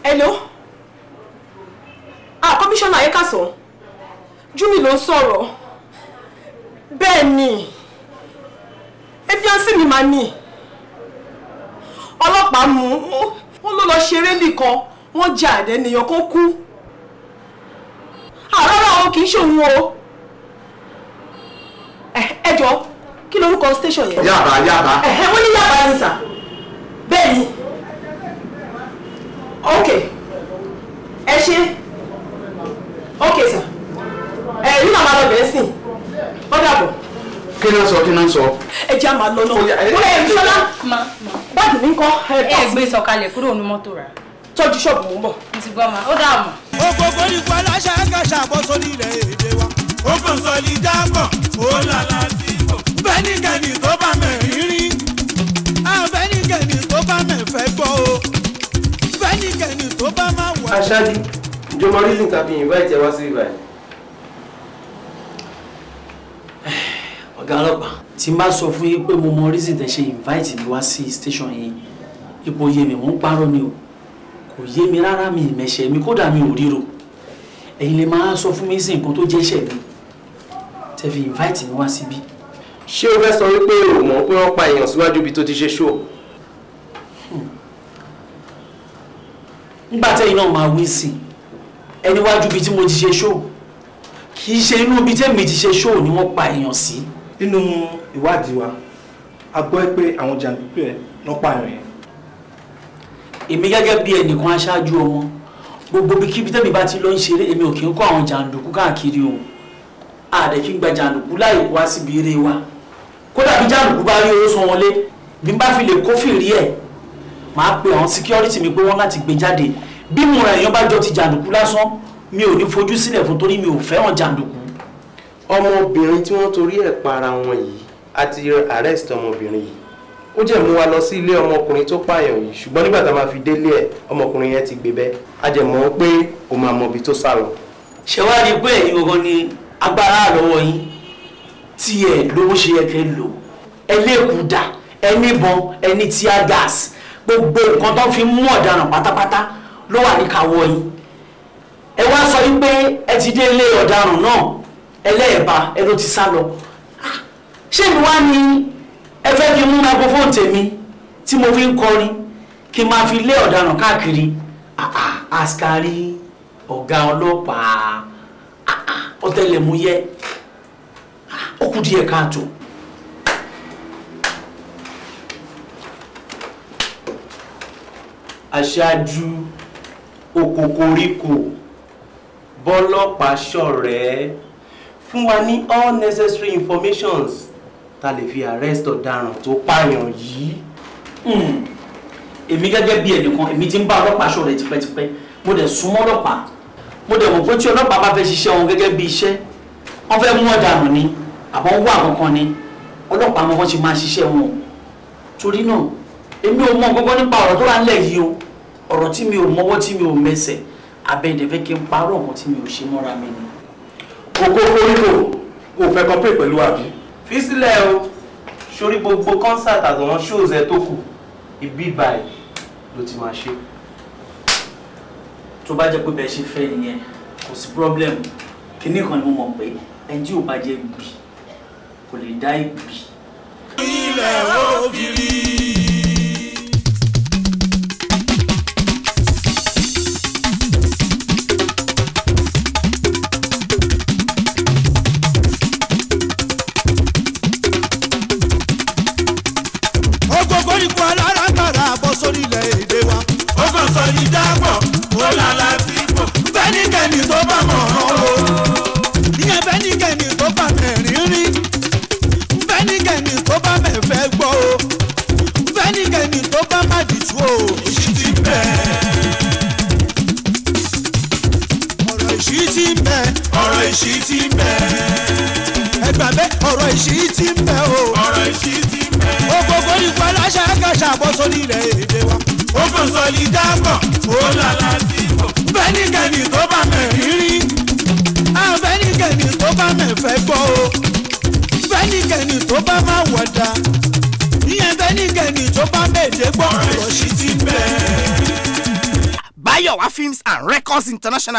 hello ah Kọmishọna ayékàsán júmi ló ń sọ̀rọ̀ mi máa ní ọlọ́pàá mú ṣeré nìkan wọ́n jẹ àdẹ́nìyàn kan kú àrọ́rọ́ ah, àwọn kì í o eh, kí lórúkọ station yẹn. yàbá yàbá. Eh, eh, wọ́n bẹ́ẹ̀ okay ẹ ṣe okay sir ẹ yín náà máa lọ bẹ̀rẹ̀ sí ó dàbọ̀. kí náà sọ kí náà sọ. ẹ jẹ́ àmà lọ́nà ó yẹ ẹ̀mí sọ́lá ma ó dà mọ́. ògbógbó ni kó aláṣẹ kẹsà bọ́ sórí ilẹ̀ èdè wa. ó kàn sọ ìdí àpọ̀ ó là láti bọ̀. bẹ́ẹ̀ ni kẹ́ni tó bá máa wà. aṣáájú ìjọba reason tàbí invite ẹ wá sí ibà yìí. ọ̀gá ọlọ́pàá tí n bá sọ fún yín pé mo mọ reason tẹ ṣe invite mi wá sí station yìí ipò yé mi mò ń parọ́ ni o kò yé mi rárá mi ìmẹ̀ṣẹ̀ mi kódà mi ò ríro ẹ̀yin lè máa sọ fún mi sí nǹkan tó jẹ́ ṣẹ̀ mi tẹ fi invite mi wá síbí. ṣé o fẹ́ sọ wípé o mọ̀ pé wọ́n pa èèyàn síwájú ibi tó ti ṣe ṣó nígbà tẹ́yìn náà máa wí sí ẹni wájú bíi tí mo ti ṣe ṣóò kì í ṣe inú bíi tẹ́mi ti ṣe ṣóò ni wọ́n pa èèyàn sí. nínú ìwádìí wa a gbọ́ pé àwọn jàǹdùkú ẹ̀ lọ́ pààyàn yẹn. èmi gẹ́gẹ́ bí ẹnìkan aṣáájú ọmọ gbogbo bí kíbi tẹ́mi bá ti lọ ń ṣeré èmi ò kì í kó àwọn jàǹdùkú káàkiri o àdẹ̀kí gba jàǹdùkú láì wá síbi eré wa kódà bí jàǹdùkú bá rí owó sanwó lé màá pe àwọn security mi pé wọ́n láti gbé jáde bí mo ra èèyàn bá jọ ti jàǹdùkú lásán mi ò ní fojú sílẹ̀ fún torí mi ò fẹ́ràn jàǹdùkú. ọmọbìnrin tí wọ́n torí ẹ̀ para wọn yìí àti arrest ọmọbìnrin yìí ó jẹ́ mú wa lọ sí ilé ọmọkùnrin tó pààyàn yìí ṣùgbọ́n nígbà tá a máa fi délé ẹ̀ ọmọkùnrin yẹn ti gbé bẹ́ẹ̀ a jẹ́ mọ̀ pé kò máa mọ ibi tó sá lọ. ṣé pé ẹ̀yin gangan ni agbára àlọ́wọ́ yín tí ẹ̀ lówó ṣe yẹ kẹ́ lò ẹ léèkú dà ẹ níbọn gas gbogbo nǹkan tó fi mú ọ̀daràn pátápátá ló wà ní kàwọ́ yìí ẹ wá sọ wípé ẹ ti dé ilé ọ̀daràn náà ẹlẹ́ẹ̀ba ẹ ló ti sá lọ ṣé mi wá ní ẹ fẹ́ kí n mú microphone tèmi tí mo fi ń kọrin kí n máa fi lé ọ̀daràn káàkiri àṣkárí ọ̀gá ọlọ́pàá ọ̀tẹlẹ̀múyẹ́ ó kù díẹ̀ káàtó. aṣáájú okokoriko bọ́lọ́pàá ṣọ̀rẹ́ fún wa ní all necessary informations ta lè fi arrest ọ̀daràn tó pààyàn yìí. Hmm. èmi gẹ́gẹ́ bí ẹnìkan èmi ti ń bá ọlọ́pàá ṣọ̀rẹ́ tipẹ́tipẹ́ mo dẹ̀ súnmọ́ ọlọ́pàá mo dẹ̀ mọ̀ pé tí ọlọ́pàá bá fẹ́ ṣiṣẹ́ wọn gẹ́gẹ́ bí iṣẹ́ wọ́n fẹ́ mú ọ̀daràn ni àbọ̀ ń wá àkọ́kọ́ ni ọlọ́pàá mọ́ wọ́n ṣe máa ṣiṣẹ́ wọn torí náà èmi ò mọ gbogbo nípa ọ̀rọ̀ tó wà ń lẹ̀ yìí o ọ̀rọ̀ tí mi ò mọwọ́ tí mi ò mẹsẹ̀ abẹ́ẹ̀dẹ̀fẹ́ kí n parọ́ ọ̀mọ́ tí mi ò ṣe mọ́ra mi ni. kókó koríko kò fẹ́ kọ́pẹ́ pẹ̀lú àbí. fi sílẹ̀ o sórí gbogbo concert àtàwọn shows tó kù ibi báyìí ló ti máa ṣe. tó bá jẹ́ pé bẹ́ẹ̀ ṣe fẹ́ nìyẹn kò sí problem kinní kan ni mo mọ̀ pé ẹni ò bá jẹ́ gbì kò lè dá ìgbì. ilẹ̀ ó rí i. bá mọ̀ ọ́n o. ìyẹn bẹ́ẹ̀ni kẹ́mi tó bá mẹ́rin rí bẹ́ẹ̀ni kẹ́mi tó bá mẹ́fẹ́ gbọ́ o bẹ́ẹ̀ni kẹ́mi tó bá má dìtú o. èsì ti bẹ́ẹ̀. ọ̀rọ̀ èsì ti bẹ́ẹ̀. ọ̀rọ̀ èsì ti bẹ́ẹ̀ gbàgbé ọ̀rọ̀ ìṣí ti ń bẹ o. ọ̀rọ̀ ìṣí bẹ́nikẹ́ni tó bá mẹ̀ rírí bẹ́nikẹ́ni tó bá mẹ̀ fẹ́ gbọ́ o bẹ́nikẹ́ni tó bá má wọ̀dà ìyẹn bẹ́nikẹ́ni tó bá mèdè gbọ́ ọ̀rọ̀ sí ti bẹ́ẹ̀. Bayowa Films and Records International.